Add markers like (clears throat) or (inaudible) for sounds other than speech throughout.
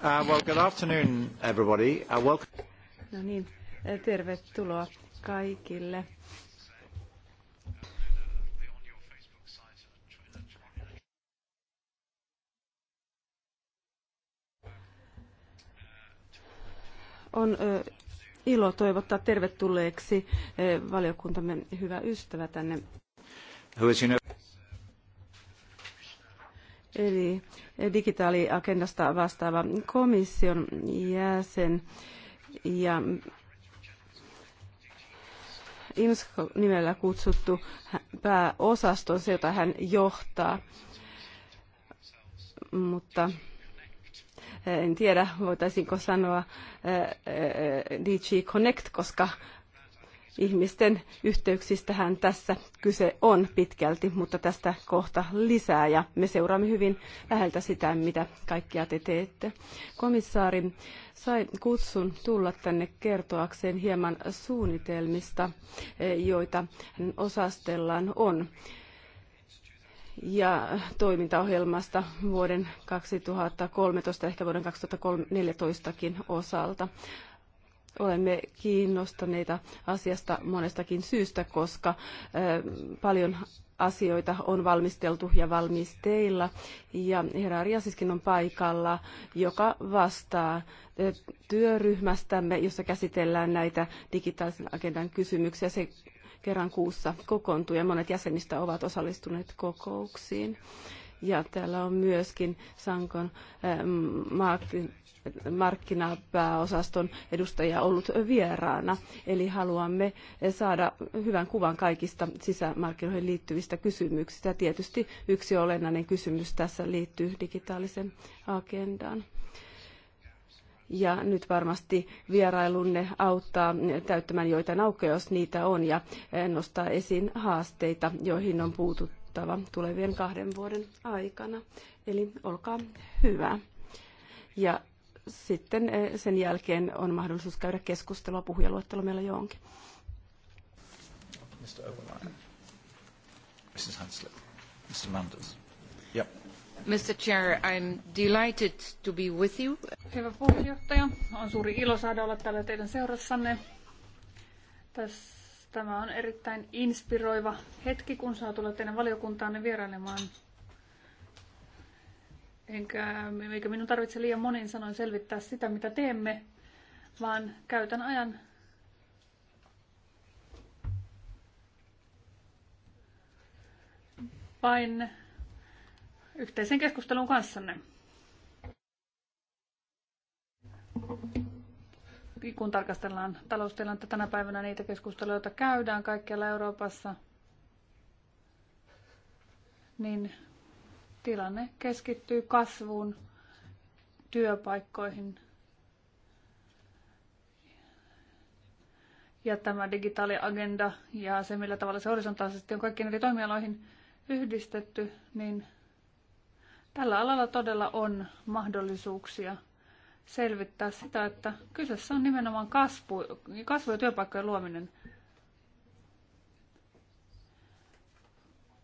Uh, well, good afternoon, everybody. Uh, no niin, eh, tervetuloa kaikille. On eh, ilo toivottaa tervetulleeksi ö, eh, valiokuntamme hyvä ystävä tänne. Who is, you eli digitaaliagendasta vastaava komission jäsen. Ja IMSCO-nimellä kutsuttu pääosasto on se, jota hän johtaa. Mutta eh, en tiedä, voitaisiinko sanoa eh, eh, DG Connect, koska ihmisten yhteyksistähän tässä kyse on pitkälti, mutta tästä kohta lisää ja me seuraamme hyvin läheltä sitä, mitä kaikkia te teette. Komissaari sai kutsun tulla tänne kertoakseen hieman suunnitelmista, eh, joita osastellaan on ja toimintaohjelmasta vuoden 2013, ehkä vuoden 2014kin osalta olemme kiinnostuneita asiasta monestakin syystä, koska paljon asioita on valmisteltu ja valmisteilla. Ja herra Riasiskin on paikalla, joka vastaa työryhmästämme, jossa käsitellään näitä digitaalisen agendan kysymyksiä. Se kerran kuussa kokoontuu ja monet jäsenistä ovat osallistuneet kokouksiin. Ja täällä on myöskin Sankon Martin markkinapääosaston edustajia ollut vieraana. Eli haluamme saada hyvän kuvan kaikista sisämarkkinoihin liittyvistä kysymyksistä. Tietysti yksi olennainen kysymys tässä liittyy digitaalisen agendaan. Ja nyt varmasti vierailunne auttaa täyttämään joitain aukkoja, jos niitä on, ja nostaa esiin haasteita, joihin on puututtava tulevien kahden vuoden aikana. Eli olkaa hyvä. Ja sitten eh, sen jälkeen on mahdollisuus käydä keskustelua. Puhujaluettelo meillä jo onkin. Mr. Overline. Mrs. Hanslick. Mr. Manders. Yep. Mr. Chair, I'm delighted to be with you. Hyvä puheenjohtaja, on suuri ilo saada olla täällä teidän seurassanne. tämä on erittäin inspiroiva hetki, kun saa tulla teidän valiokuntaanne vierailemaan enkä, eikä minun tarvitse liian monin sanoin selvittää sitä, mitä teemme, vaan käytän ajan vain yhteisen keskustelun kanssanne. Kun tarkastellaan taloustilannetta tänä päivänä, niitä keskusteluja, joita käydään kaikkialla Euroopassa, niin tilanne keskittyy kasvuun, työpaikkoihin. Ja tämä digitaaliagenda ja se, millä tavalla se horisontaalisesti on kaikkiin eri toimialoihin yhdistetty, niin tällä alalla todella on mahdollisuuksia selvittää sitä, että kyseessä on nimenomaan kasvu, kasvu ja työpaikkojen luominen.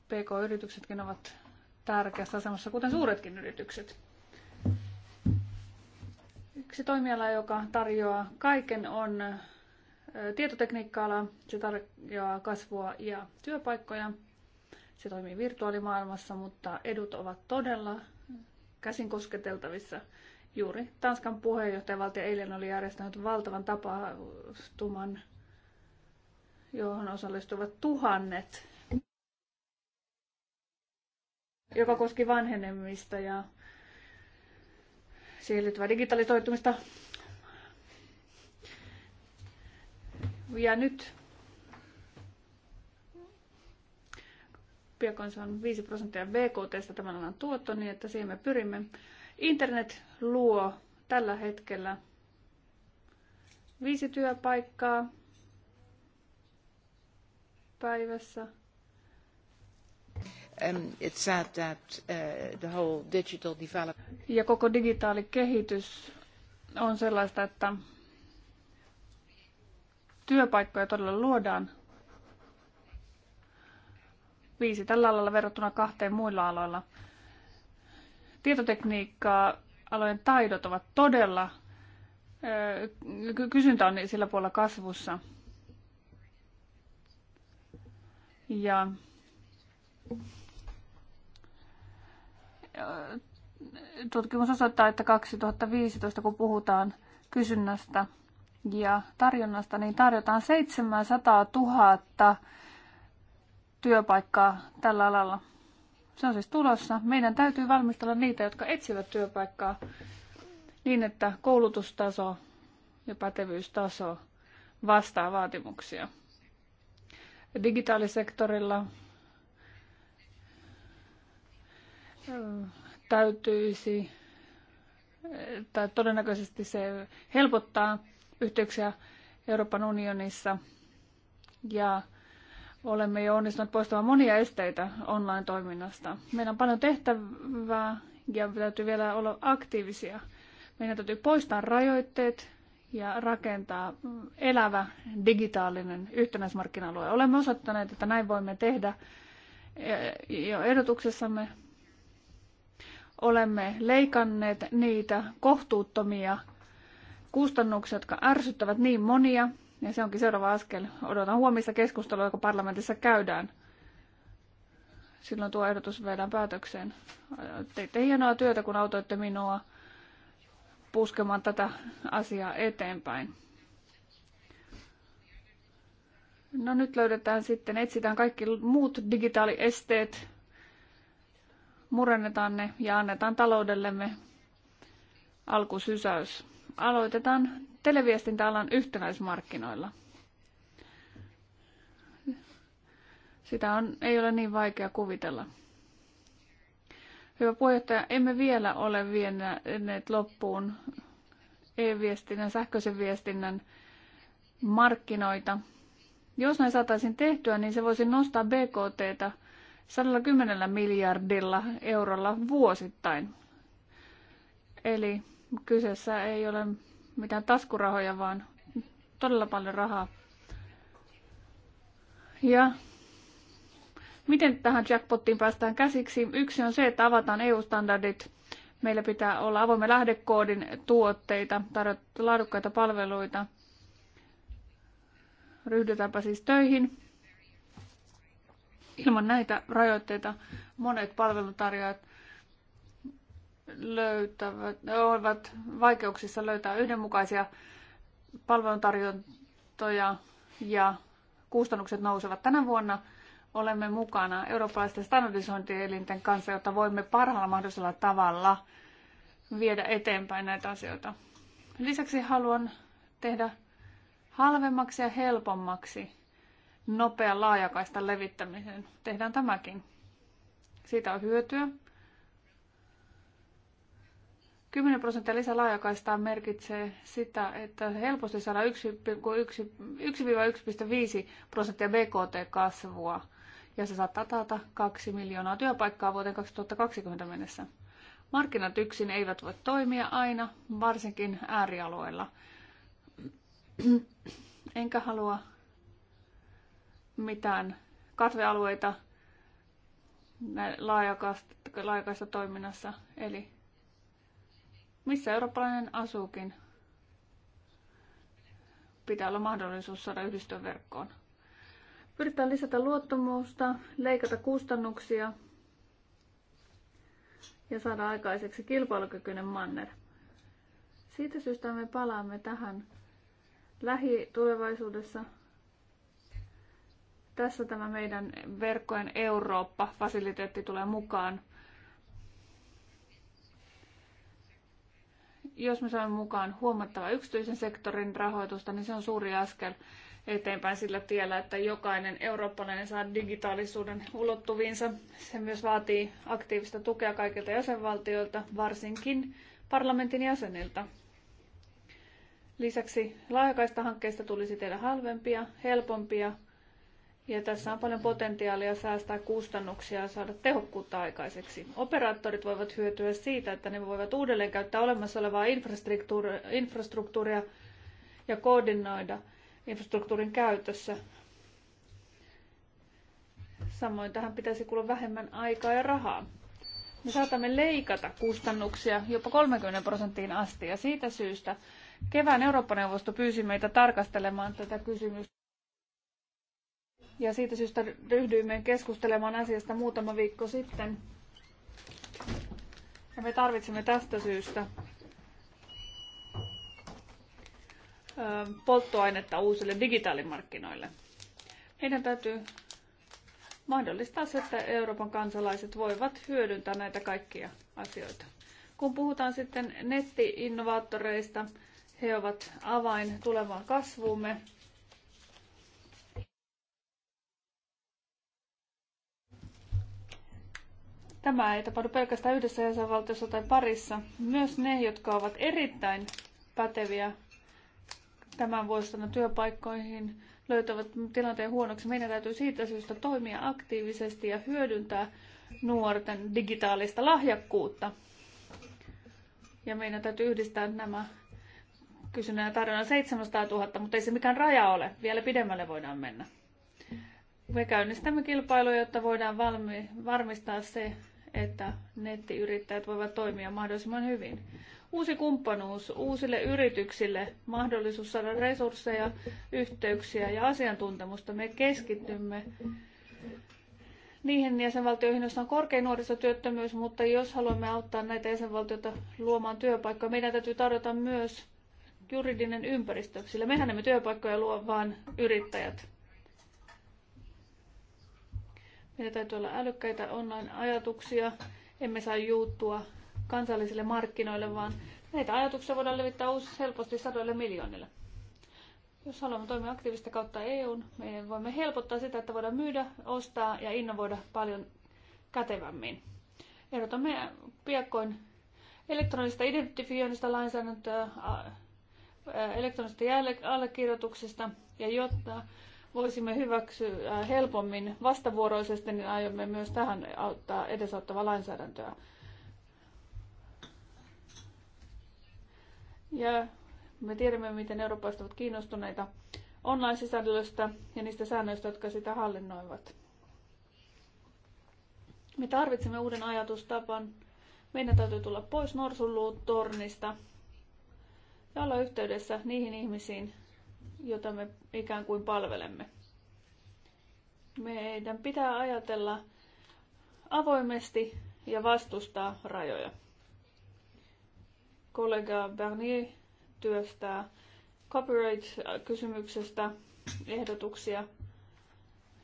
PK-yrityksetkin ovat tärkeässä asemassa, kuten suuretkin yritykset. Yksi toimiala, joka tarjoaa kaiken, on tietotekniikka-ala. Se tarjoaa kasvua ja työpaikkoja. Se toimii virtuaalimaailmassa, mutta edut ovat todella käsin kosketeltavissa. Juuri Tanskan puheenjohtajavaltio eilen oli järjestänyt valtavan tapahtuman, johon osallistuvat tuhannet joka koski vanhenemista ja siihen liittyvää digitalisoitumista. Ja nyt piakon se on 5 prosenttia BKTstä tämän alan tuotto, niin että siihen me pyrimme. Internet luo tällä hetkellä viisi työpaikkaa päivässä. Um, uh, ja koko digitaalikehitys on sellaista, että työpaikkoja todella luodaan viisi tällä alalla verrattuna kahteen muilla aloilla. Tietotekniikkaa alojen taidot ovat todella, uh, kysyntä on sillä puolella kasvussa. Ja tutkimus osoittaa, että 2015 kun puhutaan kysynnästä ja tarjonnasta, niin tarjotaan 700 000 työpaikkaa tällä alalla. Se on siis tulossa. Meidän täytyy valmistella niitä, jotka etsivät työpaikkaa niin, että koulutustaso ja pätevyystaso vastaa vaatimuksia. Digitaalisektorilla täytyisi, tai todennäköisesti se helpottaa yhteyksiä Euroopan unionissa. Ja olemme jo onnistuneet poistamaan monia esteitä online-toiminnasta. Meillä on paljon tehtävää ja täytyy vielä olla aktiivisia. Meidän täytyy poistaa rajoitteet ja rakentaa elävä digitaalinen yhtenäismarkkina-alue. Olemme osoittaneet, että näin voimme tehdä jo ehdotuksessamme olemme leikanneet niitä kohtuuttomia kustannuksia, jotka ärsyttävät niin monia. Ja se onkin seuraava askel. Odotan huomista keskustelua, joka parlamentissa käydään. Silloin tuo ehdotus vedään päätökseen. Teitte hienoa työtä, kun autoitte minua puskemaan tätä asiaa eteenpäin. No nyt löydetään sitten, etsitään kaikki muut digitaaliesteet murennetaan ne ja annetaan taloudellemme alkusysäys. Aloitetaan televiestintäalan yhtenäismarkkinoilla. Sitä on, ei ole niin vaikea kuvitella. Hyvä puheenjohtaja, emme vielä ole vienneet loppuun e-viestinnän, sähköisen viestinnän markkinoita. Jos näin saataisiin tehtyä, niin se voisi nostaa BKTtä 110 miljardilla eurolla vuosittain. Eli kyseessä ei ole mitään taskurahoja, vaan todella paljon rahaa. Ja miten tähän jackpottiin päästään käsiksi? Yksi on se, että avataan EU-standardit. Meillä pitää olla avoimen lähdekoodin tuotteita, tarjota laadukkaita palveluita. Ryhdytäänpä siis töihin. Ilman näitä rajoitteita monet palveluntarjoajat löytävät, ovat vaikeuksissa löytää yhdenmukaisia palveluntarjontoja ja kustannukset nousevat tänä vuonna. Olemme mukana eurooppalaisten standardisointielinten kanssa, jotta voimme parhaalla mahdollisella tavalla viedä eteenpäin näitä asioita. Lisäksi haluan tehdä halvemmaksi ja helpommaksi nopean laajakaistan levittämiseen. Tehdään tämäkin. Siitä on hyötyä. 10 prosenttia lisälaajakaistaa merkitsee sitä, että helposti saadaan 1-1,5 prosenttia BKT-kasvua ja se saattaa taata 2 miljoonaa työpaikkaa vuoteen 2020 mennessä. Markkinat yksin eivät voi toimia aina, varsinkin äärialueilla. Enkä halua mitään katvealueita laajakaista, toiminnassa. Eli missä eurooppalainen asuukin, pitää olla mahdollisuus saada yhdistön verkkoon. Pyritään lisätä luottamusta, leikata kustannuksia ja saada aikaiseksi kilpailukykyinen manner. Siitä syystä me palaamme tähän lähitulevaisuudessa tässä tämä meidän verkkojen Eurooppa-fasiliteetti tulee mukaan. Jos me saamme mukaan huomattava yksityisen sektorin rahoitusta, niin se on suuri askel eteenpäin sillä tiellä, että jokainen eurooppalainen saa digitaalisuuden ulottuviinsa. Se myös vaatii aktiivista tukea kaikilta jäsenvaltioilta, varsinkin parlamentin jäseniltä. Lisäksi laajakaista hankkeista tulisi tehdä halvempia, helpompia ja tässä on paljon potentiaalia säästää kustannuksia ja saada tehokkuutta aikaiseksi. Operaattorit voivat hyötyä siitä, että ne voivat uudelleen käyttää olemassa olevaa infrastruktuuria ja koordinoida infrastruktuurin käytössä. Samoin tähän pitäisi kulua vähemmän aikaa ja rahaa. Me saatamme leikata kustannuksia jopa 30 prosenttiin asti ja siitä syystä kevään Eurooppa-neuvosto pyysi meitä tarkastelemaan tätä kysymystä. Ja siitä syystä ryhdyimme keskustelemaan asiasta muutama viikko sitten. Ja me tarvitsemme tästä syystä polttoainetta uusille digitaalimarkkinoille. Meidän täytyy mahdollistaa se, että Euroopan kansalaiset voivat hyödyntää näitä kaikkia asioita. Kun puhutaan sitten nettiinnovaattoreista, he ovat avain tulevaan kasvuumme Tämä ei tapahdu pelkästään yhdessä jäsenvaltiossa tai parissa. Myös ne, jotka ovat erittäin päteviä tämän vuosina työpaikkoihin, löytävät tilanteen huonoksi. Meidän täytyy siitä syystä toimia aktiivisesti ja hyödyntää nuorten digitaalista lahjakkuutta. Ja meidän täytyy yhdistää nämä kysynnän ja tarjonnan 700 000, mutta ei se mikään raja ole. Vielä pidemmälle voidaan mennä. Me käynnistämme kilpailuja, jotta voidaan valmi- varmistaa se, että nettiyrittäjät voivat toimia mahdollisimman hyvin. Uusi kumppanuus uusille yrityksille, mahdollisuus saada resursseja, yhteyksiä ja asiantuntemusta. Me keskitymme niihin jäsenvaltioihin, joissa on korkein nuorisotyöttömyys, mutta jos haluamme auttaa näitä jäsenvaltioita luomaan työpaikkoja, meidän täytyy tarjota myös juridinen ympäristö, sillä mehän emme työpaikkoja luo, vaan yrittäjät. Meillä täytyy olla älykkäitä online-ajatuksia. Emme saa juuttua kansallisille markkinoille, vaan näitä ajatuksia voidaan levittää uusi helposti sadoille miljoonille. Jos haluamme toimia aktiivista kautta EUn, me voimme helpottaa sitä, että voidaan myydä, ostaa ja innovoida paljon kätevämmin. Ehdotamme piakkoin elektronista identifioinnista lainsäädäntöä, elektronisesta allekirjoituksesta ja jotta voisimme hyväksyä äh, helpommin vastavuoroisesti, niin aiomme myös tähän auttaa edesauttavaa lainsäädäntöä. Ja me tiedämme, miten eurooppalaiset ovat kiinnostuneita online-sisällöstä ja niistä säännöistä, jotka sitä hallinnoivat. Me tarvitsemme uuden ajatustapan. Meidän täytyy tulla pois norsunluutornista ja olla yhteydessä niihin ihmisiin, jota me ikään kuin palvelemme. Meidän pitää ajatella avoimesti ja vastustaa rajoja. Kollega Bernier työstää copyright-kysymyksestä ehdotuksia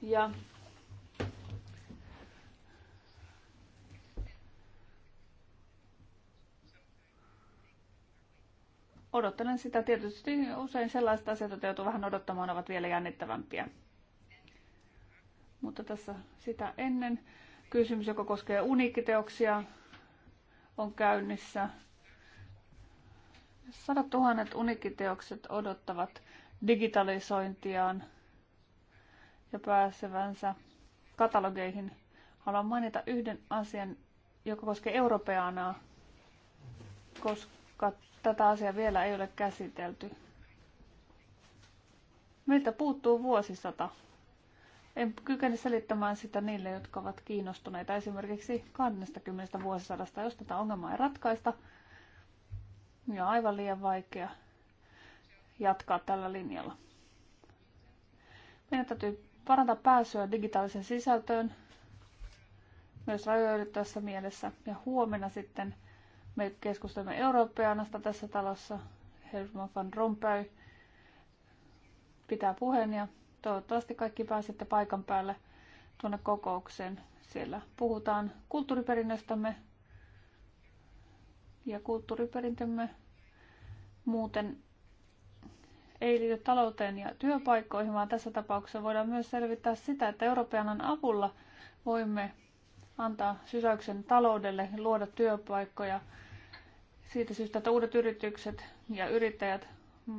ja odottelen sitä tietysti usein sellaiset asiat, joita joutuu vähän odottamaan, ovat vielä jännittävämpiä. Mutta tässä sitä ennen kysymys, joka koskee uniikkiteoksia, on käynnissä. Sadat tuhannet uniikkiteokset odottavat digitalisointiaan ja pääsevänsä katalogeihin. Haluan mainita yhden asian, joka koskee europeanaa, koska tätä asiaa vielä ei ole käsitelty. Meiltä puuttuu vuosisata. En kykene selittämään sitä niille, jotka ovat kiinnostuneita esimerkiksi 20 vuosisadasta, jos tätä ongelmaa ei ratkaista. Ja aivan liian vaikea jatkaa tällä linjalla. Meidän täytyy parantaa pääsyä digitaaliseen sisältöön myös rajoituksessa mielessä. Ja huomenna sitten me keskustelemme eurooppeanasta tässä talossa. Herman van Rompuy pitää puheen ja toivottavasti kaikki pääsette paikan päälle tuonne kokoukseen. Siellä puhutaan kulttuuriperinnöstämme ja kulttuuriperintömme muuten ei liity talouteen ja työpaikkoihin, vaan tässä tapauksessa voidaan myös selvittää sitä, että Euroopan avulla voimme antaa sysäyksen taloudelle ja luoda työpaikkoja siitä syystä, että uudet yritykset ja yrittäjät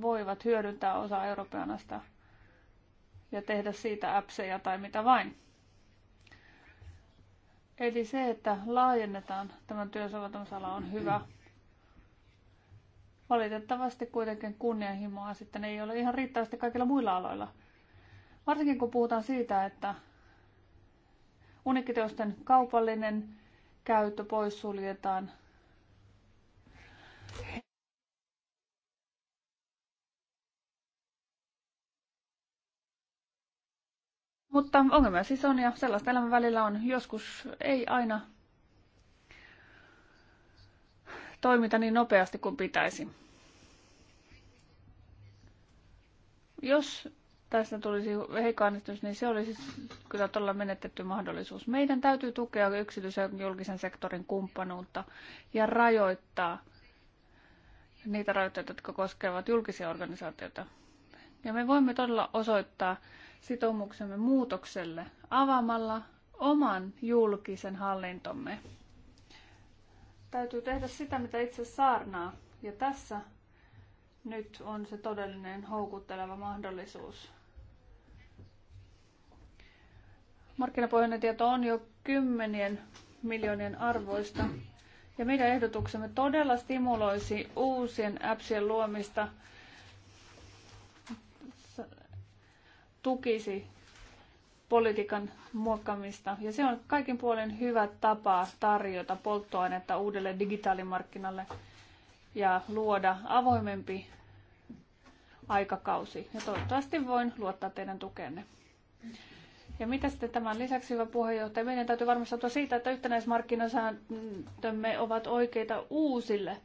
voivat hyödyntää osa europeanasta ja tehdä siitä appseja tai mitä vain. Eli se, että laajennetaan tämän työsovatumisala on hyvä. Valitettavasti kuitenkin kunnianhimoa sitten ei ole ihan riittävästi kaikilla muilla aloilla. Varsinkin kun puhutaan siitä, että Unikkiteosten kaupallinen käyttö poissuljetaan. Mutta ongelmia siis on ja sellaista elämän välillä on. Joskus ei aina toimita niin nopeasti kuin pitäisi. Jos tässä tulisi heikko niin se olisi kyllä todella menetetty mahdollisuus. Meidän täytyy tukea yksityisen ja julkisen sektorin kumppanuutta ja rajoittaa niitä rajoitteita, jotka koskevat julkisia organisaatioita. Ja me voimme todella osoittaa sitoumuksemme muutokselle avaamalla oman julkisen hallintomme. Täytyy tehdä sitä, mitä itse saarnaa. Ja tässä nyt on se todellinen houkutteleva mahdollisuus. Markkinapohjainen tieto on jo kymmenien miljoonien arvoista. Ja meidän ehdotuksemme todella stimuloisi uusien appsien luomista, tukisi politiikan muokkaamista. Ja se on kaikin puolen hyvä tapa tarjota polttoainetta uudelle digitaalimarkkinalle ja luoda avoimempi aikakausi. Ja toivottavasti voin luottaa teidän tukenne. Ja mitä sitten tämän lisäksi, hyvä puheenjohtaja, meidän täytyy varmistautua siitä, että yhtenäismarkkinasääntömme ovat oikeita uusille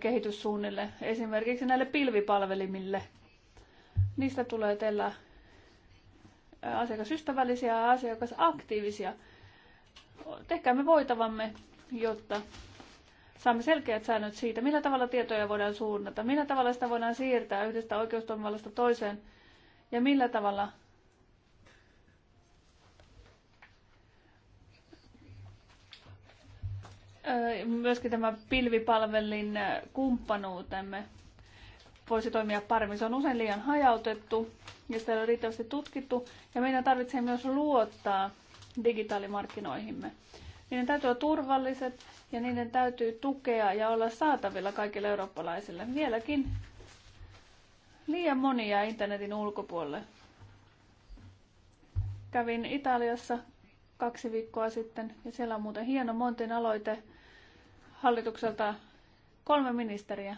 kehityssuunnille, esimerkiksi näille pilvipalvelimille. Niistä tulee teillä asiakasystävällisiä ja asiakasaktiivisia. Tehkäämme voitavamme, jotta saamme selkeät säännöt siitä, millä tavalla tietoja voidaan suunnata, millä tavalla sitä voidaan siirtää yhdestä oikeustoimivallasta toiseen ja millä tavalla myöskin tämä pilvipalvelin kumppanuutemme voisi toimia paremmin. Se on usein liian hajautettu ja sitä ei ole riittävästi tutkittu. Ja meidän tarvitsee myös luottaa digitaalimarkkinoihimme. Niiden täytyy olla turvalliset ja niiden täytyy tukea ja olla saatavilla kaikille eurooppalaisille. Vieläkin liian monia internetin ulkopuolelle. Kävin Italiassa kaksi viikkoa sitten ja siellä on muuten hieno Montin aloite – hallitukselta kolme ministeriä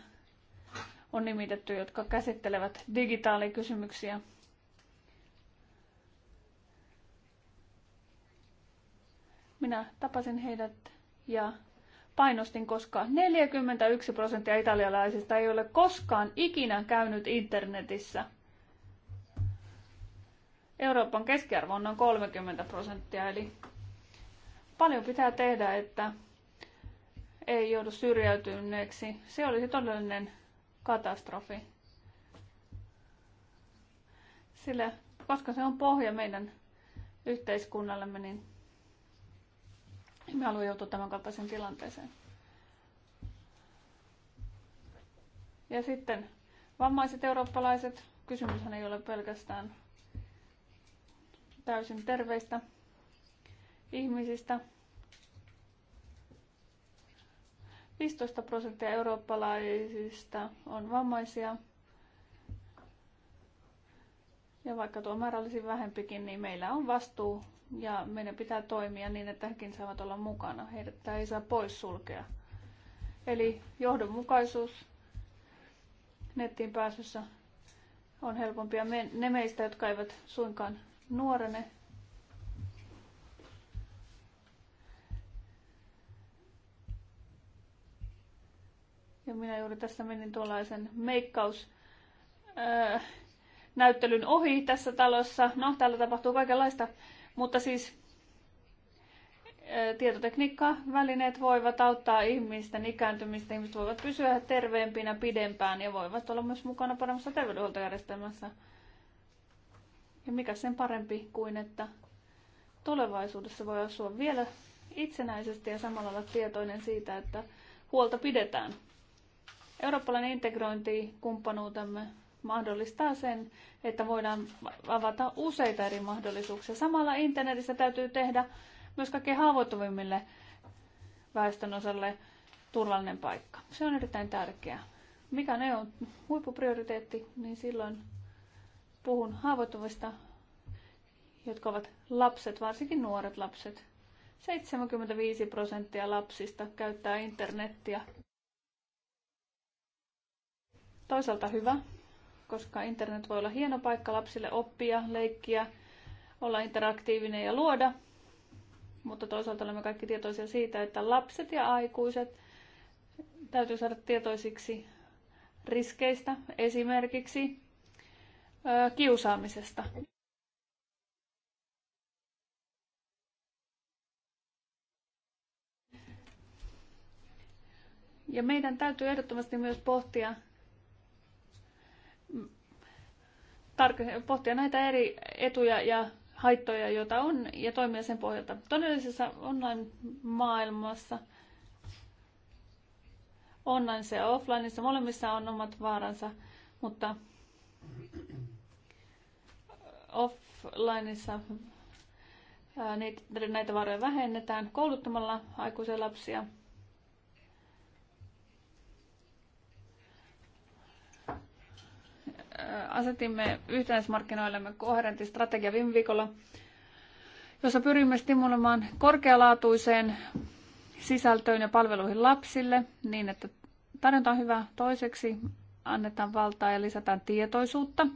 on nimitetty, jotka käsittelevät digitaalikysymyksiä. Minä tapasin heidät ja painostin, koska 41 prosenttia italialaisista ei ole koskaan ikinä käynyt internetissä. Euroopan keskiarvo on noin 30 prosenttia, eli paljon pitää tehdä, että ei joudu syrjäytyneeksi. Se olisi todellinen katastrofi. Sillä koska se on pohja meidän yhteiskunnallemme, niin me haluamme joutua tämän kaltaisen tilanteeseen. Ja sitten vammaiset eurooppalaiset. Kysymyshän ei ole pelkästään täysin terveistä ihmisistä, 15 prosenttia eurooppalaisista on vammaisia. Ja vaikka tuo määrä olisi vähempikin, niin meillä on vastuu ja meidän pitää toimia niin, että hekin saavat olla mukana. Heidät ei saa poissulkea. Eli johdonmukaisuus nettiin pääsyssä on helpompia ne meistä, jotka eivät suinkaan nuorene Ja minä juuri tässä menin tuollaisen meikkaus äh, näyttelyn ohi tässä talossa. No, täällä tapahtuu kaikenlaista, mutta siis äh, välineet voivat auttaa ihmisten ikääntymistä. Ihmiset voivat pysyä terveempinä pidempään ja voivat olla myös mukana paremmassa terveydenhuoltojärjestelmässä. Ja mikä sen parempi kuin, että tulevaisuudessa voi asua vielä itsenäisesti ja samalla olla tietoinen siitä, että huolta pidetään. Eurooppalainen kumppanuutemme mahdollistaa sen, että voidaan avata useita eri mahdollisuuksia. Samalla internetissä täytyy tehdä myös kaikkein haavoittuvimmille väestön osalle turvallinen paikka. Se on erittäin tärkeää. Mikä ne on huippuprioriteetti, niin silloin puhun haavoittuvista, jotka ovat lapset, varsinkin nuoret lapset. 75 prosenttia lapsista käyttää internettiä Toisaalta hyvä, koska internet voi olla hieno paikka lapsille oppia, leikkiä, olla interaktiivinen ja luoda. Mutta toisaalta olemme kaikki tietoisia siitä, että lapset ja aikuiset täytyy saada tietoisiksi riskeistä, esimerkiksi ö, kiusaamisesta. Ja meidän täytyy ehdottomasti myös pohtia tarke- pohtia näitä eri etuja ja haittoja, joita on, ja toimia sen pohjalta. Todellisessa online-maailmassa, online ja offlineissa, molemmissa on omat vaaransa, mutta offlineissa näitä varoja vähennetään kouluttamalla aikuisia lapsia – asetimme yhtenäismarkkinoillemme koherentin strategia viime viikolla, jossa pyrimme stimuloimaan korkealaatuiseen sisältöön ja palveluihin lapsille niin, että tarjonta on hyvä. Toiseksi annetaan valtaa ja lisätään tietoisuutta.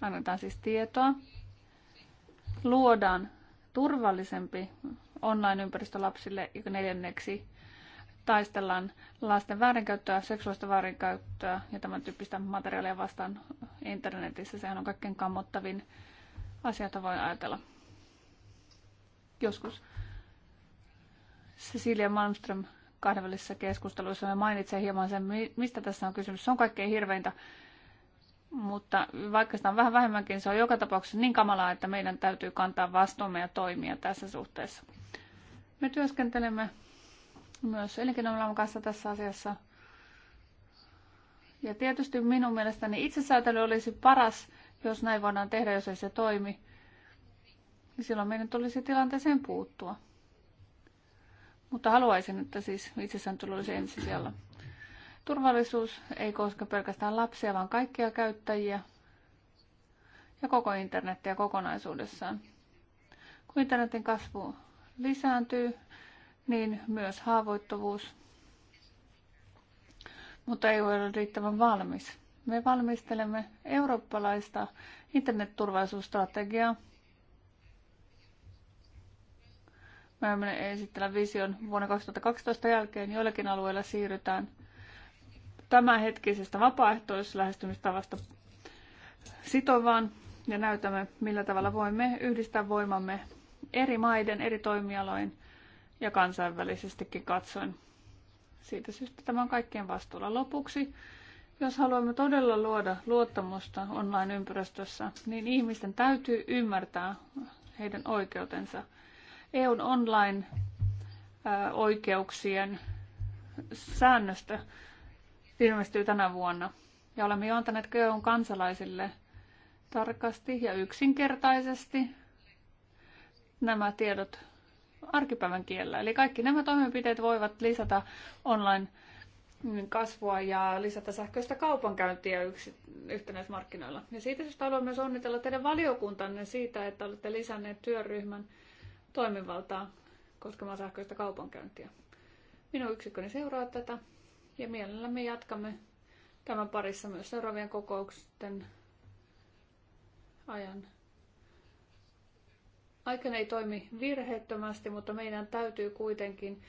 Annetaan siis tietoa. Luodaan turvallisempi online-ympäristö lapsille. Ja neljänneksi taistellaan lasten väärinkäyttöä, seksuaalista väärinkäyttöä ja tämän tyyppistä materiaalia vastaan internetissä. Sehän on kaikkein kammottavin asia, jota voi ajatella. Joskus Cecilia Malmström kahdenvälisissä keskusteluissa me mainitsee hieman sen, mistä tässä on kysymys. Se on kaikkein hirveintä, mutta vaikka sitä on vähän vähemmänkin, se on joka tapauksessa niin kamalaa, että meidän täytyy kantaa vastuumme ja toimia tässä suhteessa. Me työskentelemme myös elinkeinoelämän kanssa tässä asiassa. Ja tietysti minun mielestäni itsesäätely olisi paras, jos näin voidaan tehdä, jos ei se toimi. Ja niin silloin meidän tulisi tilanteeseen puuttua. Mutta haluaisin, että siis itsesääntely olisi ensisijalla. Turvallisuus ei koske pelkästään lapsia, vaan kaikkia käyttäjiä ja koko internettiä kokonaisuudessaan. Kun internetin kasvu lisääntyy, niin myös haavoittuvuus. Mutta ei ole riittävän valmis. Me valmistelemme eurooppalaista internetturvallisuusstrategiaa. Me olemme esittää vision vuonna 2012 jälkeen. Joillakin alueilla siirrytään tämänhetkisestä vapaaehtoislähestymistavasta sitovaan ja näytämme, millä tavalla voimme yhdistää voimamme eri maiden, eri toimialojen ja kansainvälisestikin katsoen. Siitä syystä tämä on kaikkien vastuulla. Lopuksi, jos haluamme todella luoda luottamusta online-ympäristössä, niin ihmisten täytyy ymmärtää heidän oikeutensa. EUn online-oikeuksien säännöstä ilmestyy tänä vuonna. Ja olemme jo antaneet EUn kansalaisille tarkasti ja yksinkertaisesti nämä tiedot arkipäivän kielellä. Eli kaikki nämä toimenpiteet voivat lisätä online mm, kasvua ja lisätä sähköistä kaupankäyntiä yksi, yhtenäismarkkinoilla. Ja siitä syystä haluan myös onnitella teidän valiokuntanne siitä, että olette lisänneet työryhmän toimivaltaa koskemaan sähköistä kaupankäyntiä. Minun yksikköni seuraa tätä ja mielellämme jatkamme tämän parissa myös seuraavien kokousten ajan. Aikana ei toimi virheettömästi, mutta meidän täytyy kuitenkin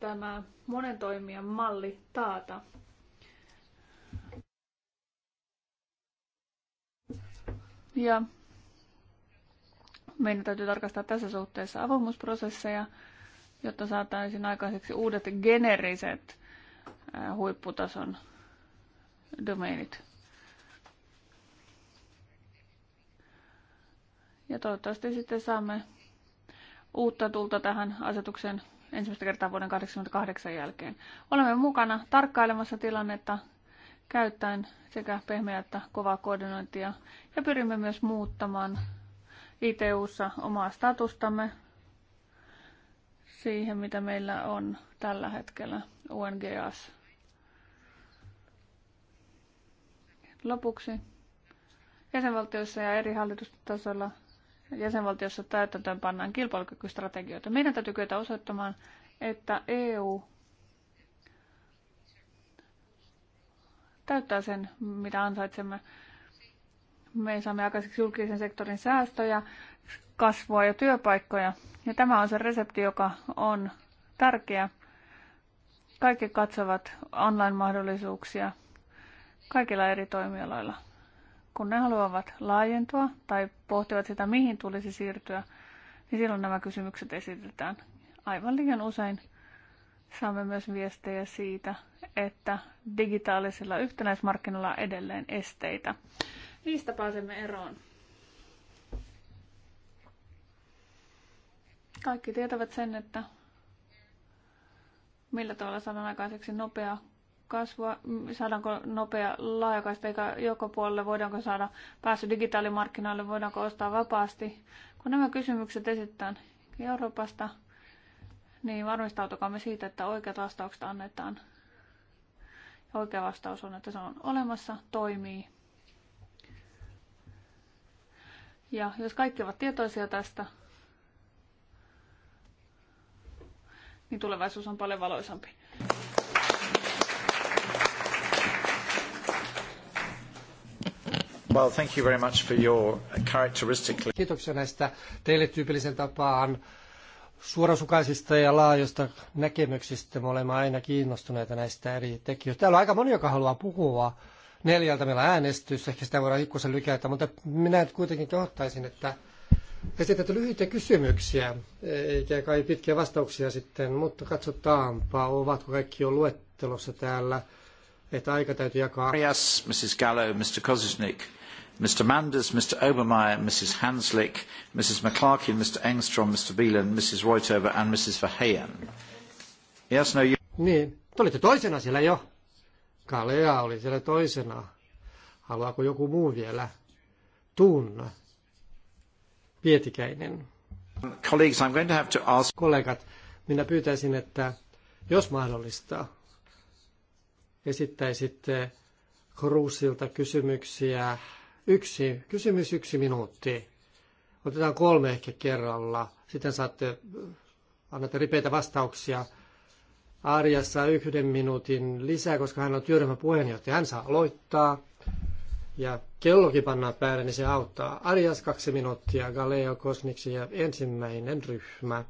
tämä monen toimijan malli taata. Ja meidän täytyy tarkastaa tässä suhteessa avoimuusprosesseja, jotta saataisiin aikaiseksi uudet generiset huipputason domeinit. Ja toivottavasti sitten saamme uutta tulta tähän asetukseen ensimmäistä kertaa vuoden 1988 jälkeen. Olemme mukana tarkkailemassa tilannetta käyttäen sekä pehmeää että kovaa koordinointia ja pyrimme myös muuttamaan ITUssa omaa statustamme siihen, mitä meillä on tällä hetkellä UNGAS. Lopuksi jäsenvaltioissa ja eri hallitustasolla jäsenvaltiossa täytäntöön pannaan kilpailukykystrategioita. Meidän täytyy kyetä osoittamaan, että EU täyttää sen, mitä ansaitsemme. Me saamme aikaiseksi julkisen sektorin säästöjä, kasvua ja työpaikkoja. Ja tämä on se resepti, joka on tärkeä. Kaikki katsovat online-mahdollisuuksia kaikilla eri toimialoilla kun ne haluavat laajentua tai pohtivat sitä, mihin tulisi siirtyä, niin silloin nämä kysymykset esitetään. Aivan liian usein saamme myös viestejä siitä, että digitaalisilla yhtenäismarkkinoilla on edelleen esteitä. Niistä pääsemme eroon. Kaikki tietävät sen, että millä tavalla saadaan aikaiseksi nopea kasvua, saadaanko nopea laajakaista eikä joka puolelle, voidaanko saada pääsy digitaalimarkkinoille, voidaanko ostaa vapaasti. Kun nämä kysymykset esitetään Euroopasta, niin varmistautukaamme siitä, että oikeat vastaukset annetaan. Ja oikea vastaus on, että se on olemassa, toimii. Ja jos kaikki ovat tietoisia tästä, niin tulevaisuus on paljon valoisampi. Well, thank you very much for your characteristically... Kiitoksia näistä teille tyypillisen tapaan suorasukaisista ja laajoista näkemyksistä. Me olemme aina kiinnostuneita näistä eri tekijöistä. Täällä on aika moni, joka haluaa puhua. Neljältä meillä äänestys, ehkä sitä voidaan ikkuisen lykätä, mutta minä kuitenkin kehottaisin, että esitetty lyhyitä kysymyksiä, eikä kai pitkiä vastauksia sitten, mutta katsotaanpa, ovatko kaikki jo luettelossa täällä, että aika täytyy jakaa. Yes, Mrs. Gallo, Mr. Kozisnik. Mr. Manders, Mr. Obermeyer, Mrs. Hanslick, Mrs. McClarkin, Mr. Engstrom, Mr. Beelan, Mrs. Reutover and Mrs. Verheyen. Yes, no, you... Niin, te olitte toisena siellä jo. Kalea oli siellä toisena. Haluaako joku muu vielä? Tunna. Pietikäinen. Colleagues, I'm going to have to ask... Kollegat, minä pyytäisin, että jos mahdollista, esittäisitte Kruusilta kysymyksiä Yksi kysymys, yksi minuutti. Otetaan kolme ehkä kerralla. Sitten saatte, äh, annatte ripeitä vastauksia. Arja saa yhden minuutin lisää, koska hän on työryhmän puheenjohtaja. Hän saa aloittaa ja kellokin pannaan päälle, niin se auttaa. Arjas kaksi minuuttia, Galeo Kosniksi ja ensimmäinen ryhmä.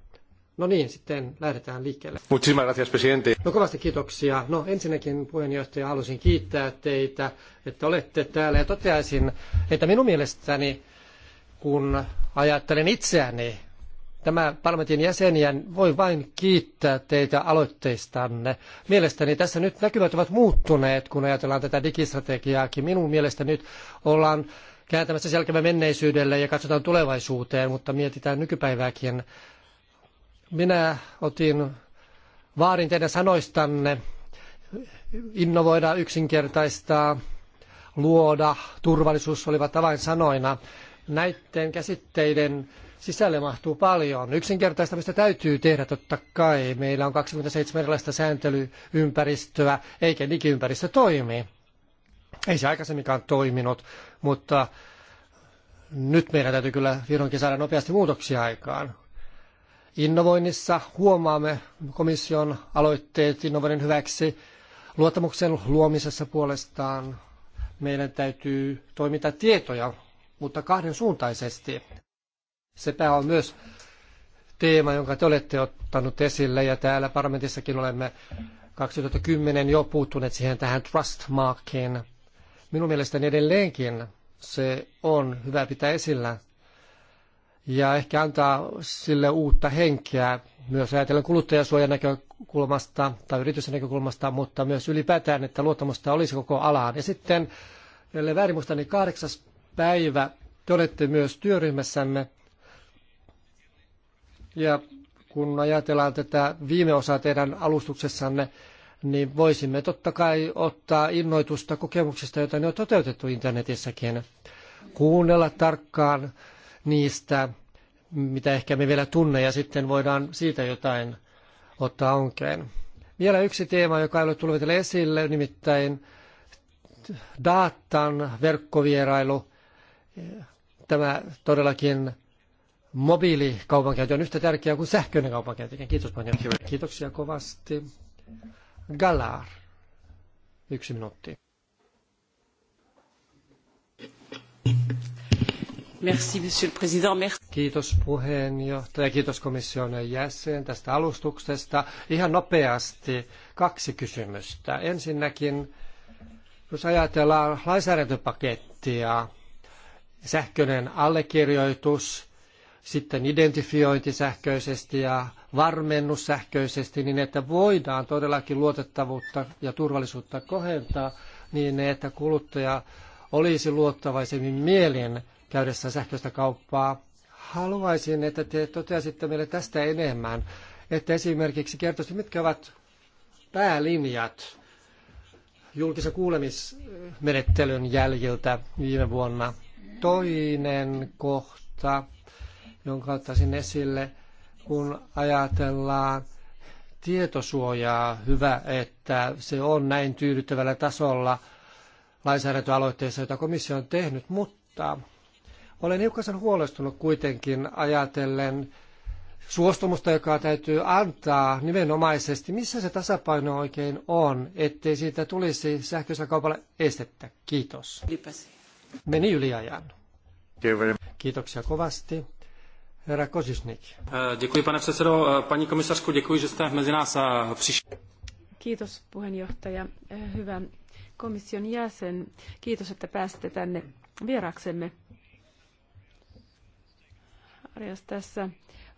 No niin, sitten lähdetään liikkeelle. Muchísimas gracias, presidente. No kovasti kiitoksia. No ensinnäkin puheenjohtaja halusin kiittää teitä, että olette täällä ja toteaisin, että minun mielestäni, kun ajattelen itseäni, tämä parlamentin jäseniä voi vain kiittää teitä aloitteistanne. Mielestäni tässä nyt näkymät ovat muuttuneet, kun ajatellaan tätä digistrategiaakin. Minun mielestäni nyt ollaan kääntämässä selkämme menneisyydelle ja katsotaan tulevaisuuteen, mutta mietitään nykypäivääkin minä otin vaarin teidän sanoistanne innovoida, yksinkertaistaa, luoda, turvallisuus olivat avainsanoina. Näiden käsitteiden sisälle mahtuu paljon. Yksinkertaistamista täytyy tehdä totta kai. Meillä on 27 erilaista sääntelyympäristöä, eikä digiympäristö toimi. Ei se aikaisemminkaan toiminut, mutta nyt meidän täytyy kyllä vihdoinkin saada nopeasti muutoksia aikaan. Innovoinnissa huomaamme komission aloitteet innovoinnin hyväksi. Luottamuksen luomisessa puolestaan meidän täytyy toimita tietoja, mutta kahden suuntaisesti. Sepä on myös teema, jonka te olette ottanut esille ja täällä parlamentissakin olemme 2010 jo puuttuneet siihen tähän markiin. Minun mielestäni edelleenkin se on hyvä pitää esillä ja ehkä antaa sille uutta henkeä myös ajatellen kuluttajasuojan näkökulmasta tai yritysten näkökulmasta, mutta myös ylipäätään, että luottamusta olisi koko alaan. Ja sitten, ellei väärin muista, niin kahdeksas päivä te olette myös työryhmässämme. Ja kun ajatellaan tätä viime osaa teidän alustuksessanne, niin voisimme totta kai ottaa innoitusta kokemuksista, joita ne on toteutettu internetissäkin. Kuunnella tarkkaan niistä mitä ehkä me vielä tunne, ja sitten voidaan siitä jotain ottaa onkeen. Vielä yksi teema, joka ei ole tullut vielä esille, nimittäin datan verkkovierailu. Tämä todellakin mobiilikaupankäynti on yhtä tärkeää kuin sähköinen kaupankäynti. Kiitos paljon. Kiitoksia kovasti. Galar. Yksi minuutti. Kiitos puheenjohtaja, kiitos komission jäsen tästä alustuksesta. Ihan nopeasti kaksi kysymystä. Ensinnäkin, jos ajatellaan lainsäädäntöpakettia, sähköinen allekirjoitus, sitten identifiointi sähköisesti ja varmennus sähköisesti, niin että voidaan todellakin luotettavuutta ja turvallisuutta kohentaa niin, että kuluttaja olisi luottavaisemmin mielin käydessä sähköistä kauppaa. Haluaisin, että te toteaisitte meille tästä enemmän, että esimerkiksi kertoisitte, mitkä ovat päälinjat julkisen kuulemismenettelyn jäljiltä viime vuonna. Toinen kohta, jonka ottaisin esille, kun ajatellaan tietosuojaa, hyvä, että se on näin tyydyttävällä tasolla lainsäädäntöaloitteessa, jota komissio on tehnyt, mutta olen hiukkasen huolestunut kuitenkin ajatellen suostumusta, joka täytyy antaa nimenomaisesti, missä se tasapaino oikein on, ettei siitä tulisi sähköisellä kaupalla estettä. Kiitos. Meni yliajan. Kiitoksia kovasti. Herra Kosisnik. Eh, eh, paní děkuji, že mezi nás eh, Kiitos puheenjohtaja. Hyvä komission jäsen. Kiitos, että pääsitte tänne vieraksemme. Arias tässä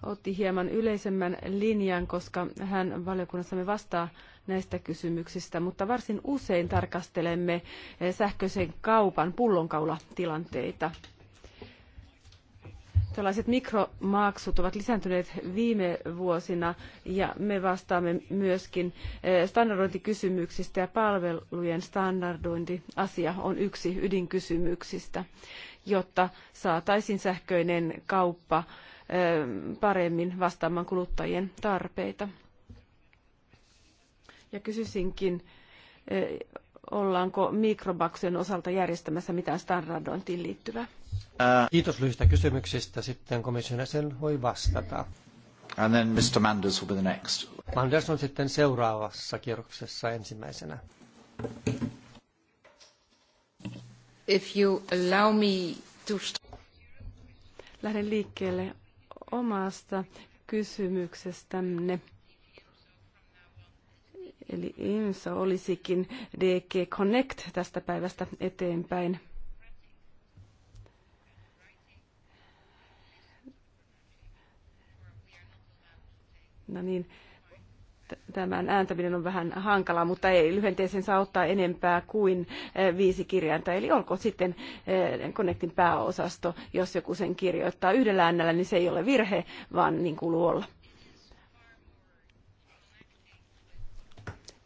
otti hieman yleisemmän linjan, koska hän valiokunnassamme vastaa näistä kysymyksistä, mutta varsin usein tarkastelemme eh, sähköisen kaupan pullonkaulatilanteita. Tällaiset mikromaksut ovat lisääntyneet viime vuosina ja me vastaamme myöskin eh, standardointikysymyksistä ja palvelujen standardointiasia on yksi ydinkysymyksistä jotta saataisiin sähköinen kauppa paremmin vastaamaan kuluttajien tarpeita. Ja kysyisinkin, ollaanko mikrobaksujen osalta järjestämässä mitään standardointiin liittyvää? Äh. Kiitos lyhyistä kysymyksistä. Sitten komission jäsen voi vastata. And then Mr. Manders will be the next. Manders on sitten seuraavassa kierroksessa ensimmäisenä. If you allow me to... Lähden liikkeelle omasta kysymyksestänne. Eli IMSA olisikin DG Connect tästä päivästä eteenpäin. No niin, tämän ääntäminen on vähän hankalaa, mutta ei lyhenteeseen saa ottaa enempää kuin eh, viisi kirjainta. Eli olkoon sitten eh, Connectin pääosasto, jos joku sen kirjoittaa yhdellä äänellä, niin se ei ole virhe, vaan niin kuin luolla.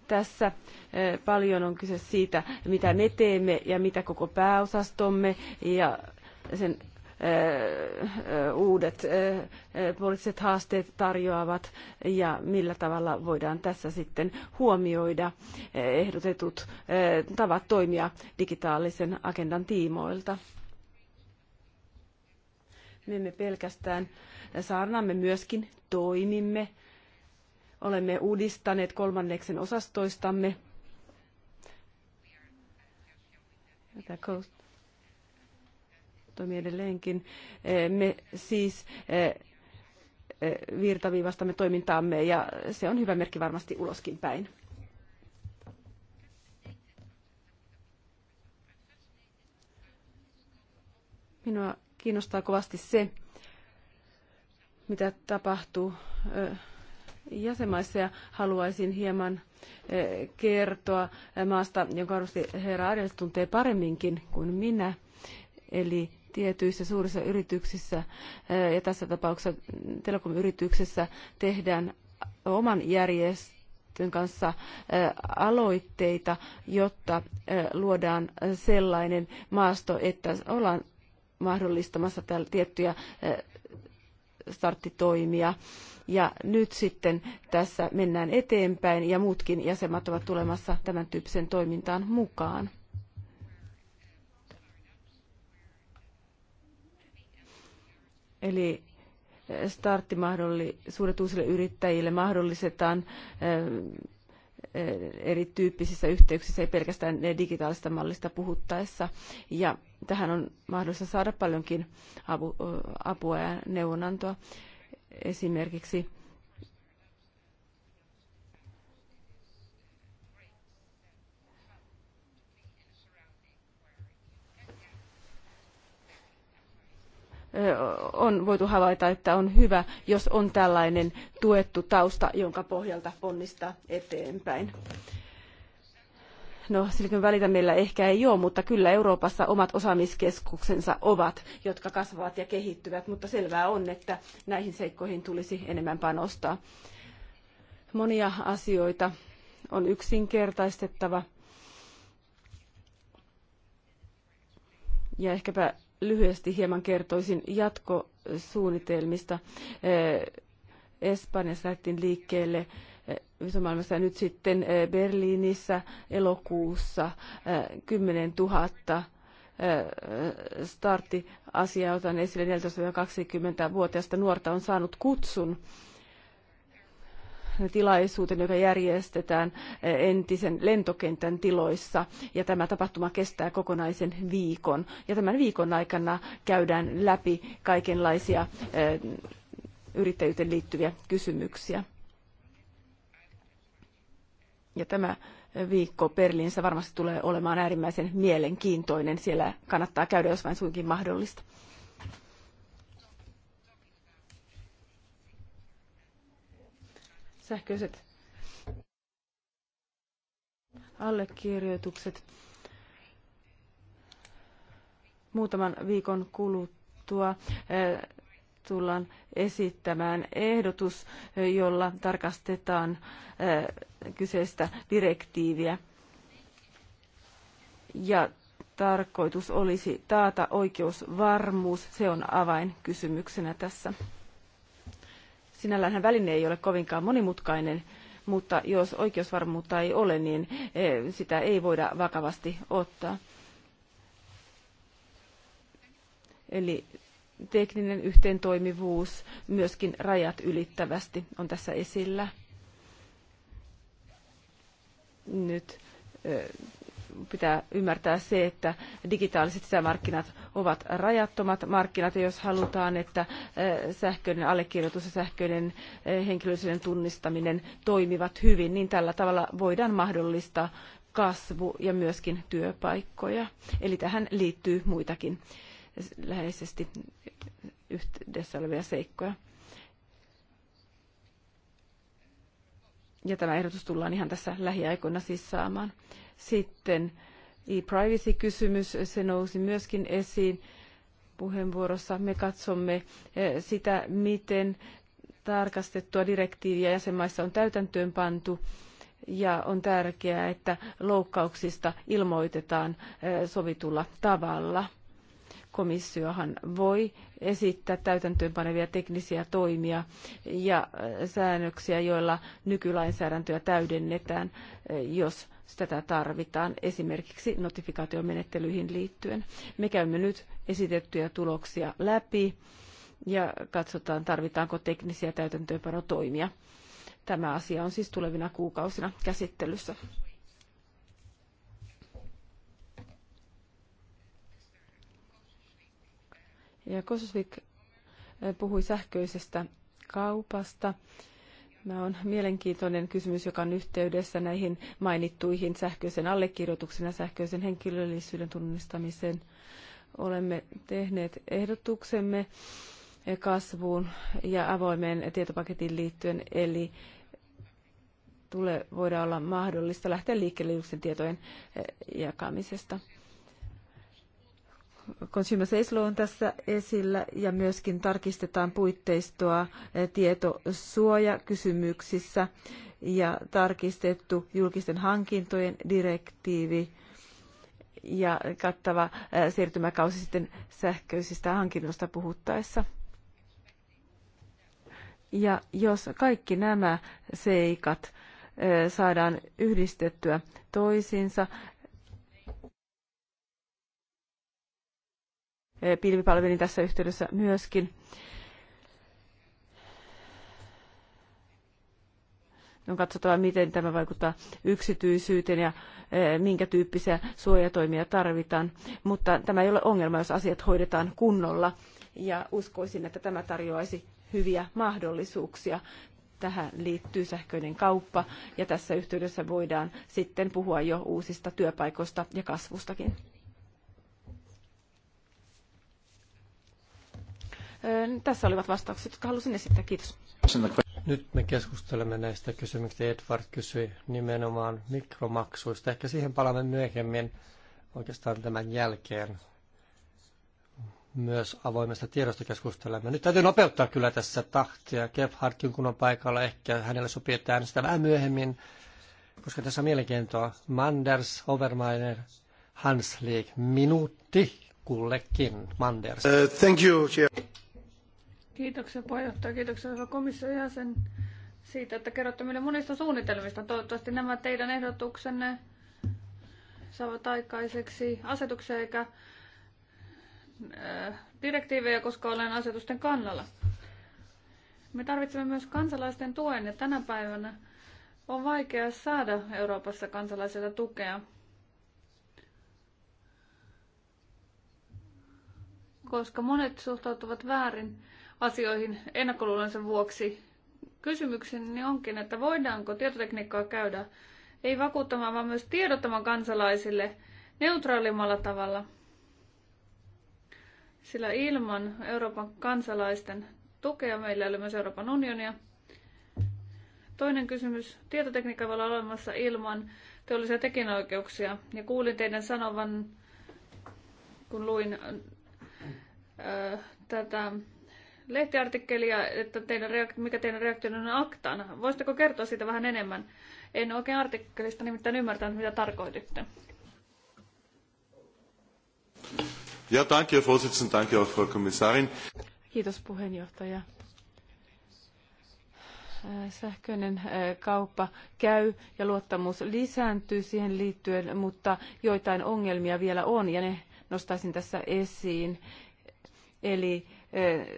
tässä eh, paljon on kyse siitä, mitä me teemme ja mitä koko pääosastomme ja sen Eh, uudet eh, eh, poliittiset haasteet tarjoavat ja millä tavalla voidaan tässä sitten huomioida ehdotetut tavat toimia digitaalisen agendan tiimoilta. Me emme pelkästään saarnaamme myöskin toimimme. Olemme uudistaneet kolmanneksen osastoistamme. Tätä Coast toimi edelleenkin. Eh, me siis eh, eh, virtaviivastamme toimintaamme ja se on hyvä merkki varmasti uloskin päin. Minua kiinnostaa kovasti se, mitä tapahtuu jäsenmaissa ja haluaisin hieman kertoa maasta, jonka varmasti herra Arjelis tuntee paremminkin kuin minä, eli tietyissä suurissa yrityksissä eh, ja tässä tapauksessa telekomyrityksessä tehdään oman järjestön kanssa eh, aloitteita, jotta eh, luodaan sellainen maasto, että ollaan mahdollistamassa täällä tiettyjä starttitoimia. Ja nyt sitten tässä mennään eteenpäin ja muutkin jäsenmaat ovat tulemassa tämän tyyppiseen toimintaan mukaan. Eli eh, starttimahdollisuudet uusille yrittäjille mahdollistetaan eh, eh, erityyppisissä yhteyksissä, ei pelkästään digitaalista mallista puhuttaessa. Ja tähän on mahdollista saada paljonkin apua ja neuvonantoa. Esimerkiksi on voitu havaita, että on hyvä, jos on tällainen tuettu tausta, jonka pohjalta ponnistaa eteenpäin. No, Silicon välitä meillä ehkä ei ole, mutta kyllä Euroopassa omat osaamiskeskuksensa ovat, jotka kasvavat ja kehittyvät, mutta selvää on, että näihin seikkoihin tulisi enemmän panostaa. Monia asioita on yksinkertaistettava. Ja ehkäpä lyhyesti hieman kertoisin jatkosuunnitelmista. Eh, Espanjassa lähtiin liikkeelle eh, maailmassa ja nyt sitten eh, Berliinissä elokuussa 10 000 starttiasiaa otan esille 14-20-vuotiaista nuorta on saanut kutsun tilaisuuteen, joka järjestetään entisen lentokentän tiloissa. Ja tämä tapahtuma kestää kokonaisen viikon. Ja tämän viikon aikana käydään läpi kaikenlaisia yrittäjyyteen liittyviä kysymyksiä. Ja tämä viikko Berliinissä varmasti tulee olemaan äärimmäisen mielenkiintoinen. Siellä kannattaa käydä, jos vain suinkin mahdollista. sähköiset allekirjoitukset muutaman viikon kuluttua eh, tullaan esittämään ehdotus, eh, jolla tarkastetaan eh, kyseistä direktiiviä. Ja tarkoitus olisi taata oikeusvarmuus, se on avainkysymyksenä tässä Sinällään väline ei ole kovinkaan monimutkainen, mutta jos oikeusvarmuutta ei ole, niin eh, sitä ei voida vakavasti ottaa. Eli tekninen yhteentoimivuus myöskin rajat ylittävästi on tässä esillä. Nyt eh, pitää ymmärtää se, että digitaaliset sisämarkkinat ovat rajattomat markkinat, ja jos halutaan, että eh, sähköinen allekirjoitus ja sähköinen eh, henkilöllisyyden tunnistaminen toimivat hyvin, niin tällä tavalla voidaan mahdollistaa kasvu ja myöskin työpaikkoja. Eli tähän liittyy muitakin eh, läheisesti yhdessä olevia seikkoja. Ja tämä ehdotus tullaan ihan tässä lähiaikoina siis saamaan. Sitten e-privacy-kysymys, se nousi myöskin esiin puheenvuorossa. Me katsomme eh, sitä, miten tarkastettua direktiiviä jäsenmaissa on täytäntöön pantu ja on tärkeää, että loukkauksista ilmoitetaan eh, sovitulla tavalla. Komissiohan voi esittää täytäntöönpanevia teknisiä toimia ja eh, säännöksiä, joilla nykylainsäädäntöä täydennetään, jos Tätä tarvitaan esimerkiksi notifikaatiomenettelyihin liittyen. Me käymme nyt esitettyjä tuloksia läpi ja katsotaan, tarvitaanko teknisiä täytäntöönpanotoimia. Tämä asia on siis tulevina kuukausina käsittelyssä. Ja Kosovik puhui sähköisestä kaupasta Tämä on mielenkiintoinen kysymys, joka on yhteydessä näihin mainittuihin sähköisen allekirjoituksen ja sähköisen henkilöllisyyden tunnistamiseen. Olemme tehneet ehdotuksemme kasvuun ja avoimeen tietopaketin liittyen, eli tulee voidaan olla mahdollista lähteä liikkeelle tietojen eh, jakamisesta. Consumer Sales Law on tässä esillä ja myöskin tarkistetaan puitteistoa eh, tietosuojakysymyksissä ja tarkistettu julkisten hankintojen direktiivi ja kattava eh, siirtymäkausi sitten sähköisistä hankinnoista puhuttaessa. Ja jos kaikki nämä seikat eh, saadaan yhdistettyä toisiinsa, pilvipalvelin tässä yhteydessä myöskin. On katsottava, miten tämä vaikuttaa yksityisyyteen ja minkä tyyppisiä suojatoimia tarvitaan. Mutta tämä ei ole ongelma, jos asiat hoidetaan kunnolla. Ja uskoisin, että tämä tarjoaisi hyviä mahdollisuuksia. Tähän liittyy sähköinen kauppa ja tässä yhteydessä voidaan sitten puhua jo uusista työpaikoista ja kasvustakin. Tässä olivat vastaukset, jotka halusin esittää. Kiitos. Nyt me keskustelemme näistä kysymyksistä. Edward kysyi nimenomaan mikromaksuista. Ehkä siihen palaamme myöhemmin oikeastaan tämän jälkeen. Myös avoimesta tiedosta keskustelemme. Nyt täytyy nopeuttaa kyllä tässä tahtia. Hartkin kun on paikalla, ehkä hänelle sopii, että äänestää vähän myöhemmin, koska tässä on mielenkiintoa. Manders, Overmeiner, Hanslik, minuutti kullekin. Manders. Uh, thank you, chair. Kiitoksia puheenjohtaja, kiitoksia hyvä komission jäsen siitä, että kerrotte meille monista suunnitelmista. Toivottavasti nämä teidän ehdotuksenne saavat aikaiseksi asetuksia eikä äh, direktiivejä, koska olen asetusten kannalla. Me tarvitsemme myös kansalaisten tuen ja tänä päivänä on vaikea saada Euroopassa kansalaisilta tukea. Koska monet suhtautuvat väärin asioihin ennakkoluulonsa vuoksi. Kysymykseni onkin, että voidaanko tietotekniikkaa käydä ei vakuuttamaan, vaan myös tiedottamaan kansalaisille neutraalimmalla tavalla. Sillä ilman Euroopan kansalaisten tukea meillä ei ole myös Euroopan unionia. Toinen kysymys. Tietotekniikka voi olla olemassa ilman teollisia tekijänoikeuksia. Ja kuulin teidän sanovan, kun luin äh, tätä lehtiartikkelia, että teidän reakti- mikä teidän reaktio on aktaan. Voisitteko kertoa siitä vähän enemmän? En oikein artikkelista nimittäin ymmärtänyt, mitä tarkoititte. Ja, danke, Herr Vorsitzender, danke auch, Frau Kommissarin. Kiitos puheenjohtaja sähköinen äh, kauppa käy ja luottamus lisääntyy siihen liittyen, mutta joitain ongelmia vielä on ja ne nostaisin tässä esiin. Eli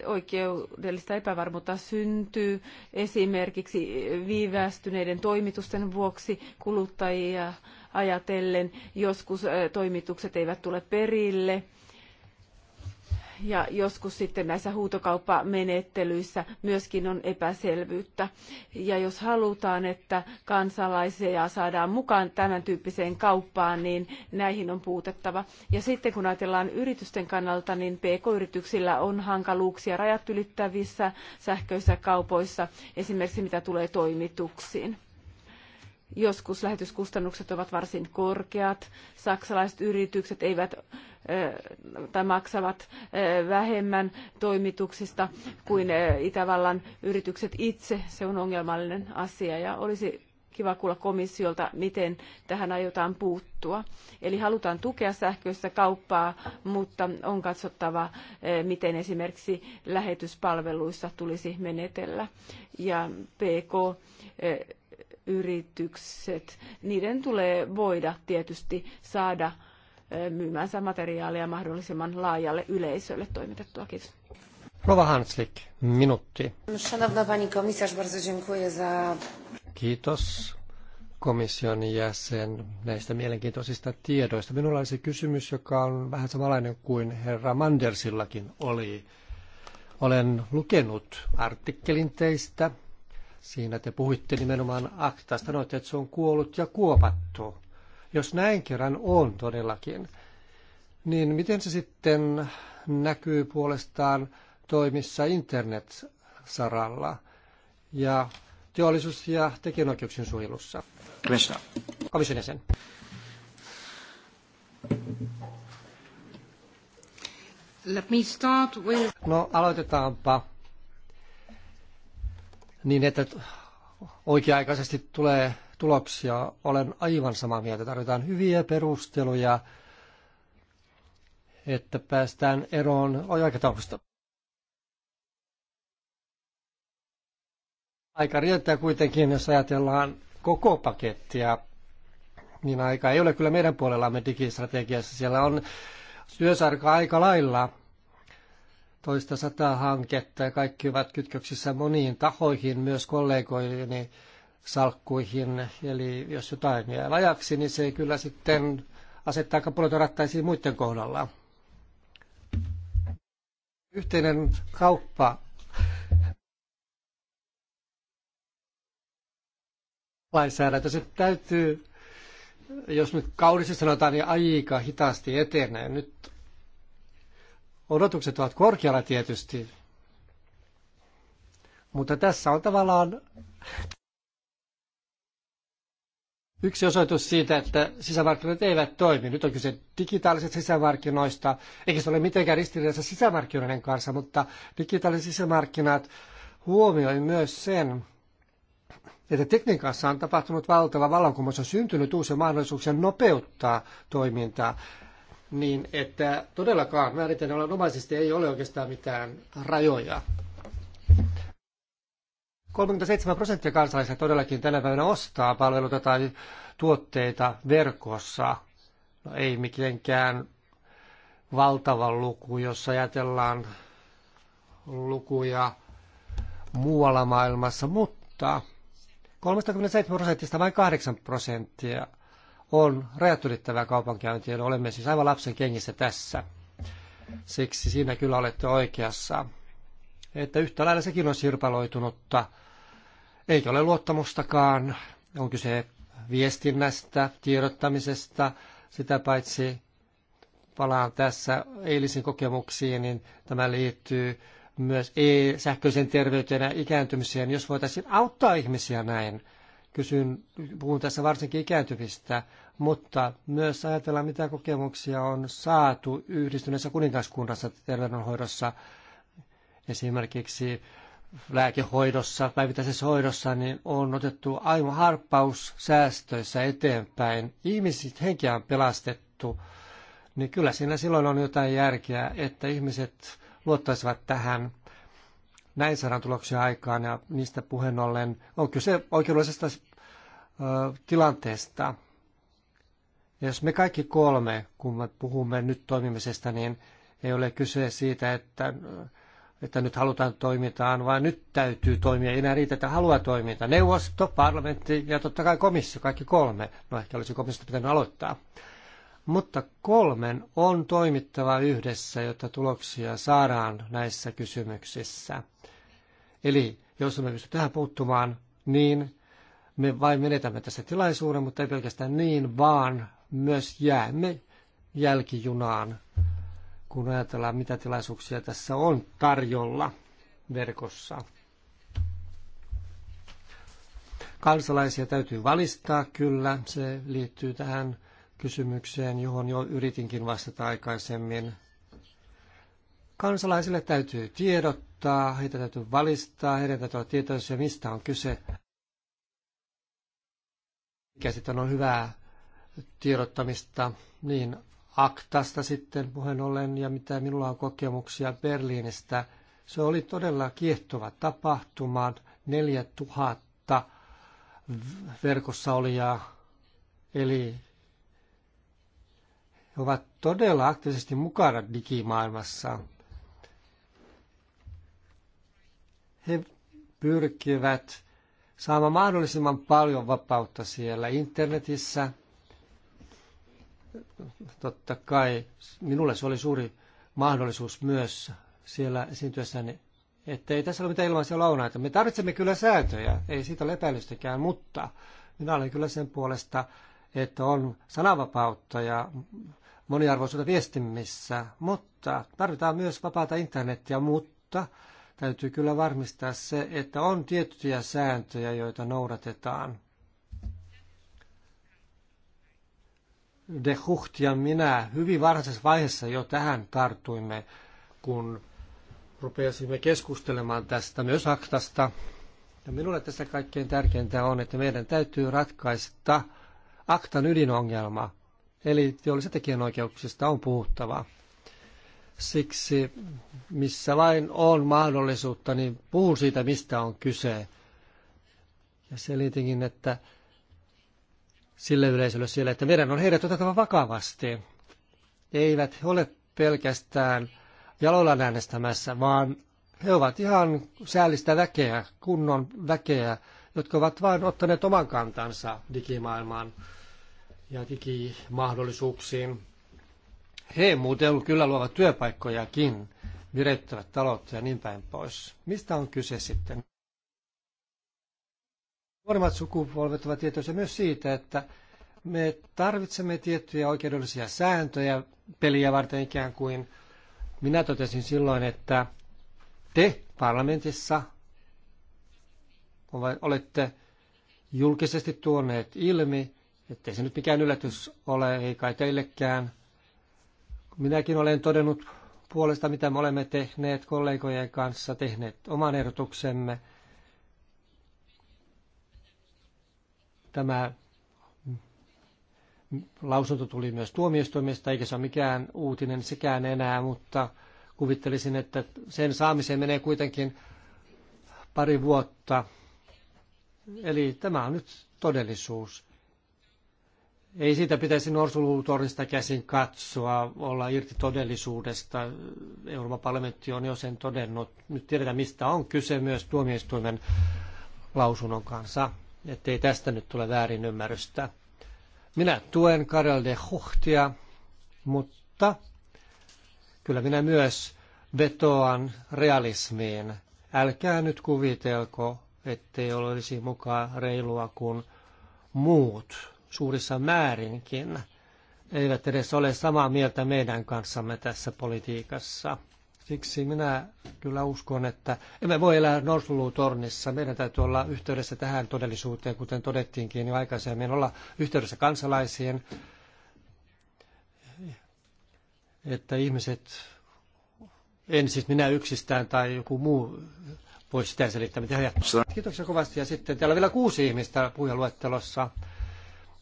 oikeudellista epävarmuutta syntyy esimerkiksi viivästyneiden toimitusten vuoksi kuluttajia ajatellen. Joskus toimitukset eivät tule perille ja joskus sitten näissä huutokauppamenettelyissä myöskin on epäselvyyttä. Ja jos halutaan, että kansalaisia saadaan mukaan tämän tyyppiseen kauppaan, niin näihin on puutettava. Ja sitten kun ajatellaan yritysten kannalta, niin PK-yrityksillä on hankaluuksia rajat ylittävissä sähköisissä kaupoissa, esimerkiksi mitä tulee toimituksiin. Joskus lähetyskustannukset ovat varsin korkeat. Saksalaiset yritykset eivät tai maksavat vähemmän toimituksista kuin Itävallan yritykset itse. Se on ongelmallinen asia ja olisi kiva kuulla komissiolta, miten tähän aiotaan puuttua. Eli halutaan tukea sähköistä kauppaa, mutta on katsottava, miten esimerkiksi lähetyspalveluissa tulisi menetellä. Ja PK yritykset, niiden tulee voida tietysti saada myymänsä materiaalia mahdollisimman laajalle yleisölle toimitettua. Kiitos. Rova Hanslik, minuutti. Szanowna pani komisarz, bardzo dziękuję za... Kiitos komission jäsen näistä mielenkiintoisista tiedoista. Minulla olisi kysymys, joka on vähän samanlainen kuin herra Mandersillakin oli. Olen lukenut artikkelin teistä Siinä te puhuitte nimenomaan aktasta, sanoitte, että se on kuollut ja kuopattu. Jos näin kerran on todellakin, niin miten se sitten näkyy puolestaan toimissa internet-saralla ja teollisuus- ja tekijänoikeuksien suojelussa? Komissio. Komission jäsen. Let me start with... No aloitetaanpa niin, että oikea-aikaisesti tulee tuloksia. Olen aivan samaa mieltä. Tarvitaan hyviä perusteluja, että päästään eroon aikataulusta. Aika riittää kuitenkin, jos ajatellaan koko pakettia, niin aika ei ole kyllä meidän puolellamme digistrategiassa. Siellä on työsarka aika lailla toista sataa hanketta ja kaikki ovat kytköksissä moniin tahoihin, myös kollegoihin salkkuihin. Eli jos jotain jää vajaksi, niin se kyllä sitten asettaa paljon rattaisiin muiden kohdalla. Yhteinen kauppa lainsäädäntö, se täytyy, jos nyt kaudessa sanotaan, niin aika hitaasti etenee. Nyt Odotukset ovat korkealla tietysti, mutta tässä on tavallaan yksi osoitus siitä, että sisämarkkinat eivät toimi. Nyt on kyse digitaalisista sisämarkkinoista, eikä se ole mitenkään ristiriidassa sisämarkkinoiden kanssa, mutta digitaaliset sisämarkkinat huomioi myös sen, että tekniikassa on tapahtunut valtava vallankumous, on syntynyt uusia mahdollisuuksia nopeuttaa toimintaa niin että todellakaan määritelmänomaisesti ei ole oikeastaan mitään rajoja. 37 prosenttia kansalaisista todellakin tänä päivänä ostaa palveluita tai tuotteita verkossa. No ei mitenkään valtava luku, jos ajatellaan lukuja muualla maailmassa, mutta 37 prosentista vain 8 prosenttia – on rajat ylittävää kaupankäyntiä. Olemme siis aivan lapsen kengissä tässä. Siksi siinä kyllä olette oikeassa. Että yhtä lailla sekin on sirpaloitunutta. Eikä ole luottamustakaan. On kyse viestinnästä, tiedottamisesta, sitä paitsi palaan tässä eilisin kokemuksiin, niin tämä liittyy myös e sähköisen terveyteen ja ikääntymiseen. Jos voitaisiin auttaa ihmisiä näin, Kysyn, puhun tässä varsinkin ikääntyvistä, mutta myös ajatellaan, mitä kokemuksia on saatu yhdistyneessä kuningaskunnassa terveydenhoidossa, esimerkiksi lääkehoidossa, päivittäisessä hoidossa, niin on otettu aivan harppaus säästöissä eteenpäin. Ihmiset henkiä on pelastettu, niin kyllä siinä silloin on jotain järkeä, että ihmiset luottaisivat tähän. Näin saadaan tuloksia aikaan ja niistä puheen ollen on kyse oikeudellisesta tilanteesta. Ja jos me kaikki kolme, kun me puhumme nyt toimimisesta, niin ei ole kyse siitä, että, että nyt halutaan toimitaan, vaan nyt täytyy toimia. Ei enää riitä, että haluaa toimia. Neuvosto, parlamentti ja totta kai komissio, kaikki kolme. No ehkä olisi komissiosta pitänyt aloittaa. Mutta kolmen on toimittava yhdessä, jotta tuloksia saadaan näissä kysymyksissä. Eli jos me pysty tähän puuttumaan, niin me vain menetämme tässä tilaisuuden, mutta ei pelkästään niin, vaan myös jäämme jälkijunaan, kun ajatellaan, mitä tilaisuuksia tässä on tarjolla verkossa. Kansalaisia täytyy valistaa, kyllä, se liittyy tähän kysymykseen, johon jo yritinkin vastata aikaisemmin. Kansalaisille täytyy tiedottaa, heitä täytyy valistaa, heidän täytyy olla tietoisia, mistä on kyse mikä sitten on hyvää tiedottamista niin aktasta sitten puheen ollen ja mitä minulla on kokemuksia Berliinistä. Se oli todella kiehtova tapahtuma, 4000 verkossa ja eli he ovat todella aktiivisesti mukana digimaailmassa. He pyrkivät saamaan mahdollisimman paljon vapautta siellä internetissä. Totta kai minulle se oli suuri mahdollisuus myös siellä esiintyessäni, että ei tässä ole mitään ilmaisia launaita. Me tarvitsemme kyllä sääntöjä, ei siitä ole epäilystäkään, mutta minä olen kyllä sen puolesta, että on sananvapautta ja moniarvoisuutta viestimissä, mutta tarvitaan myös vapaata internettiä, mutta Täytyy kyllä varmistaa se, että on tiettyjä sääntöjä, joita noudatetaan. De Hucht ja minä hyvin varhaisessa vaiheessa jo tähän tartuimme, kun rupeasimme keskustelemaan tästä myös aktasta. Ja minulle tässä kaikkein tärkeintä on, että meidän täytyy ratkaista aktan ydinongelma, eli teolliset tekijänoikeuksista on puhuttavaa. Siksi, missä vain on mahdollisuutta, niin puhun siitä, mistä on kyse. Ja selitinkin, että sille yleisölle siellä, että meidän on heidät otettava vakavasti. Eivät he ole pelkästään jaloilla äänestämässä, vaan he ovat ihan säällistä väkeä, kunnon väkeä, jotka ovat vain ottaneet oman kantansa digimaailmaan ja digimahdollisuuksiin. He muuten kyllä luovat työpaikkojakin, virettävät taloutta ja niin päin pois. Mistä on kyse sitten? Nuoremmat sukupolvet ovat tietoisia myös siitä, että me tarvitsemme tiettyjä oikeudellisia sääntöjä peliä varten ikään kuin. Minä totesin silloin, että te parlamentissa olette julkisesti tuoneet ilmi, ettei se nyt mikään yllätys ole, ei kai teillekään, Minäkin olen todennut puolesta, mitä me olemme tehneet kollegojen kanssa, tehneet oman ehdotuksemme. Tämä lausunto tuli myös tuomioistuimesta, eikä se ole mikään uutinen sekään enää, mutta kuvittelisin, että sen saamiseen menee kuitenkin pari vuotta. Eli tämä on nyt todellisuus. Ei siitä pitäisi norsulutornista käsin katsoa, olla irti todellisuudesta. Euroopan parlamentti on jo sen todennut. Nyt tiedetään, mistä on kyse myös tuomioistuimen lausunnon kanssa, ettei tästä nyt tule väärin ymmärrystä. Minä tuen Karel de Huhtia, mutta kyllä minä myös vetoan realismiin. Älkää nyt kuvitelko, ettei olisi mukaan reilua kuin muut suurissa määrinkin eivät edes ole samaa mieltä meidän kanssamme tässä politiikassa. Siksi minä kyllä uskon, että emme voi elää norsulutornissa. Meidän täytyy olla yhteydessä tähän todellisuuteen, kuten todettiinkin jo aikaisemmin, olla yhteydessä kansalaisiin, että ihmiset, en siis minä yksistään tai joku muu voi sitä selittää, mitä he. Kiitoksia kovasti. Ja sitten täällä on vielä kuusi ihmistä puhujaluettelossa.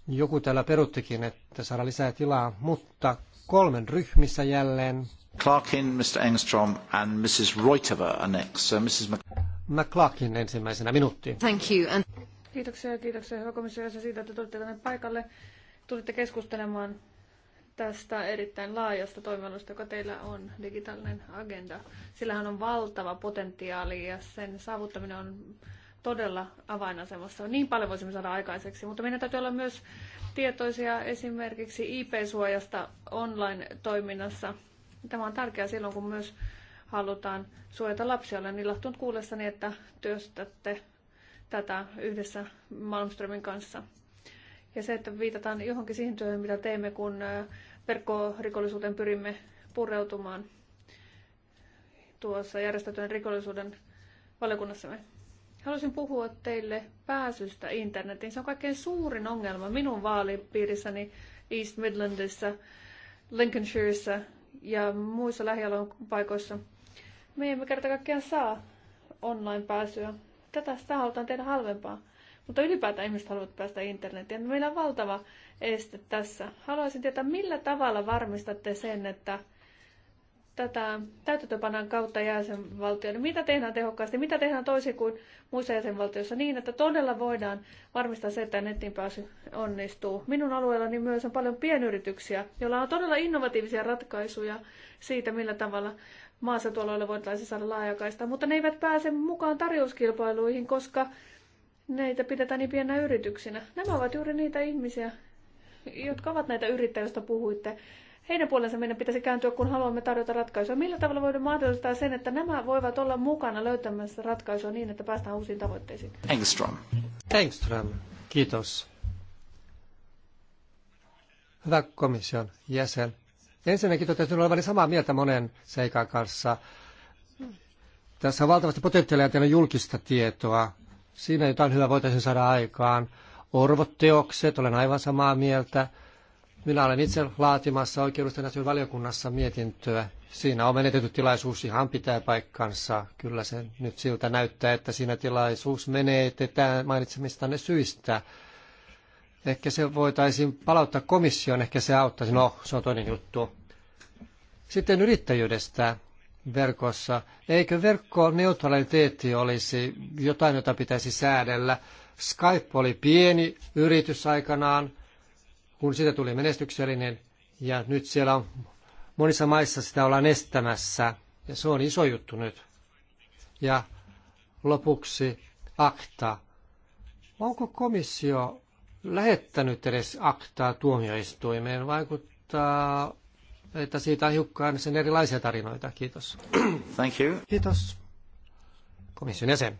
Niin joku täällä peruttikin, että saada lisää tilaa, mutta kolmen ryhmissä jälleen. Clarkin, Mr. Engström and Mrs. Reutova are next. So Mrs. Mc... McClarkin ensimmäisenä minuutti. Thank you. And... Kiitoksia ja kiitoksia hyvä komissio siitä, että tulitte tänne paikalle. Tulitte keskustelemaan tästä erittäin laajasta toimialusta, joka teillä on, digitaalinen agenda. Sillähän on valtava potentiaali ja sen saavuttaminen on todella avainasemassa. Niin paljon voisimme saada aikaiseksi, mutta meidän täytyy olla myös tietoisia esimerkiksi IP-suojasta online-toiminnassa. Tämä on tärkeää silloin, kun myös halutaan suojata lapsia. Olen ilahtunut kuullessani, että työstätte tätä yhdessä Malmströmin kanssa. Ja se, että viitataan johonkin siihen työhön, mitä teemme, kun verkkorikollisuuteen pyrimme pureutumaan tuossa järjestetyn rikollisuuden valiokunnassamme. Haluaisin puhua teille pääsystä internetiin. Se on kaikkein suurin ongelma minun vaalipiirissäni East Midlandissa, Lincolnshireissa ja muissa lähialueen paikoissa. Me emme kerta kaikkiaan saa online-pääsyä. Tätä sitä halutaan tehdä halvempaa. Mutta ylipäätään ihmiset haluavat päästä internetiin. Meillä on valtava este tässä. Haluaisin tietää, millä tavalla varmistatte sen, että tätä täytäntöpanan kautta jäsenvaltioille Mitä tehdään tehokkaasti, mitä tehdään toisin kuin muissa jäsenvaltioissa niin, että todella voidaan varmistaa se, että nettiin pääsy onnistuu. Minun alueellani myös on paljon pienyrityksiä, joilla on todella innovatiivisia ratkaisuja siitä, millä tavalla maaseutualueilla voitaisiin saada laajakaista, mutta ne eivät pääse mukaan tarjouskilpailuihin, koska neitä pidetään niin pienä yrityksinä. Nämä ovat juuri niitä ihmisiä, jotka ovat näitä yrittäjiä, joista puhuitte, heidän puolensa meidän pitäisi kääntyä, kun haluamme tarjota ratkaisua. Millä tavalla voidaan mahdollistaa sen, että nämä voivat olla mukana löytämässä ratkaisua niin, että päästään uusiin tavoitteisiin? Engström. Engström, kiitos. Hyvä komission jäsen. Ensinnäkin totesin olevani samaa mieltä monen seikan kanssa. Tässä on valtavasti potentiaalia teillä julkista tietoa. Siinä jotain hyvää voitaisiin saada aikaan. Orvot teokset, olen aivan samaa mieltä minä olen itse laatimassa oikeudesta näkyy valiokunnassa mietintöä. Siinä on menetetty tilaisuus ihan pitää paikkansa. Kyllä se nyt siltä näyttää, että siinä tilaisuus menetetään mainitsemistanne syistä. Ehkä se voitaisiin palauttaa komissioon, ehkä se auttaisi. No, se on toinen juttu. Sitten yrittäjyydestä verkossa. Eikö verkkoneutraliteetti olisi jotain, jota pitäisi säädellä? Skype oli pieni yritys aikanaan, kun siitä tuli menestyksellinen, ja nyt siellä on monissa maissa sitä ollaan estämässä, ja se on iso juttu nyt. Ja lopuksi akta. Onko komissio lähettänyt edes aktaa tuomioistuimeen? Vaikuttaa, että siitä on hiukkaan sen erilaisia tarinoita. Kiitos. Thank you. Kiitos. Komission jäsen.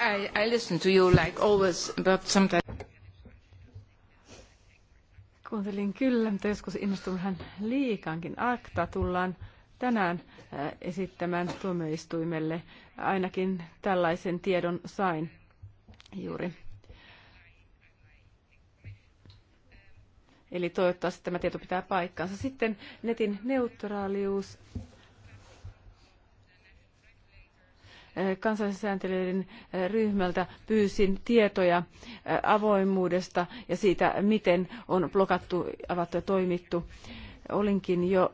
I, I listen to you like always, but sometimes... Kuuntelin kyllä, mutta joskus innostun vähän liikankin. Akta tullaan tänään äh, esittämään tuomioistuimelle. Ainakin tällaisen tiedon sain juuri. Eli toivottavasti tämä tieto pitää paikkansa. Sitten netin neutraalius kansallisen ryhmältä pyysin tietoja avoimuudesta ja siitä, miten on blokattu, avattu ja toimittu. Olinkin jo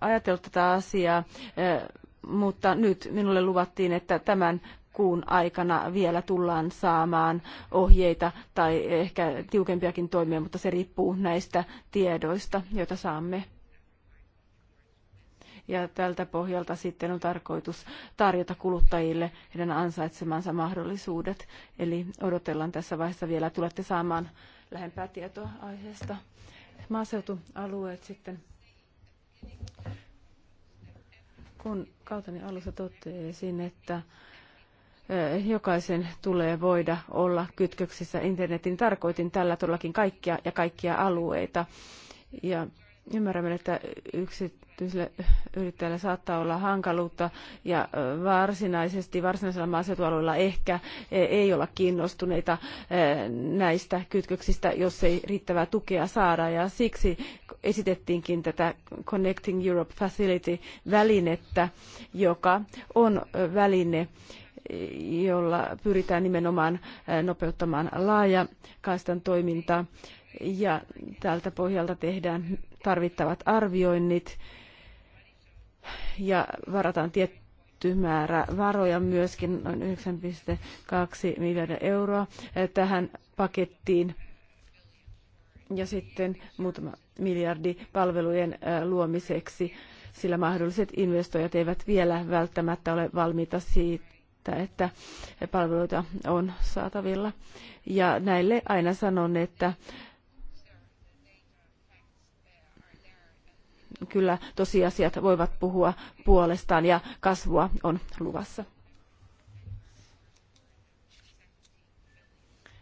ajatellut tätä asiaa, mutta nyt minulle luvattiin, että tämän kuun aikana vielä tullaan saamaan ohjeita tai ehkä tiukempiakin toimia, mutta se riippuu näistä tiedoista, joita saamme ja tältä pohjalta sitten on tarkoitus tarjota kuluttajille heidän ansaitsemansa mahdollisuudet. Eli odotellaan tässä vaiheessa vielä, tulette saamaan lähempää tietoa aiheesta. Maaseutualueet sitten kun kauteni alussa totesin, että eh, jokaisen tulee voida olla kytköksissä internetin. Tarkoitin tällä todellakin kaikkia ja kaikkia alueita. Ja Ymmärrämme, että yksityisellä yrittäjällä saattaa olla hankaluutta ja varsinaisesti varsinaisella maaseutualueella ehkä e, ei olla kiinnostuneita e, näistä kytköksistä, jos ei riittävää tukea saada. Ja siksi esitettiinkin tätä Connecting Europe Facility-välinettä, joka on väline, jolla pyritään nimenomaan e, nopeuttamaan laaja kaistan toimintaa ja tältä pohjalta tehdään tarvittavat arvioinnit ja varataan tietty määrä varoja myöskin noin 9,2 miljardia euroa eh, tähän pakettiin ja sitten muutama miljardi palvelujen eh, luomiseksi, sillä mahdolliset investoijat eivät vielä välttämättä ole valmiita siitä, että palveluita on saatavilla. Ja näille aina sanon, että kyllä tosiasiat voivat puhua puolestaan ja kasvua on luvassa.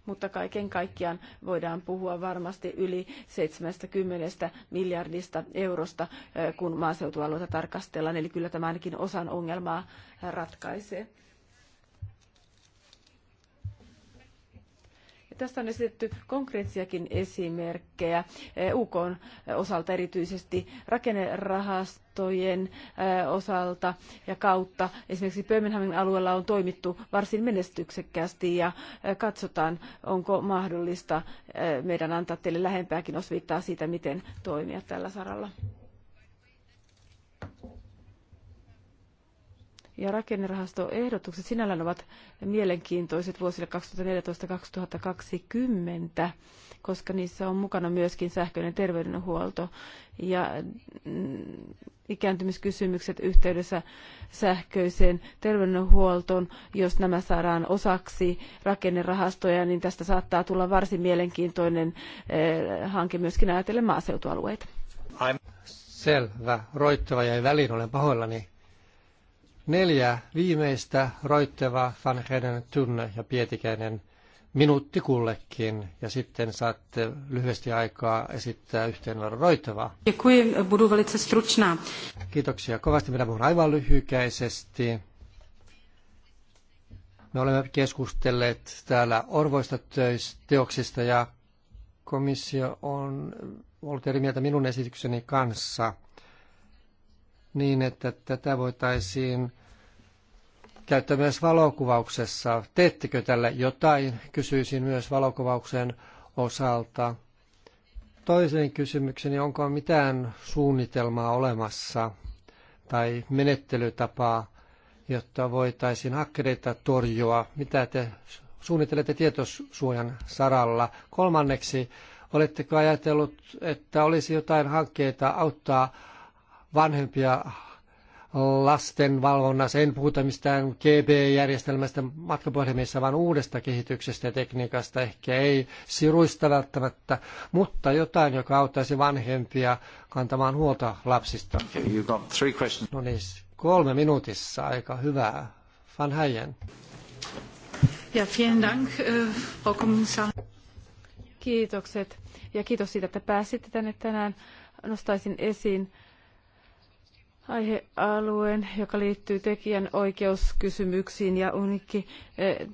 mutta kaiken kaikkiaan voidaan puhua varmasti yli 70 miljardista eurosta, eh, kun maaseutualueita tarkastellaan. Eli kyllä tämä ainakin osan ongelmaa ratkaisee. Tästä on esitetty konkreettisiakin esimerkkejä eh, UK eh, osalta erityisesti rakennerahastojen eh, osalta ja kautta. Esimerkiksi Birminghamin alueella on toimittu varsin menestyksekkäästi ja katsotaan, onko mahdollista meidän antaa teille lähempääkin osviittaa siitä, miten toimia tällä saralla. ja rakennerahastoehdotukset sinällään ovat mielenkiintoiset vuosille 2014-2020, koska niissä on mukana myöskin sähköinen terveydenhuolto ja mm, ikääntymiskysymykset yhteydessä sähköiseen terveydenhuoltoon. Jos nämä saadaan osaksi rakennerahastoja, niin tästä saattaa tulla varsin mielenkiintoinen eh, hanke myöskin ajatellen maaseutualueita. Selvä. Roittava jäi väliin, olen pahoillani. Neljä viimeistä, Roitteva, Van Heden, Tunne ja Pietikäinen, minuutti kullekin. Ja sitten saatte lyhyesti aikaa esittää yhteenvedon roittavaa. Kiitoksia kovasti. Minä puhun aivan lyhykäisesti. Me olemme keskustelleet täällä orvoista teoksista ja komissio on ollut eri mieltä minun esitykseni kanssa – niin, että tätä voitaisiin käyttää myös valokuvauksessa. Teettekö tällä jotain? Kysyisin myös valokuvauksen osalta. Toiseen kysymykseni, onko mitään suunnitelmaa olemassa tai menettelytapaa, jotta voitaisiin hakkereita torjua? Mitä te suunnittelette tietosuojan saralla? Kolmanneksi, oletteko ajatellut, että olisi jotain hankkeita auttaa vanhempia lasten valvonnassa. En puhuta mistään GB-järjestelmästä matkapuhelimissa, vaan uudesta kehityksestä ja tekniikasta. Ehkä ei siruista välttämättä, mutta jotain, joka auttaisi vanhempia kantamaan huolta lapsista. no niin, kolme minuutissa. Aika hyvää. Van Heijen. Ja vielen dank, äh, Kiitokset ja kiitos siitä, että pääsitte tänne tänään. Nostaisin esiin aihealueen, joka liittyy tekijän oikeuskysymyksiin ja unikki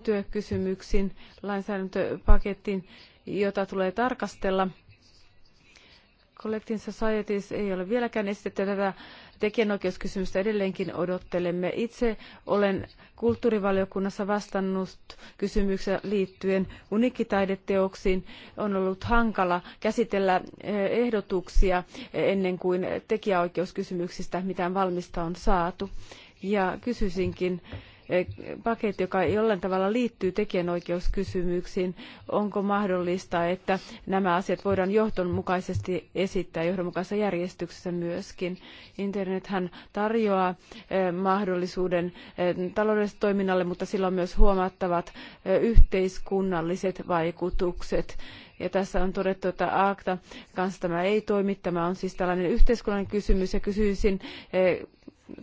työkysymyksiin lainsäädäntöpakettiin, jota tulee tarkastella. Collecting Societies ei ole vieläkään esitetty tätä tekijänoikeuskysymystä edelleenkin odottelemme. Itse olen kulttuurivaliokunnassa vastannut kysymyksiä liittyen unikkitaideteoksiin. On ollut hankala käsitellä eh, ehdotuksia ennen kuin tekijäoikeuskysymyksistä mitään valmista on saatu. Ja kysyisinkin paketti, joka jollain tavalla liittyy tekijänoikeuskysymyksiin. Onko mahdollista, että nämä asiat voidaan johdonmukaisesti esittää johdonmukaisessa järjestyksessä myöskin? Internethän tarjoaa eh, mahdollisuuden eh, taloudelliselle toiminnalle, mutta sillä on myös huomattavat eh, yhteiskunnalliset vaikutukset. Ja tässä on todettu, että ACTA kanssa tämä ei toimi. Tämä on siis tällainen yhteiskunnallinen kysymys ja kysyisin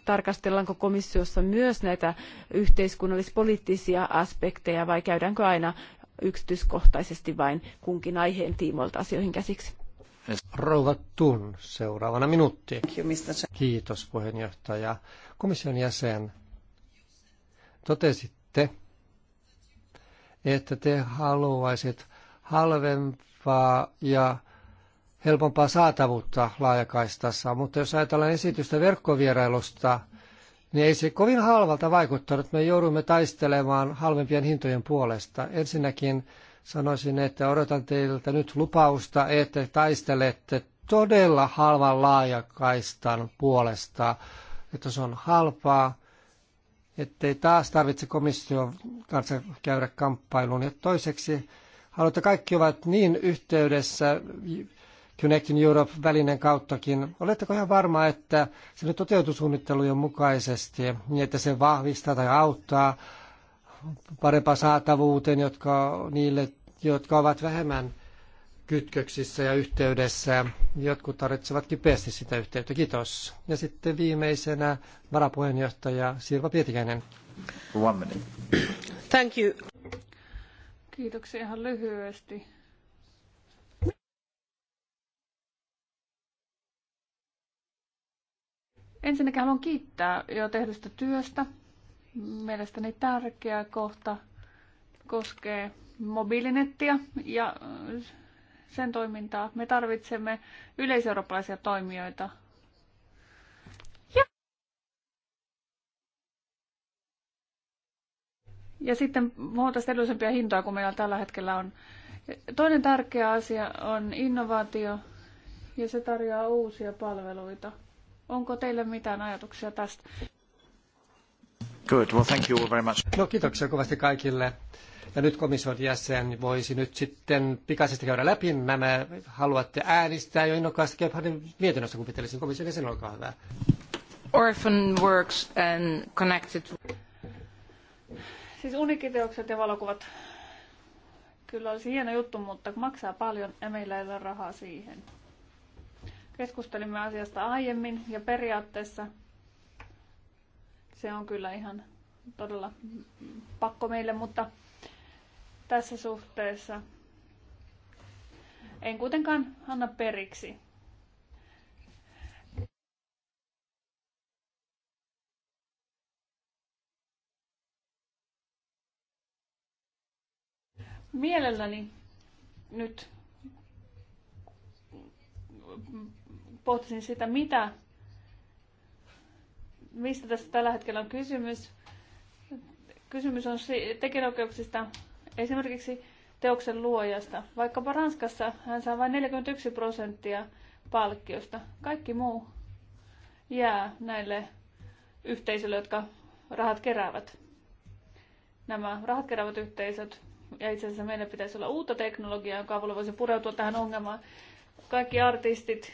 tarkastellaanko komissiossa myös näitä yhteiskunnallispoliittisia aspekteja vai käydäänkö aina yksityiskohtaisesti vain kunkin aiheen tiimoilta asioihin käsiksi? Rouva Tun, seuraavana minuutti. Kiitos puheenjohtaja. Komission jäsen, totesitte, että te haluaisit halvempaa ja helpompaa saatavuutta laajakaistassa, mutta jos ajatellaan esitystä verkkovierailusta, niin ei se kovin halvalta vaikuttanut. Me joudumme taistelemaan halvempien hintojen puolesta. Ensinnäkin sanoisin, että odotan teiltä nyt lupausta, että taistelette todella halvan laajakaistan puolesta, että se on halpaa, ettei taas tarvitse komission kanssa käydä kamppailuun. Ja toiseksi haluatte kaikki ovat niin yhteydessä Connecting Europe-välinen kauttakin. Oletteko ihan varma, että se toteutusuunnittelujen mukaisesti, niin että se vahvistaa tai auttaa parempaa saatavuuteen jotka, niille, jotka ovat vähemmän kytköksissä ja yhteydessä. Jotkut tarvitsevat kipeästi sitä yhteyttä. Kiitos. Ja sitten viimeisenä varapuheenjohtaja Sirva Pietikäinen. One minute. Thank you. Kiitoksia ihan lyhyesti. Ensinnäkin haluan kiittää jo tehdystä työstä. Mielestäni tärkeä kohta koskee mobiilinettiä ja sen toimintaa. Me tarvitsemme yleiseurooppalaisia toimijoita. Ja, ja sitten huomattavasti edullisempia hintoja kuin meillä tällä hetkellä on. Toinen tärkeä asia on innovaatio ja se tarjoaa uusia palveluita – Onko teillä mitään ajatuksia tästä? Good. Well, thank you all very much. No, kiitoksia kovasti kaikille. Ja nyt komission jäsen voisi nyt sitten pikaisesti käydä läpi nämä. Haluatte äänestää jo innokkaasti Gebhardin mietinnöstä, kuvittelisin komission jäsen, olkaa hyvä. Orphan Works and Connected. Siis unikiteokset ja valokuvat. Kyllä olisi hieno juttu, mutta maksaa paljon ja meillä ei ole rahaa siihen. Keskustelimme asiasta aiemmin ja periaatteessa se on kyllä ihan todella pakko meille, mutta tässä suhteessa en kuitenkaan anna periksi. Mielelläni nyt pohtisin sitä, mitä, mistä tässä tällä hetkellä on kysymys. Kysymys on tekijänoikeuksista, esimerkiksi teoksen luojasta. Vaikkapa Ranskassa hän saa vain 41 prosenttia palkkiosta. Kaikki muu jää näille yhteisöille, jotka rahat keräävät. Nämä rahat keräävät yhteisöt, ja itse asiassa meillä pitäisi olla uutta teknologiaa, jonka avulla voisi pureutua tähän ongelmaan. Kaikki artistit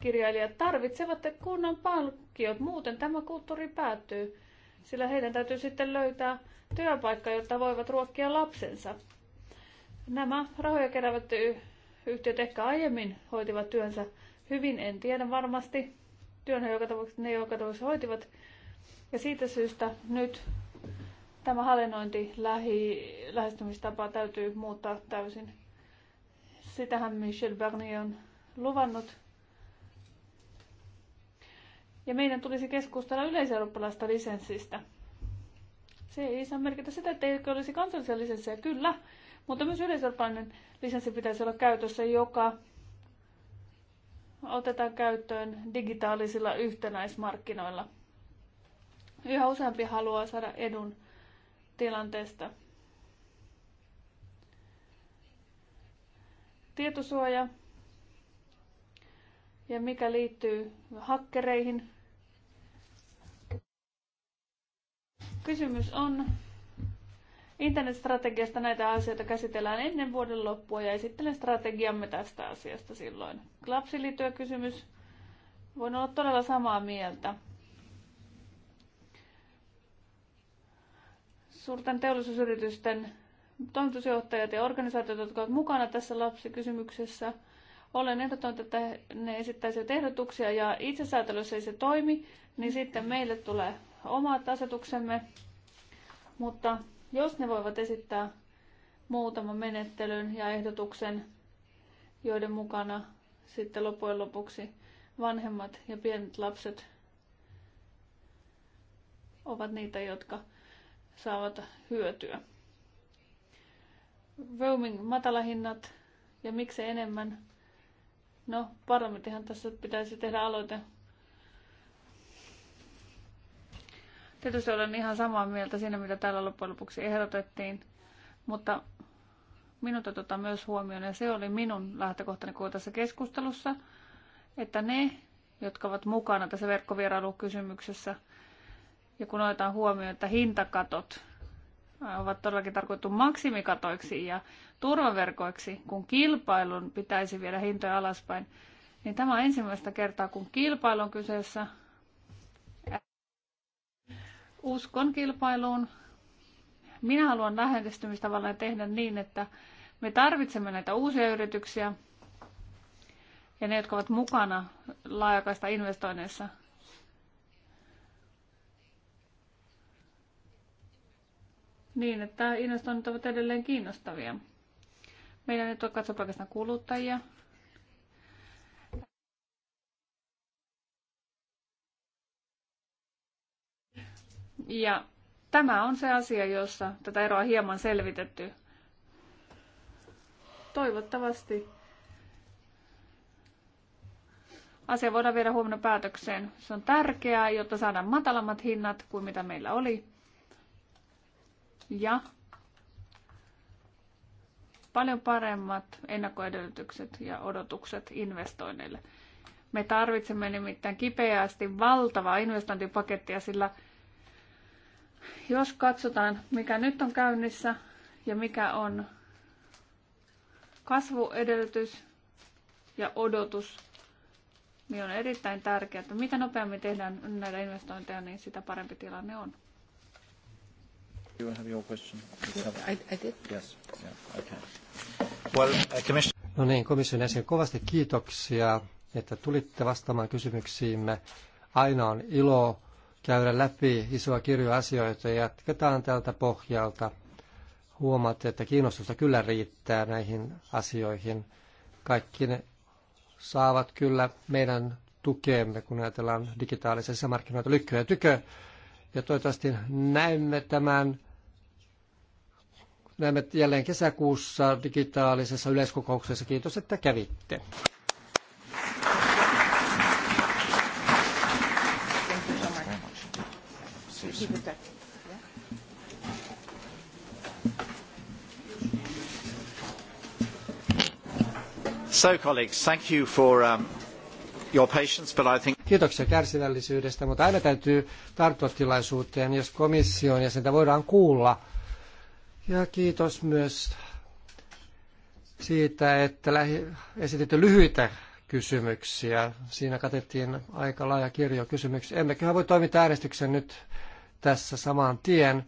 kirjailijat tarvitsevat kunnan palkkiot, muuten tämä kulttuuri päättyy, sillä heidän täytyy sitten löytää työpaikka, jotta voivat ruokkia lapsensa. Nämä rahoja kerävät yhtiöt ehkä aiemmin hoitivat työnsä hyvin, en tiedä varmasti. Työnhän joka tapauksessa ne joka tapauksessa hoitivat. Ja siitä syystä nyt tämä hallinnointi lähi, lähestymistapa täytyy muuttaa täysin. Sitähän Michel Bernier on luvannut. Ja meidän tulisi keskustella yleiseurooppalaista lisenssistä. Se ei saa merkitä sitä, että ei olisi kansallisia lisenssejä, kyllä, mutta myös yleiseurooppalainen lisenssi pitäisi olla käytössä, joka otetaan käyttöön digitaalisilla yhtenäismarkkinoilla. Yhä useampi haluaa saada edun tilanteesta. Tietosuoja ja mikä liittyy hakkereihin. Kysymys on internetstrategiasta. Näitä asioita käsitellään ennen vuoden loppua ja esittelen strategiamme tästä asiasta silloin. Lapsiin liittyvä kysymys. Voin olla todella samaa mieltä. Suurten teollisuusyritysten toimitusjohtajat ja organisaatiot, jotka ovat mukana tässä lapsikysymyksessä, olen ehdottanut, että ne esittäisivät ehdotuksia ja itsesäätelyssä ei se toimi, niin sitten meille tulee omat asetuksemme, mutta jos ne voivat esittää muutaman menettelyn ja ehdotuksen, joiden mukana sitten loppujen lopuksi vanhemmat ja pienet lapset ovat niitä, jotka saavat hyötyä. Roaming matalahinnat ja miksi enemmän? No, parlamenttihan tässä pitäisi tehdä aloite Tietysti olen ihan samaa mieltä siinä, mitä täällä loppujen lopuksi ehdotettiin, mutta minut otetaan myös huomioon, ja se oli minun lähtökohtani kuin tässä keskustelussa, että ne, jotka ovat mukana tässä verkkovierailukysymyksessä, ja kun otetaan huomioon, että hintakatot ovat todellakin tarkoitettu maksimikatoiksi ja turvaverkoiksi, kun kilpailun pitäisi viedä hintoja alaspäin, niin tämä on ensimmäistä kertaa, kun kilpailu on kyseessä, uskon kilpailuun. Minä haluan lähestymistavallaan tehdä niin, että me tarvitsemme näitä uusia yrityksiä ja ne, jotka ovat mukana laajakaista investoinneissa. Niin, että investoinnit ovat edelleen kiinnostavia. Meidän ei tule katsoa pelkästään kuluttajia, Ja tämä on se asia, jossa tätä eroa on hieman selvitetty. Toivottavasti asia voidaan viedä huomenna päätökseen. Se on tärkeää, jotta saadaan matalammat hinnat kuin mitä meillä oli. Ja paljon paremmat ennakkoedellytykset ja odotukset investoinneille. Me tarvitsemme nimittäin kipeästi valtavaa investointipakettia, sillä – jos katsotaan, mikä nyt on käynnissä ja mikä on kasvuedellytys ja odotus, niin on erittäin tärkeää, että mitä nopeammin tehdään näitä investointeja, niin sitä parempi tilanne on. No niin, komission jäsen, kovasti kiitoksia, että tulitte vastaamaan kysymyksiimme. Aina on ilo käydä läpi isoa kirjoa asioita. ja Jatketaan tältä pohjalta. Huomaatte, että kiinnostusta kyllä riittää näihin asioihin. Kaikki ne saavat kyllä meidän tukeemme, kun ajatellaan digitaalisessa markkinoita lykkyä ja tykö. Ja toivottavasti näemme tämän näemme jälleen kesäkuussa digitaalisessa yleiskokouksessa. Kiitos, että kävitte. S'il um, Kiitoksia kärsivällisyydestä, mutta aina täytyy tarttua tilaisuuteen, jos komission jäsentä voidaan kuulla. Ja kiitos myös siitä, että esititte lyhyitä kysymyksiä. Siinä katettiin aika laaja kirjo kysymyksiä. Emmeköhän voi toimittaa äänestyksen nyt tässä saman tien.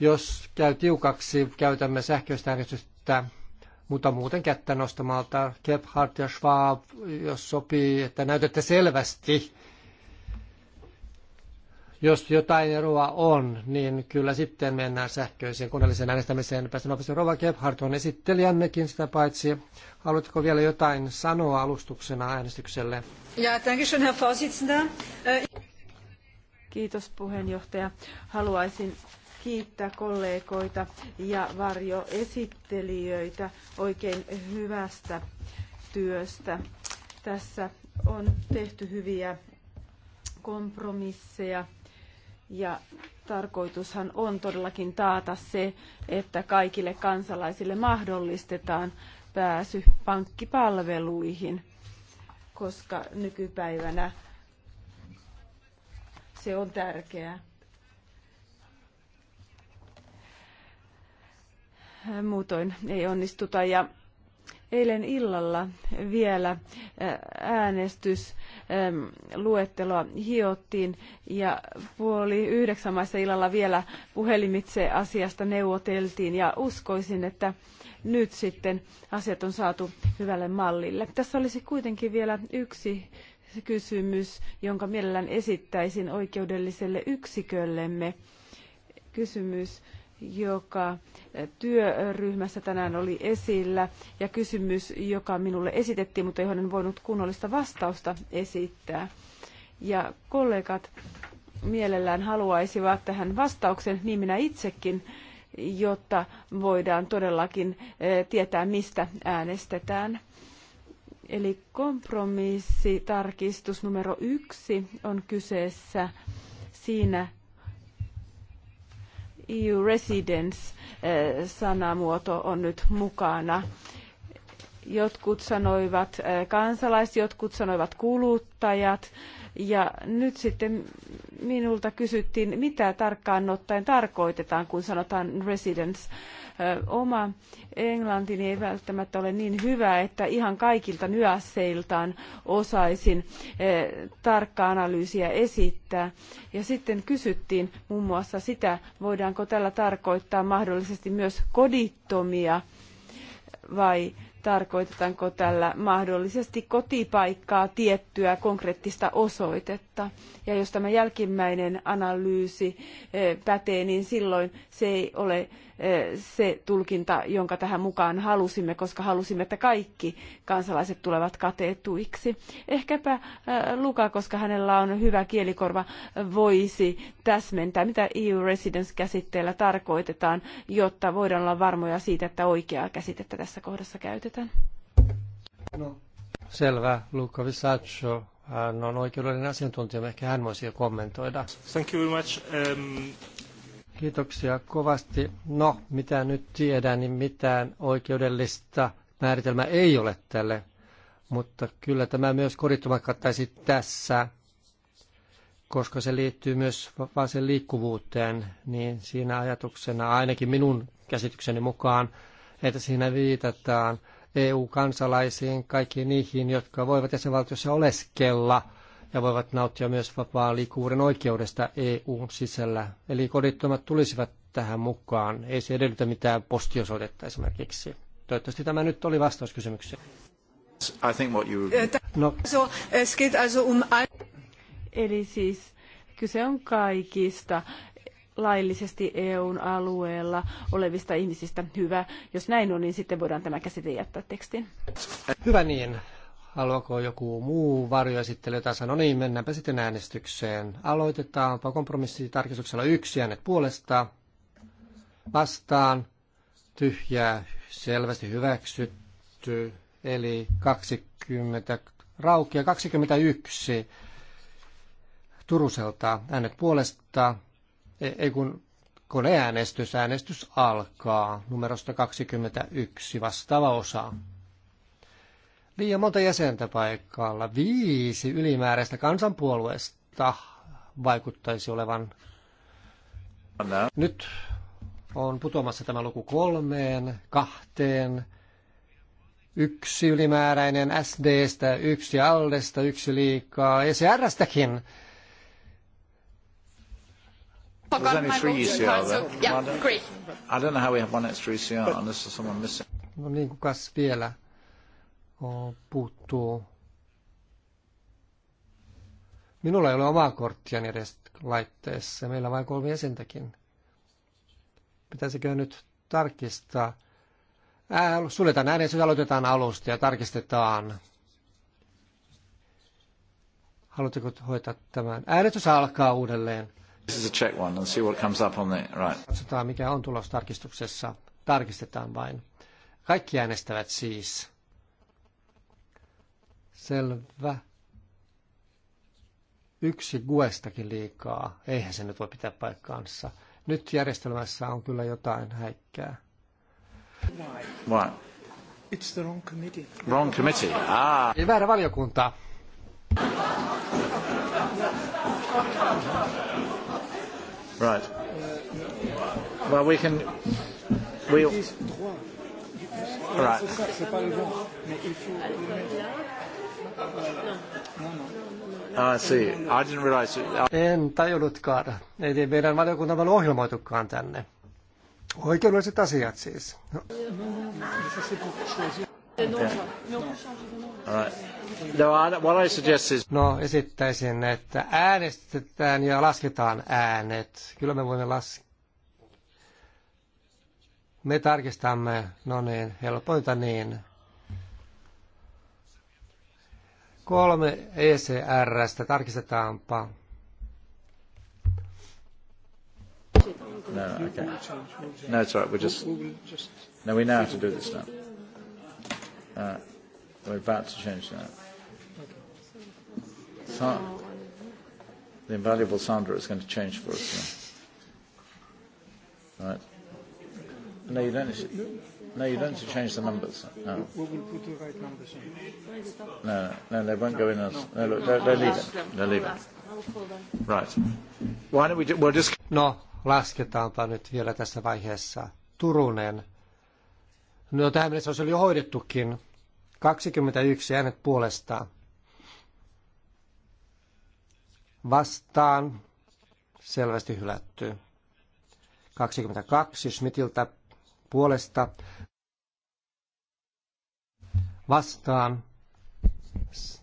Jos käy tiukaksi, käytämme sähköistä äänestystä, mutta muuten kättä nostamalta Gebhardt ja Schwab, jos sopii, että näytätte selvästi, jos jotain eroa on, niin kyllä sitten mennään sähköiseen koneelliseen äänestämiseen. Päästän nopeasti Rova Gebhardt on esittelijännekin sitä paitsi. Haluatko vielä jotain sanoa alustuksena äänestykselle? Ja, danke schön, Herr Vorsitzender. Äh, Kiitos puheenjohtaja. Haluaisin kiittää kollegoita ja varjoesittelijöitä oikein hyvästä työstä. Tässä on tehty hyviä kompromisseja ja tarkoitushan on todellakin taata se, että kaikille kansalaisille mahdollistetaan pääsy pankkipalveluihin, koska nykypäivänä se on tärkeää. Muutoin ei onnistuta ja eilen illalla vielä äänestysluetteloa hiottiin ja puoli yhdeksän maissa illalla vielä puhelimitse asiasta neuvoteltiin ja uskoisin, että nyt sitten asiat on saatu hyvälle mallille. Tässä olisi kuitenkin vielä yksi kysymys, jonka mielellään esittäisin oikeudelliselle yksiköllemme. Kysymys, joka työryhmässä tänään oli esillä ja kysymys, joka minulle esitettiin, mutta johon en voinut kunnollista vastausta esittää. Ja kollegat mielellään haluaisivat tähän vastauksen, niin minä itsekin, jotta voidaan todellakin eh, tietää, mistä äänestetään. Eli kompromissitarkistus numero yksi on kyseessä siinä EU residence-sanamuoto eh, on nyt mukana. Jotkut sanoivat eh, kansalais, jotkut sanoivat kuluttajat. Ja nyt sitten minulta kysyttiin, mitä tarkkaan ottaen tarkoitetaan, kun sanotaan residence Oma englantini ei välttämättä ole niin hyvä, että ihan kaikilta nyansseiltaan osaisin tarkkaa analyysiä esittää. Ja sitten kysyttiin muun muassa sitä, voidaanko tällä tarkoittaa mahdollisesti myös kodittomia vai tarkoitetaanko tällä mahdollisesti kotipaikkaa tiettyä konkreettista osoitetta. Ja jos tämä jälkimmäinen analyysi pätee, niin silloin se ei ole se tulkinta, jonka tähän mukaan halusimme, koska halusimme, että kaikki kansalaiset tulevat katetuiksi. Ehkäpä Luka, koska hänellä on hyvä kielikorva, voisi täsmentää, mitä EU-residence-käsitteellä tarkoitetaan, jotta voidaan olla varmoja siitä, että oikeaa käsitettä tässä kohdassa käytetään. No. Selvä. Luca Visaccio, hän on oikeudellinen asiantuntija, ehkä hän voisi kommentoida. Thank you very much. Um... Kiitoksia kovasti. No, mitä nyt tiedän, niin mitään oikeudellista määritelmää ei ole tälle, mutta kyllä tämä myös kodittomat kattaisi tässä, koska se liittyy myös sen liikkuvuuteen, niin siinä ajatuksena, ainakin minun käsitykseni mukaan, että siinä viitataan EU-kansalaisiin, kaikkiin niihin, jotka voivat jäsenvaltiossa oleskella – ja voivat nauttia myös vapaa liikkuvuuden oikeudesta EUn sisällä. Eli kodittomat tulisivat tähän mukaan. Ei se edellytä mitään postiosoitetta esimerkiksi. Toivottavasti tämä nyt oli vastaus kysymykseen. You... No. Um Eli siis kyse on kaikista laillisesti EUn alueella olevista ihmisistä. Hyvä, jos näin on, niin sitten voidaan tämä käsite jättää tekstiin. Hyvä niin. Haluaako joku muu varjoesittely tai sanoo, no niin, mennäänpä sitten äänestykseen. Aloitetaanpa kompromissitarkistuksella yksi äänet puolesta. Vastaan. Tyhjää. Selvästi hyväksytty. Eli 20 raukia. 21 Turuselta äänet puolesta. E, ei kun koneäänestys. Äänestys alkaa numerosta 21 vastaava osa liian monta jäsentä paikalla. Viisi ylimääräistä kansanpuolueesta vaikuttaisi olevan. Nyt on putoamassa tämä luku kolmeen, kahteen, yksi ylimääräinen SDstä, yksi Aldesta, yksi liikaa, ja se R-stäkin. I don't know how we have one extra someone missing. No niin, kukas vielä? puuttuu. Minulla ei ole omaa korttia edes laitteessa. Meillä on vain kolme jäsentäkin. Pitäisikö nyt tarkistaa? Ää, suljetaan ääni, siis aloitetaan alusta ja tarkistetaan. Haluatteko hoitaa tämän? Äänestys alkaa uudelleen. This is a check one and see what comes up on the right. Katsotaan mikä on tulos tarkistuksessa. Tarkistetaan vain. Kaikki äänestävät siis. Selvä. Yksi Guestakin liikaa. Eihän se nyt voi pitää paikkaansa. Nyt järjestelmässä on kyllä jotain häikkää. Why? It's the wrong committee. Wrong committee. Ah. Ei väärä valiokunta. Right. Well, we can. We. Right. Ah, see. I didn't realize it. En tajunnutkaan. Ei meidän valiokuntamme on ohjelmoitukaan tänne. Oikeudelliset asiat siis. No. No, no esittäisin, että äänestetään ja lasketaan äänet. Kyllä me voimme laskea. Me tarkistamme, no niin, helpointa niin. Kolme ECRstä, tarkistetaanpa. No, okay. No, it's right. We're just. No, we know how to do this now. Uh, we're about to change that. Sa- the invaluable Sandra is going to change for us now. right. No, you don't. No, you don't need to change the numbers. No. We will put the right numbers in. No, no, they won't go in. As, no, look, they're, they're leaving. They're leaving. Right. Why don't we do, we'll just... No, lasketaanpa nyt vielä tässä vaiheessa. Turunen. No tähän mennessä olisi jo hoidettukin. 21 äänet puolestaan. Vastaan selvästi hylätty. 22 Smithiltä puolesta vastaan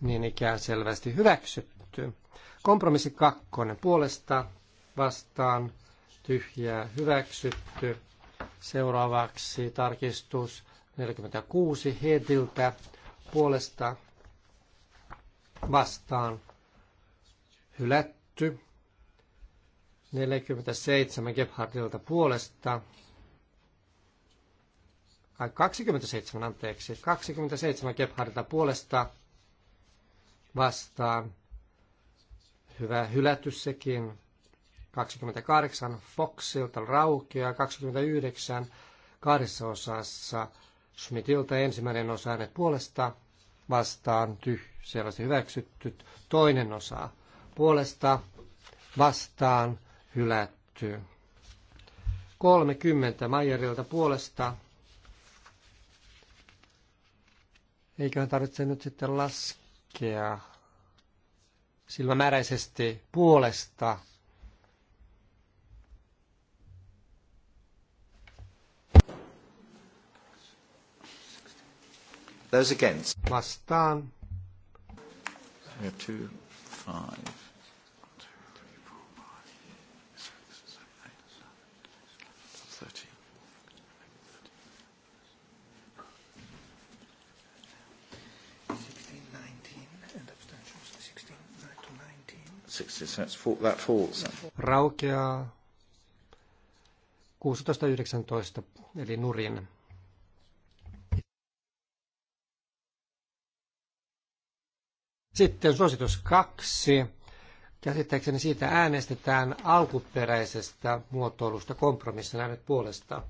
niin ikään selvästi hyväksytty. Kompromissi kakkonen puolesta vastaan tyhjää hyväksytty. Seuraavaksi tarkistus 46 hetiltä puolesta vastaan hylätty. 47 Gebhardilta puolesta 27, anteeksi, 27 Gebhardta puolesta vastaan. Hyvä hylätty sekin. 28 Foxilta raukeaa, 29 kahdessa osassa Schmidtilta ensimmäinen osa hänet puolesta vastaan, tyh, selvästi hyväksytty, toinen osa puolesta vastaan, hylätty. 30 Majerilta puolesta Eiköhän tarvitse nyt sitten laskea silmämääräisesti puolesta Those against. Vastaan. We have two, five. sixes. That's for, that falls. Raukeaa 16.19, eli nurin. Sitten suositus kaksi. Käsittääkseni siitä äänestetään alkuperäisestä muotoilusta kompromissin äänet puolesta.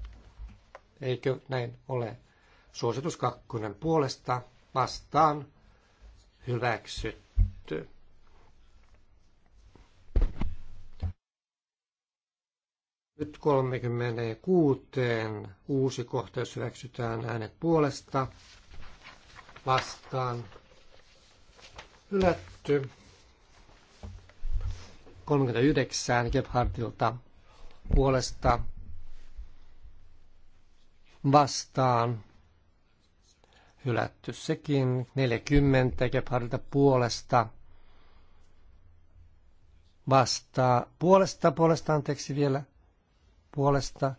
Eikö näin ole? Suositus kakkonen puolesta vastaan hyväksytty. Nyt 36 uusi kohta, jos hyväksytään äänet puolesta vastaan. Hylätty. 39 Gebhardilta puolesta vastaan. Hylätty sekin. 40 Gebhardilta puolesta vastaa Puolesta, puolesta anteeksi vielä puolesta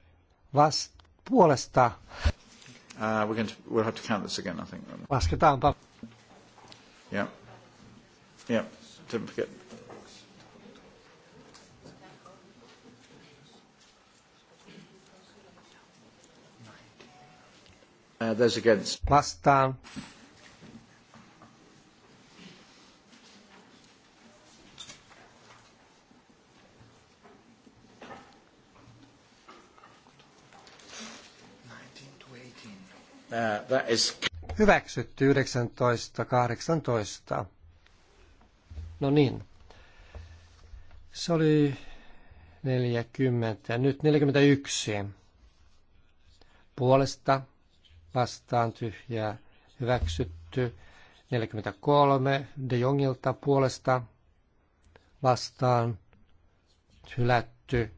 vast, puolesta. Uh, we're going to, we'll have to count this again, I think. Lasketaanpa. Yeah. Yeah. Didn't forget. Uh, those against. Vastaan. Uh, hyväksytty 19.18. No niin. Se oli 40. ja Nyt 41. Puolesta vastaan tyhjää hyväksytty. 43 De Jongilta puolesta vastaan hylätty.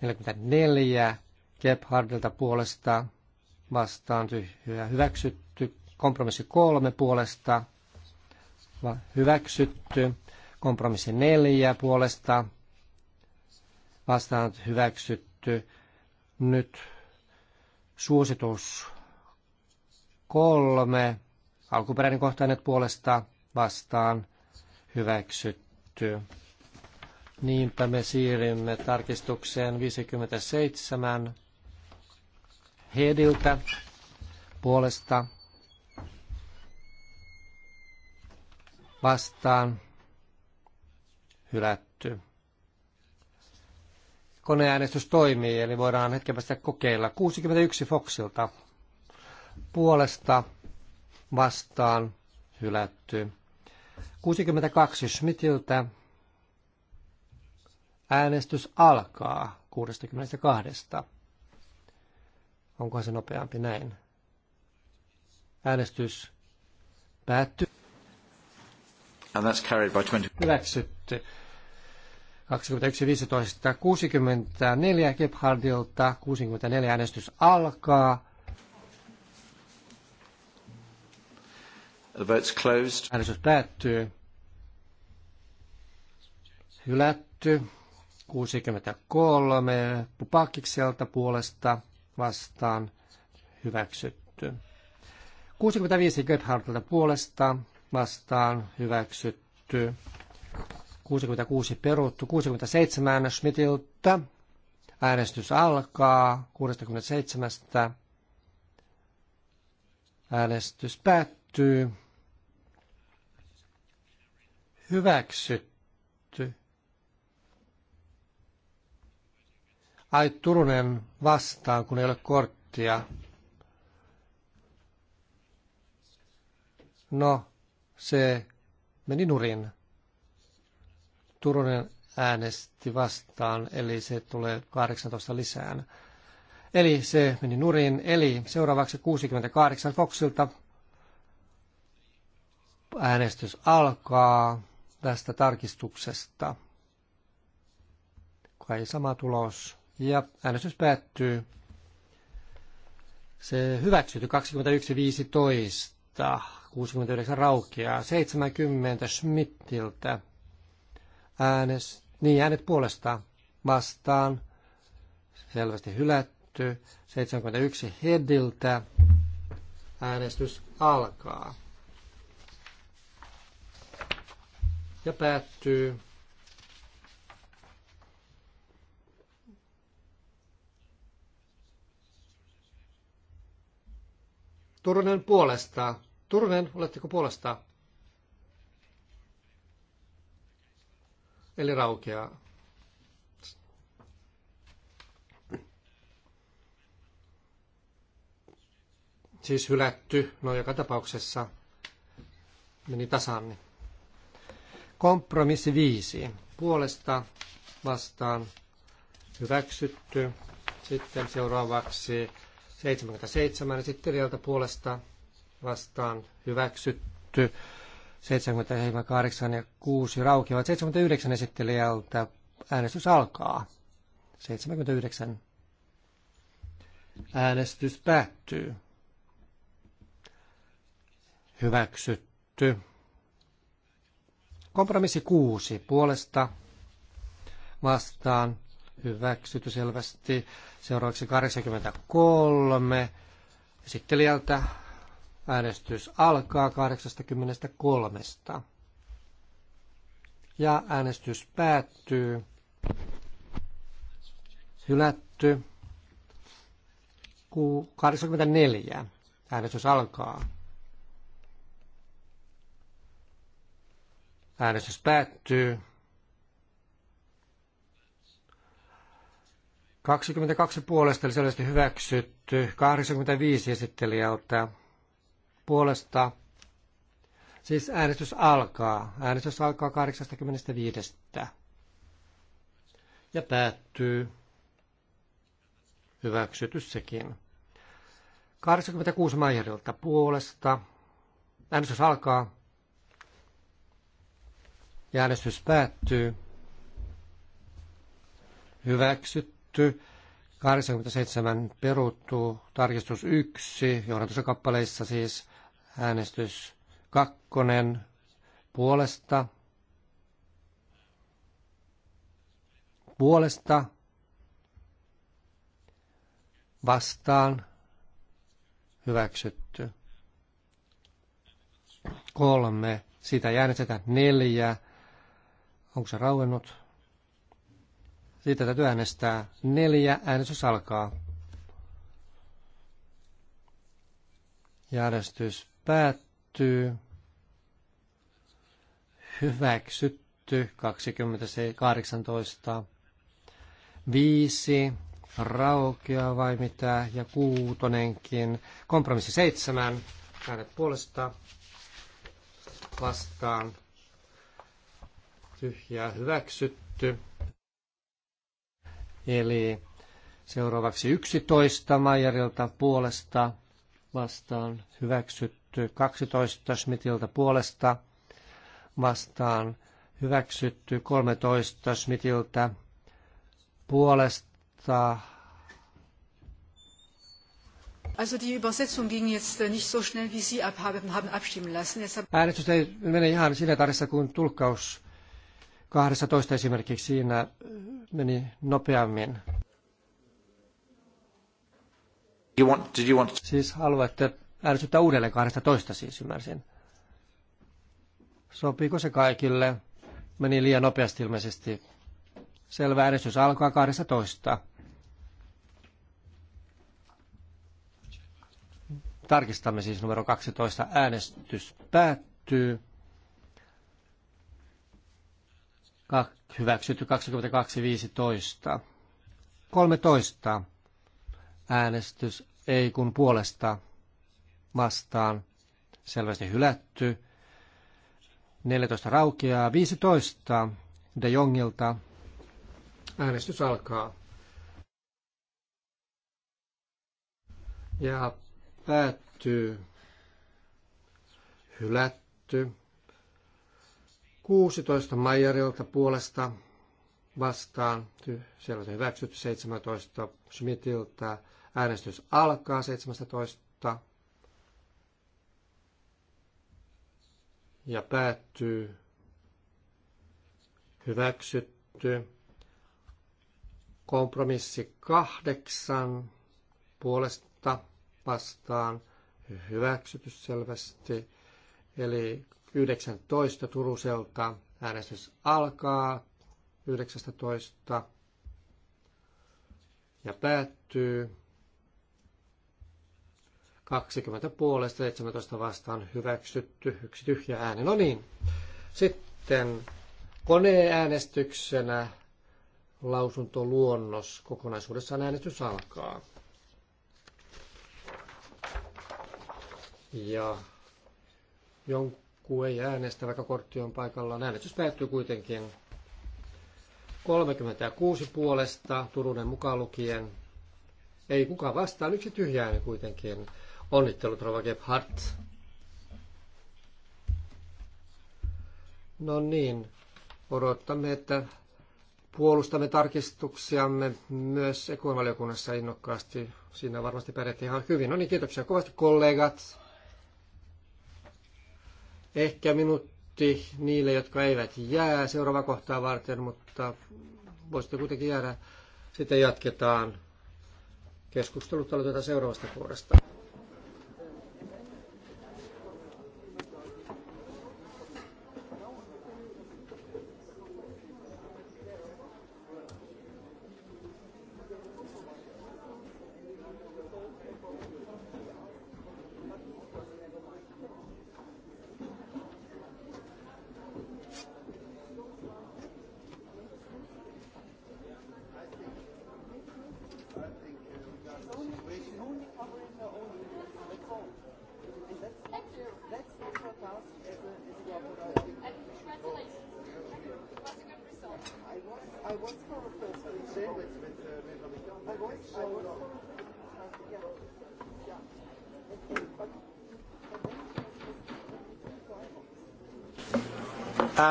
44 Gebhardilta puolesta vastaan tyhjää hyväksytty. Kompromissi kolme puolesta hyväksytty. Kompromissi neljä puolesta vastaan hyväksytty. Nyt suositus kolme. Alkuperäinen kohtainen puolesta vastaan hyväksytty. Niinpä me siirrymme tarkistukseen 57 Hediltä puolesta vastaan hylätty. Koneäänestys toimii, eli voidaan hetken päästä kokeilla. 61 Foxilta puolesta vastaan hylätty. 62 Schmidtiltä äänestys alkaa 62. Onkohan se nopeampi näin? Äänestys päättyy. And that's carried by 20. Hyväksytty. 21.15.64 Gebhardilta. 64 äänestys alkaa. The vote's closed. Äänestys päättyy. Hylätty. 63 Pupakikselta puolesta vastaan hyväksytty. 65 Gebhardilta puolesta vastaan hyväksytty. 66 peruttu. 67 Schmidtiltä. Äänestys alkaa 67. Äänestys päättyy. Hyväksytty. Ai Turunen vastaan, kun ei ole korttia. No, se meni nurin. Turunen äänesti vastaan, eli se tulee 18 lisään. Eli se meni nurin. Eli seuraavaksi 68 Foxilta äänestys alkaa tästä tarkistuksesta. Kai sama tulos. Ja äänestys päättyy. Se hyväksytty 21.15. 69 raukeaa. 70 Schmittiltä. Äänes, niin äänet puolesta vastaan. Selvästi hylätty. 71 Hediltä. Äänestys alkaa. Ja päättyy. Turunen puolesta. Turunen, oletteko puolesta? Eli raukeaa. Siis hylätty, no joka tapauksessa meni tasan. Kompromissi viisi. Puolesta vastaan hyväksytty. Sitten seuraavaksi 77 esittelijältä puolesta vastaan hyväksytty. 78 ja 6 raukeavat. 79 esittelijältä äänestys alkaa. 79. Äänestys päättyy. Hyväksytty. Kompromissi 6 puolesta vastaan hyväksytty selvästi. Seuraavaksi 83. Esittelijältä äänestys alkaa 83. Ja äänestys päättyy. Hylätty. 84. Äänestys alkaa. Äänestys päättyy. 22 puolesta, eli selvästi hyväksytty. 85 esittelijältä puolesta. Siis äänestys alkaa. Äänestys alkaa 85. Ja päättyy. Hyväksytty sekin. 86 Maijerilta puolesta. Äänestys alkaa. Ja äänestys päättyy. Hyväksytty hylätty. 87 peruttu, tarkistus 1, johdatussa kappaleissa siis äänestys 2 puolesta, puolesta, vastaan, hyväksytty. Kolme, siitä jäänestetään neljä, onko se rauennut? Siitä täytyy äänestää. Neljä. Äänestys alkaa. Järjestys päättyy. Hyväksytty 2018. Viisi raukea vai mitä, ja kuutonenkin. Kompromissi seitsemän, äänet puolesta vastaan, tyhjää hyväksytty. Eli seuraavaksi 11 Maijerilta puolesta vastaan hyväksytty, 12 Schmidtiltä puolesta vastaan hyväksytty, 13 Schmidtiltä puolesta Also die Übersetzung ging jetzt nicht so schnell, wie Sie abhaben, haben abstimmen lassen. Äänestys ei mene ihan sinne tarissa kuin tulkkaus 12 esimerkiksi siinä äh, meni nopeammin. You want, did you want... Siis haluatte ärsyttää uudelleen 12 siis ymmärsin. Sopiiko se kaikille? Meni liian nopeasti ilmeisesti. Selvä äänestys alkaa 12. Tarkistamme siis numero 12. Äänestys päättyy. hyväksytty 22.15. 13. Äänestys ei kun puolesta vastaan selvästi hylätty. 14 raukeaa. 15 De Jongilta. Äänestys alkaa. Ja päättyy. Hylätty. 16 Maijarilta puolesta vastaan, siellä on hyväksytty 17 Schmidtiltä, äänestys alkaa 17 ja päättyy hyväksytty. Kompromissi kahdeksan puolesta vastaan hyväksytys selvästi. Eli 19 Turuselta. Äänestys alkaa 19 ja päättyy 20 puolesta 17 vastaan hyväksytty, yksi tyhjä ääni. No niin, sitten koneäänestyksenä lausuntoluonnos. Kokonaisuudessaan äänestys alkaa. Ja jonkun joku ei äänestä, vaikka kortti on paikallaan. Äänestys päättyy kuitenkin 36 puolesta, Turunen mukaan lukien. Ei kukaan vastaa, yksi tyhjä ääni kuitenkin. Onnittelut, Rova Gebhardt. No niin, odottamme, että puolustamme tarkistuksiamme myös ekuvaliokunnassa innokkaasti. Siinä varmasti pärjätti ihan hyvin. No niin, kiitoksia kovasti kollegat. Ehkä minuutti niille, jotka eivät jää seuraava kohtaa varten, mutta voisitte kuitenkin jäädä. Sitten jatketaan keskustelut aloitetaan seuraavasta kohdasta.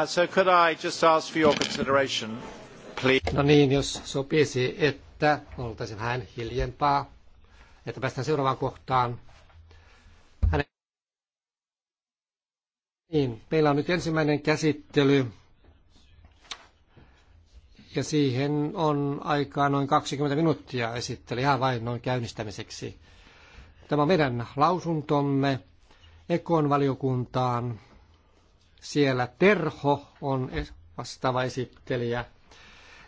Uh, so could I just ask for your consideration, please? No niin, jos sopisi, että oltaisiin hän hiljempaa, että päästään seuraavaan kohtaan. Hänen... Niin, meillä on nyt ensimmäinen käsittely ja siihen on aikaa noin 20 minuuttia esitteli ihan vain noin käynnistämiseksi. Tämä on meidän lausuntomme Ekon valiokuntaan siellä Terho on vastaava esittelijä.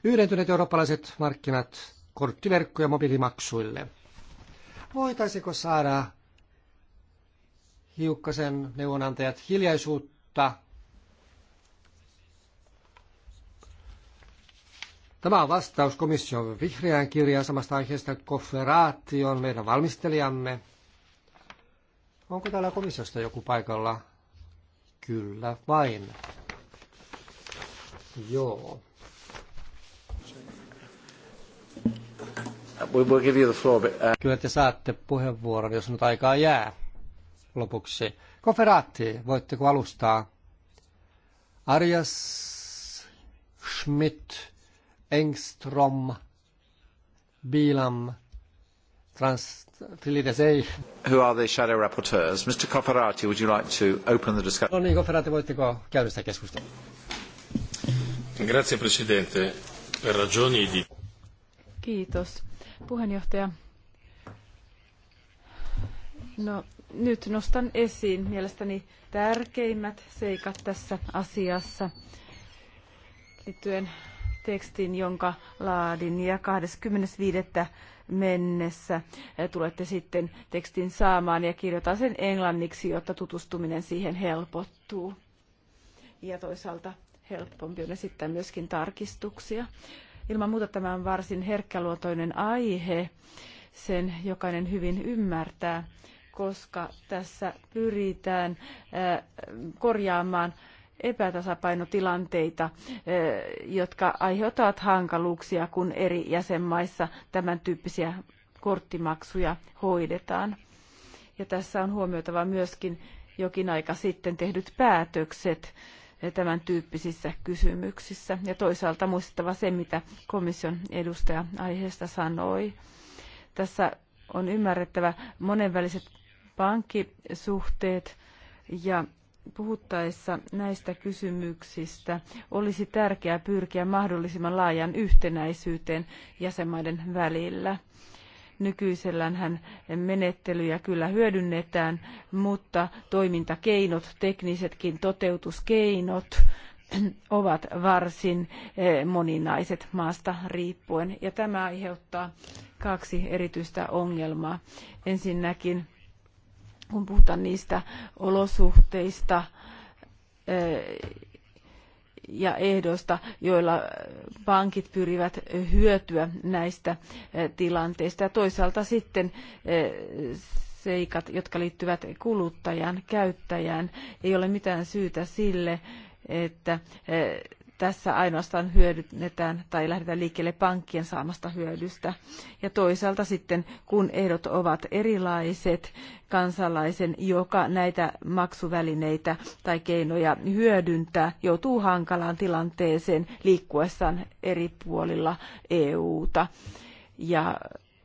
Yhdentyneet eurooppalaiset markkinat korttiverkkoja mobiilimaksuille. Voitaisiko saada hiukkasen neuvonantajat hiljaisuutta? Tämä on vastaus komission vihreään kirjaan samasta aiheesta on meidän valmistelijamme. Onko täällä komissiosta joku paikalla? Kyllä vain. Joo. We'll give you the floor, but, uh... Kyllä te saatte puheenvuoron, jos nyt aikaa jää lopuksi. Koferaatti, voitteko alustaa? Arjas, Schmidt, Engström, Bilam, Trans, Who are the shadow rapporteurs? Mr. Cofferati, would you like to open the discussion? No niin, Cofferati, voitteko käynnistää keskustelua? Grazie, Presidente. Per ragioni di... Kiitos. Puheenjohtaja. No, nyt nostan esiin mielestäni tärkeimmät seikat tässä asiassa liittyen tekstin, jonka laadin, ja 25. mennessä tulette sitten tekstin saamaan ja kirjoitan sen englanniksi, jotta tutustuminen siihen helpottuu. Ja toisaalta helpompi on esittää myöskin tarkistuksia. Ilman muuta tämä on varsin herkkäluotoinen aihe, sen jokainen hyvin ymmärtää, koska tässä pyritään korjaamaan epätasapainotilanteita, eh, jotka aiheuttavat hankaluuksia, kun eri jäsenmaissa tämän tyyppisiä korttimaksuja hoidetaan. Ja tässä on huomioitava myöskin jokin aika sitten tehdyt päätökset eh, tämän tyyppisissä kysymyksissä. Ja toisaalta muistettava se, mitä komission edustaja aiheesta sanoi. Tässä on ymmärrettävä monenväliset pankkisuhteet ja puhuttaessa näistä kysymyksistä olisi tärkeää pyrkiä mahdollisimman laajan yhtenäisyyteen jäsenmaiden välillä. Nykyisellään menettelyjä kyllä hyödynnetään, mutta toimintakeinot, teknisetkin toteutuskeinot ovat varsin eh, moninaiset maasta riippuen. Ja tämä aiheuttaa kaksi erityistä ongelmaa. Ensinnäkin kun puhutaan niistä olosuhteista eh, ja ehdoista, joilla pankit pyrivät hyötyä näistä eh, tilanteista ja toisaalta sitten eh, seikat, jotka liittyvät kuluttajan, käyttäjään. Ei ole mitään syytä sille, että tässä ainoastaan hyödynnetään tai lähdetään liikkeelle pankkien saamasta hyödystä. Ja toisaalta sitten, kun ehdot ovat erilaiset, kansalaisen, joka näitä maksuvälineitä tai keinoja hyödyntää, joutuu hankalaan tilanteeseen liikkuessaan eri puolilla EUta. Ja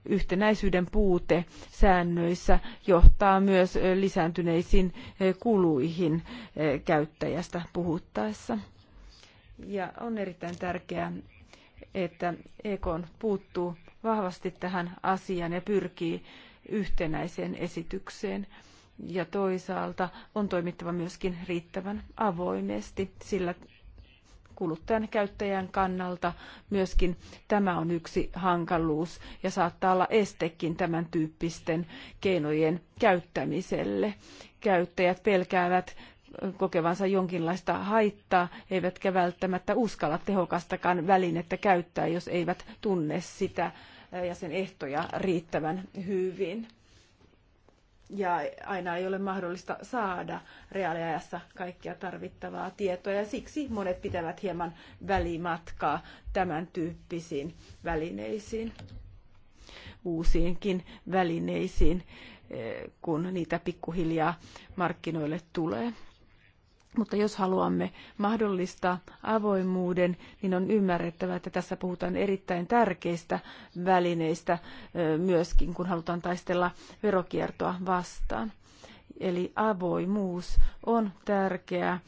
yhtenäisyyden puute säännöissä johtaa myös lisääntyneisiin kuluihin eh, käyttäjästä puhuttaessa. Ja on erittäin tärkeää, että EK puuttuu vahvasti tähän asiaan ja pyrkii yhtenäiseen esitykseen. Ja toisaalta on toimittava myöskin riittävän avoimesti, sillä kuluttajan käyttäjän kannalta myöskin tämä on yksi hankaluus ja saattaa olla estekin tämän tyyppisten keinojen käyttämiselle. Käyttäjät pelkäävät kokevansa jonkinlaista haittaa, eivätkä välttämättä uskalla tehokastakaan välinettä käyttää, jos eivät tunne sitä ja sen ehtoja riittävän hyvin. Ja aina ei ole mahdollista saada reaaliajassa kaikkia tarvittavaa tietoa ja siksi monet pitävät hieman välimatkaa tämän tyyppisiin välineisiin, uusiinkin välineisiin, kun niitä pikkuhiljaa markkinoille tulee. Mutta jos haluamme mahdollistaa avoimuuden, niin on ymmärrettävä, että tässä puhutaan erittäin tärkeistä välineistä myöskin, kun halutaan taistella verokiertoa vastaan. Eli avoimuus on tärkeä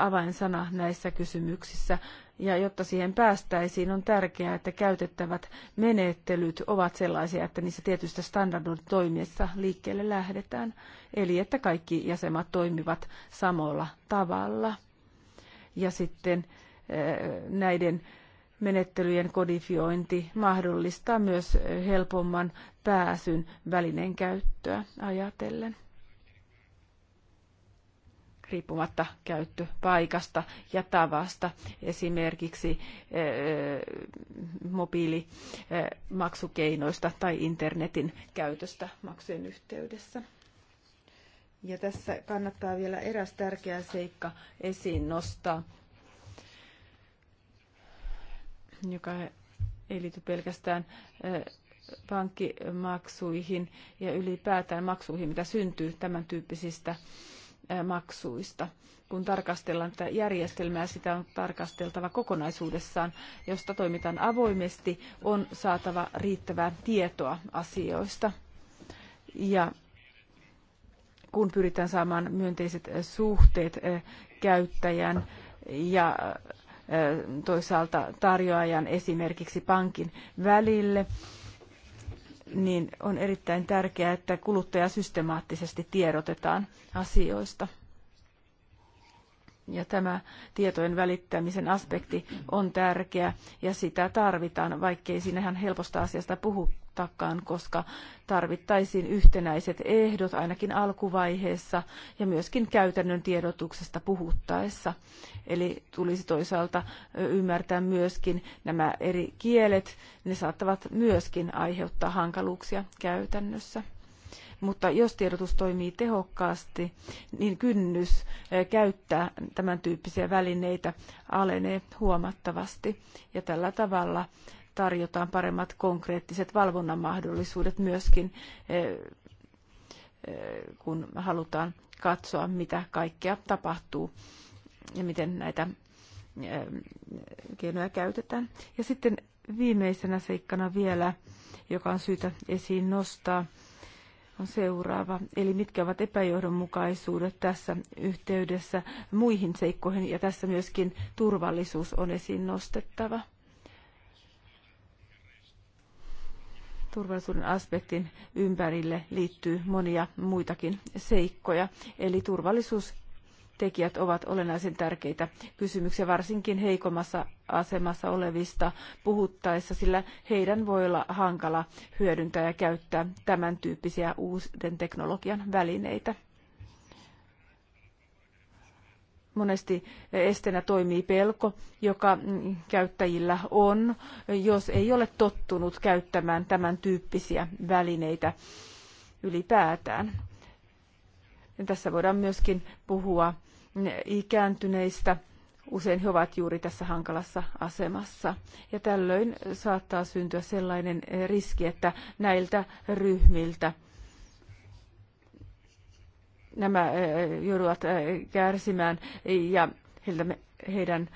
avainsana näissä kysymyksissä ja jotta siihen päästäisiin, on tärkeää, että käytettävät menettelyt ovat sellaisia, että niissä tietystä standardoitoimista liikkeelle lähdetään. Eli että kaikki jäsenmaat toimivat samalla tavalla. Ja sitten eh, näiden menettelyjen kodifiointi mahdollistaa myös helpomman pääsyn välineen käyttöä ajatellen riippumatta käyttöpaikasta ja tavasta. Esimerkiksi eh, mobiilimaksukeinoista eh, tai internetin käytöstä maksujen yhteydessä. Ja tässä kannattaa vielä eräs tärkeä seikka esiin nostaa, joka ei liity pelkästään eh, pankkimaksuihin ja ylipäätään maksuihin, mitä syntyy tämän tyyppisistä maksuista. Kun tarkastellaan tätä järjestelmää, sitä on tarkasteltava kokonaisuudessaan, josta toimitaan avoimesti, on saatava riittävää tietoa asioista. Ja kun pyritään saamaan myönteiset suhteet käyttäjän ja toisaalta tarjoajan esimerkiksi pankin välille, niin on erittäin tärkeää, että kuluttaja systemaattisesti tiedotetaan asioista. Ja tämä tietojen välittämisen aspekti on tärkeä ja sitä tarvitaan, vaikkei siinä ihan helposta asiasta puhu, takaan, koska tarvittaisiin yhtenäiset ehdot ainakin alkuvaiheessa ja myöskin käytännön tiedotuksesta puhuttaessa. Eli tulisi toisaalta ymmärtää myöskin nämä eri kielet, ne saattavat myöskin aiheuttaa hankaluuksia käytännössä mutta jos tiedotus toimii tehokkaasti, niin kynnys käyttää tämän tyyppisiä välineitä alenee huomattavasti ja tällä tavalla tarjotaan paremmat konkreettiset valvonnan mahdollisuudet myöskin, eh, eh, kun halutaan katsoa, mitä kaikkea tapahtuu ja miten näitä eh, keinoja käytetään. Ja sitten viimeisenä seikkana vielä, joka on syytä esiin nostaa, on seuraava. Eli mitkä ovat epäjohdonmukaisuudet tässä yhteydessä muihin seikkoihin ja tässä myöskin turvallisuus on esiin nostettava. turvallisuuden aspektin ympärille liittyy monia muitakin seikkoja. Eli turvallisuustekijät ovat olennaisen tärkeitä kysymyksiä, varsinkin heikommassa asemassa olevista puhuttaessa, sillä heidän voi olla hankala hyödyntää ja käyttää tämän tyyppisiä uuden teknologian välineitä monesti estenä toimii pelko, joka mm, käyttäjillä on, jos ei ole tottunut käyttämään tämän tyyppisiä välineitä ylipäätään. Tässä voidaan myöskin puhua mm, ikääntyneistä. Usein he ovat juuri tässä hankalassa asemassa. Ja tällöin saattaa syntyä sellainen eh, riski, että näiltä ryhmiltä – nämä joudut kärsimään ja heidän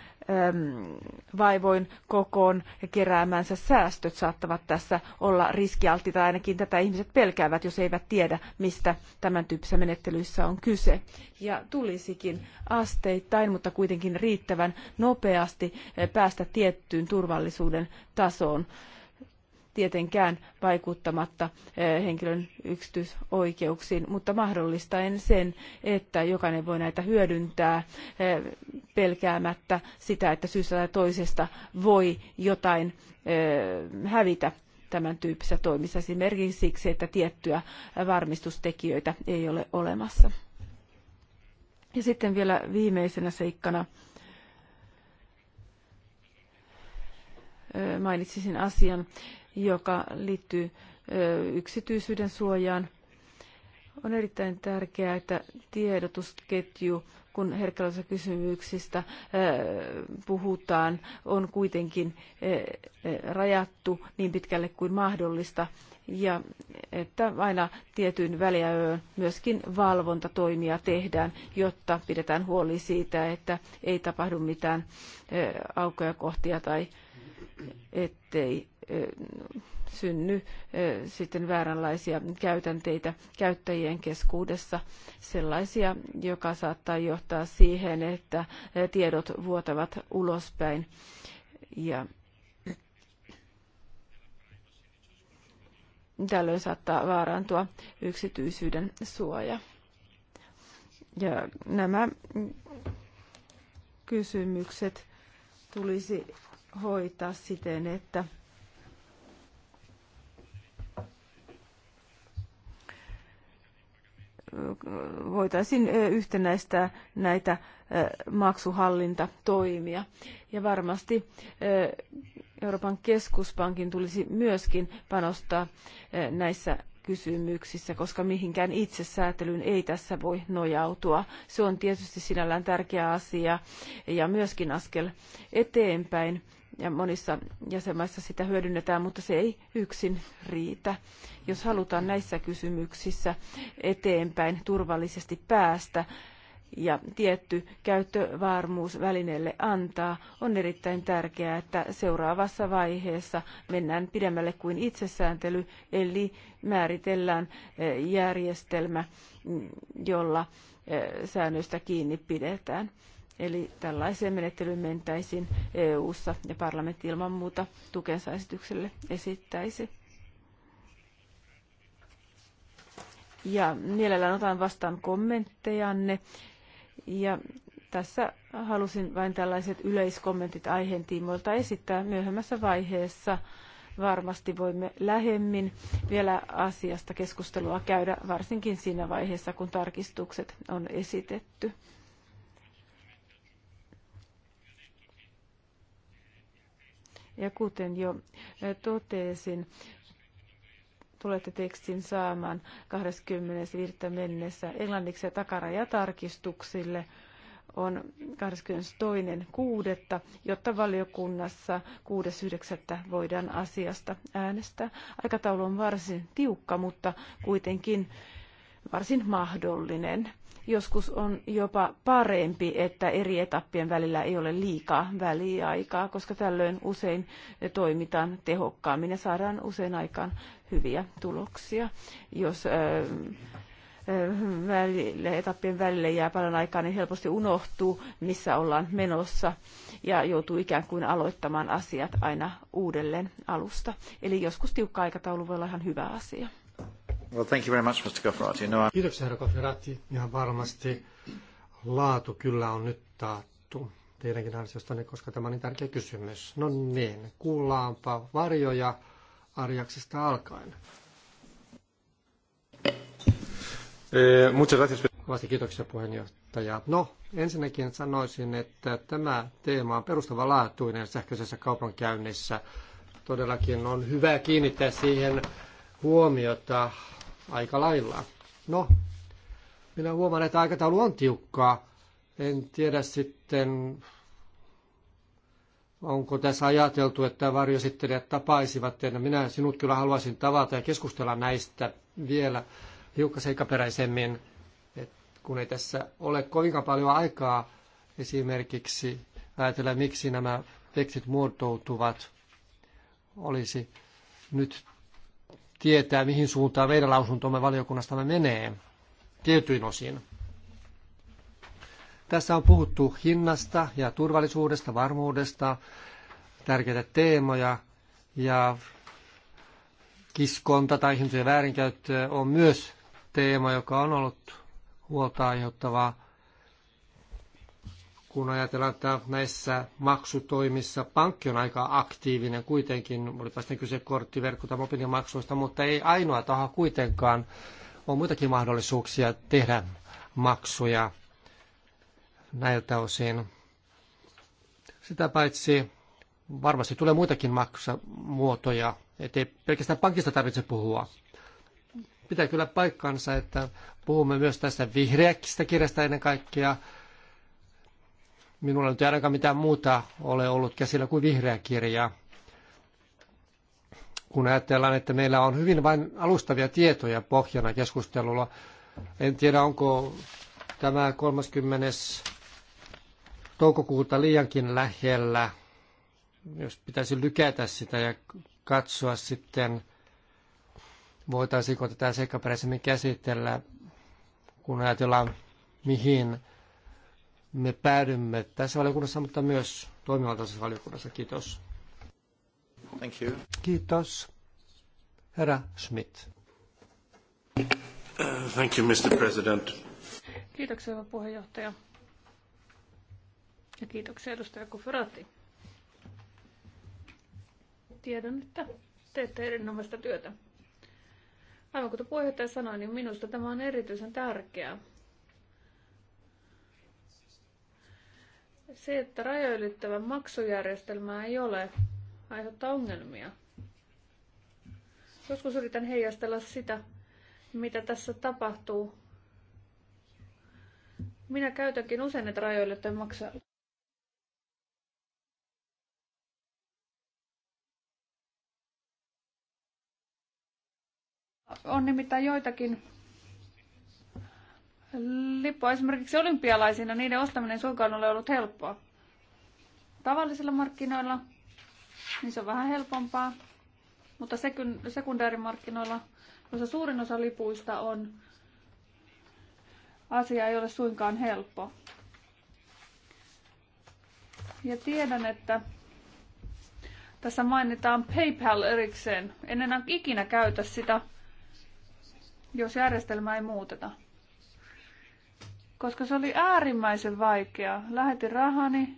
vaivoin kokoon ja keräämänsä säästöt saattavat tässä olla riskialttiita. Ainakin tätä ihmiset pelkäävät, jos eivät tiedä, mistä tämän tyyppisissä menettelyissä on kyse. Ja tulisikin asteittain, mutta kuitenkin riittävän nopeasti päästä tiettyyn turvallisuuden tasoon tietenkään vaikuttamatta eh, henkilön yksityisoikeuksiin, mutta mahdollistaen sen, että jokainen voi näitä hyödyntää eh, pelkäämättä sitä, että syystä tai toisesta voi jotain eh, hävitä tämän tyyppisissä toimissa, esimerkiksi siksi, että tiettyjä varmistustekijöitä ei ole olemassa. Ja sitten vielä viimeisenä seikkana mainitsisin asian, joka liittyy yksityisyyden suojaan. On erittäin tärkeää, että tiedotusketju, kun herkkälaisista kysymyksistä puhutaan, on kuitenkin rajattu niin pitkälle kuin mahdollista ja että aina tietyn väliajoin myöskin valvontatoimia tehdään, jotta pidetään huoli siitä, että ei tapahdu mitään aukoja kohtia tai ettei synny sitten vääränlaisia käytänteitä käyttäjien keskuudessa, sellaisia, joka saattaa johtaa siihen, että tiedot vuotavat ulospäin. Ja tällöin saattaa vaarantua yksityisyyden suoja. Ja nämä kysymykset tulisi hoitaa siten, että voitaisiin yhtenäistää näitä maksuhallintatoimia. Ja varmasti Euroopan keskuspankin tulisi myöskin panostaa näissä kysymyksissä, koska mihinkään itsesäätelyyn ei tässä voi nojautua. Se on tietysti sinällään tärkeä asia ja myöskin askel eteenpäin ja monissa jäsenmaissa sitä hyödynnetään, mutta se ei yksin riitä. Jos halutaan näissä kysymyksissä eteenpäin turvallisesti päästä ja tietty käyttövarmuus välineelle antaa, on erittäin tärkeää, että seuraavassa vaiheessa mennään pidemmälle kuin itsesääntely, eli määritellään eh, järjestelmä, mm, jolla eh, säännöistä kiinni pidetään. Eli tällaiseen menettelyyn mentäisiin EU-ssa ja parlamentti ilman muuta tukensa esitykselle esittäisi. Ja mielellään otan vastaan kommenttejanne. Ja tässä halusin vain tällaiset yleiskommentit aiheen tiimoilta esittää myöhemmässä vaiheessa. Varmasti voimme lähemmin vielä asiasta keskustelua käydä, varsinkin siinä vaiheessa, kun tarkistukset on esitetty. Ja kuten jo eh, totesin, tulette tekstin saamaan 20 virta mennessä englanniksi ja takarajatarkistuksille on 22.6., jotta valiokunnassa 6.9. voidaan asiasta äänestää. Aikataulu on varsin tiukka, mutta kuitenkin varsin mahdollinen. Joskus on jopa parempi, että eri etappien välillä ei ole liikaa väliaikaa, koska tällöin usein toimitaan tehokkaammin ja saadaan usein aikaan hyviä tuloksia. Jos välille, etappien välille jää paljon aikaa, niin helposti unohtuu, missä ollaan menossa ja joutuu ikään kuin aloittamaan asiat aina uudelleen alusta. Eli joskus tiukka aikataulu voi olla ihan hyvä asia. Well, thank you very much, Mr. Kofrati. No, Kiitoksia, herra Kofrati. Ihan varmasti laatu kyllä on nyt taattu teidänkin ansiostanne, koska tämä on niin tärkeä kysymys. No niin, kuullaanpa varjoja Arjaksesta alkaen. Eh, Kovasti kiitoksia puheenjohtaja. No, ensinnäkin sanoisin, että tämä teema on perustavanlaatuinen sähköisessä kaupankäynnissä. Todellakin on hyvä kiinnittää siihen huomiota aika lailla. No, minä huomaan, että aikataulu on tiukkaa. En tiedä sitten, onko tässä ajateltu, että että tapaisivat Ja Minä sinut kyllä haluaisin tavata ja keskustella näistä vielä hiukan seikkaperäisemmin, kun ei tässä ole kovinkaan paljon aikaa esimerkiksi ajatella, miksi nämä tekstit muotoutuvat. Olisi nyt tietää, mihin suuntaan meidän lausuntomme valiokunnastamme menee tietyin osin. Tässä on puhuttu hinnasta ja turvallisuudesta, varmuudesta, tärkeitä teemoja ja kiskonta tai hintojen väärinkäyttö on myös teema, joka on ollut huolta aiheuttavaa kun ajatellaan, että näissä maksutoimissa pankki on aika aktiivinen kuitenkin, olipa sitten kyse korttiverkko- tai mobiilimaksuista, mutta ei ainoa taho kuitenkaan. On muitakin mahdollisuuksia tehdä maksuja näiltä osin. Sitä paitsi varmasti tulee muitakin maksamuotoja, ettei pelkästään pankista tarvitse puhua. Pitää kyllä paikkansa, että puhumme myös tästä vihreäkistä kirjasta ennen kaikkea, Minulla nyt ei ainakaan mitään muuta ole ollut käsillä kuin vihreä kirja. Kun ajatellaan, että meillä on hyvin vain alustavia tietoja pohjana keskustelulla, en tiedä onko tämä 30. toukokuuta liiankin lähellä, jos pitäisi lykätä sitä ja katsoa sitten, voitaisiinko tätä seikkaperäisemmin käsitellä, kun ajatellaan mihin me päädymme tässä valiokunnassa, mutta myös toimivaltaisessa valiokunnassa. Kiitos. Thank you. Kiitos. Herra Schmidt. Thank you, Mr. President. Kiitoksia, hyvä puheenjohtaja. Ja kiitoksia, edustaja Kuferati. Tiedän, että teette erinomaista työtä. Aivan kuten puheenjohtaja sanoi, niin minusta tämä on erityisen tärkeää Se, että rajoilyttävä maksujärjestelmää ei ole, aiheuttaa ongelmia. Joskus yritän heijastella sitä, mitä tässä tapahtuu. Minä käytänkin usein näitä rajoilyttävä maksaa. on nimittäin joitakin lippu esimerkiksi olympialaisina, niiden ostaminen suinkaan ole ollut helppoa. Tavallisilla markkinoilla niin se on vähän helpompaa, mutta sekundäärimarkkinoilla, jossa suurin osa lipuista on, asia ei ole suinkaan helppo. Ja tiedän, että tässä mainitaan PayPal erikseen. En enää ikinä käytä sitä, jos järjestelmää ei muuteta koska se oli äärimmäisen vaikea. Lähetin rahani.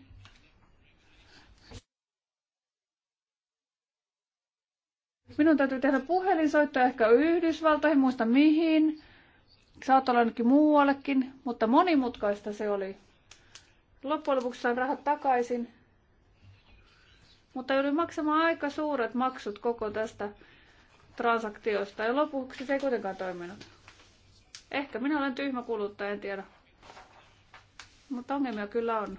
Minun täytyy tehdä puhelinsoitto ehkä Yhdysvaltoihin, muista mihin. Saattaa olla ainakin muuallekin, mutta monimutkaista se oli. Loppujen lopuksi sain rahat takaisin, mutta joudun maksamaan aika suuret maksut koko tästä transaktiosta ja lopuksi se ei kuitenkaan toiminut. Ehkä minä olen tyhmä kuluttaja, en tiedä. Mutta ongelmia kyllä on.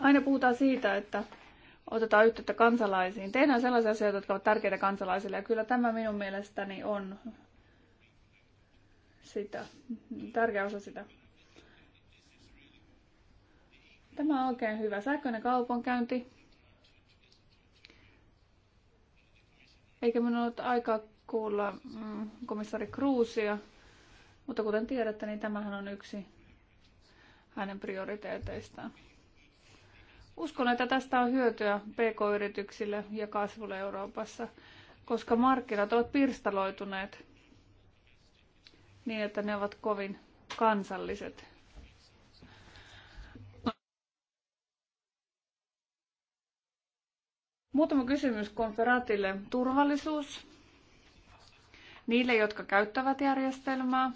Aina puhutaan siitä, että otetaan yhteyttä kansalaisiin. Tehdään sellaisia asioita, jotka ovat tärkeitä kansalaisille. Ja kyllä tämä minun mielestäni on sitä, tärkeä osa sitä. Tämä on oikein hyvä. Sähköinen kaupankäynti, Eikä minulla ollut aikaa kuulla mm, komissaari Kruusia, mutta kuten tiedätte, niin tämähän on yksi hänen prioriteeteistaan. Uskon, että tästä on hyötyä pk-yrityksille ja kasvulle Euroopassa, koska markkinat ovat pirstaloituneet niin, että ne ovat kovin kansalliset. Muutama kysymys konferaatille. Turvallisuus niille, jotka käyttävät järjestelmää.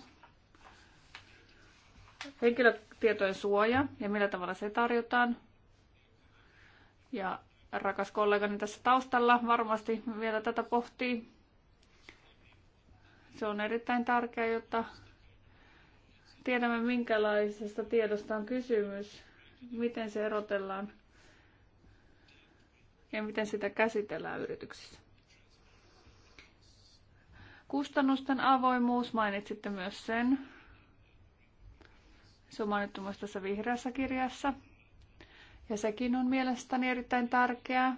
Henkilötietojen suoja ja millä tavalla se tarjotaan. Ja rakas kollegani tässä taustalla varmasti vielä tätä pohtii. Se on erittäin tärkeää, jotta tiedämme minkälaisesta tiedosta on kysymys, miten se erotellaan ja miten sitä käsitellään yrityksissä. Kustannusten avoimuus, mainitsitte myös sen. Se on mainittu myös tässä vihreässä kirjassa. Ja sekin on mielestäni erittäin tärkeää.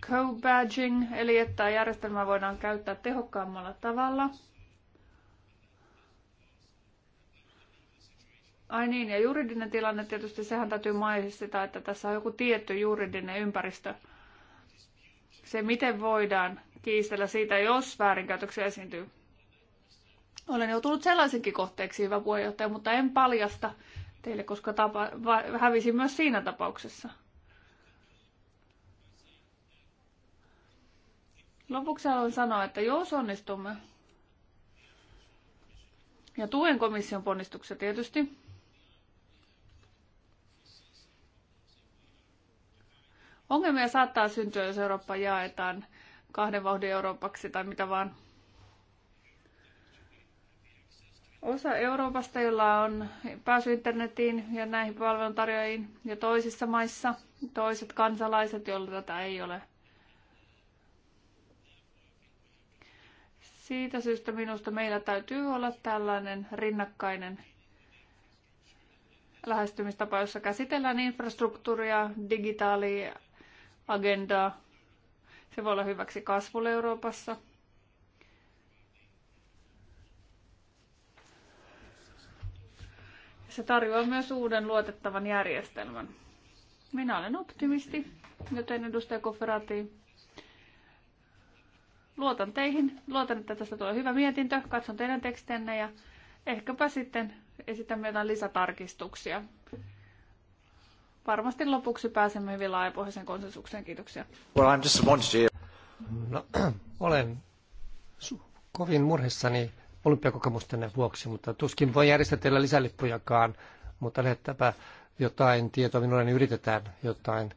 Co-badging, eli että järjestelmää voidaan käyttää tehokkaammalla tavalla – Ai niin, ja juridinen tilanne tietysti, sehän täytyy mainita, että tässä on joku tietty juridinen ympäristö. Se, miten voidaan kiistellä siitä, jos väärinkäytöksiä esiintyy. Olen joutunut sellaisenkin kohteeksi, hyvä puheenjohtaja, mutta en paljasta teille, koska tapa, va, hävisin myös siinä tapauksessa. Lopuksi haluan sanoa, että jos onnistumme, ja tuen komission ponnistuksia tietysti, Ongelmia saattaa syntyä, jos Eurooppa jaetaan kahden vauhdin Euroopaksi tai mitä vaan. Osa Euroopasta, jolla on pääsy internetiin ja näihin palveluntarjoajiin, ja toisissa maissa toiset kansalaiset, joilla tätä ei ole. Siitä syystä minusta meillä täytyy olla tällainen rinnakkainen lähestymistapa, jossa käsitellään infrastruktuuria, digitaalia agendaa. Se voi olla hyväksi kasvulle Euroopassa. Se tarjoaa myös uuden luotettavan järjestelmän. Minä olen optimisti, joten edustaja Kofferati, luotan teihin. Luotan, että tästä tulee hyvä mietintö. Katson teidän tekstenne ja ehkäpä sitten esitämme jotain lisätarkistuksia varmasti lopuksi pääsemme hyvin laajapohjaisen konsensukseen. Kiitoksia. Well, I'm disappointed No, (clears throat) olen kovin murhissani olympiakokemustenne vuoksi, mutta tuskin voi järjestää teillä lisälippujakaan, mutta lähettäpä jotain tietoa minulle, niin yritetään jotain.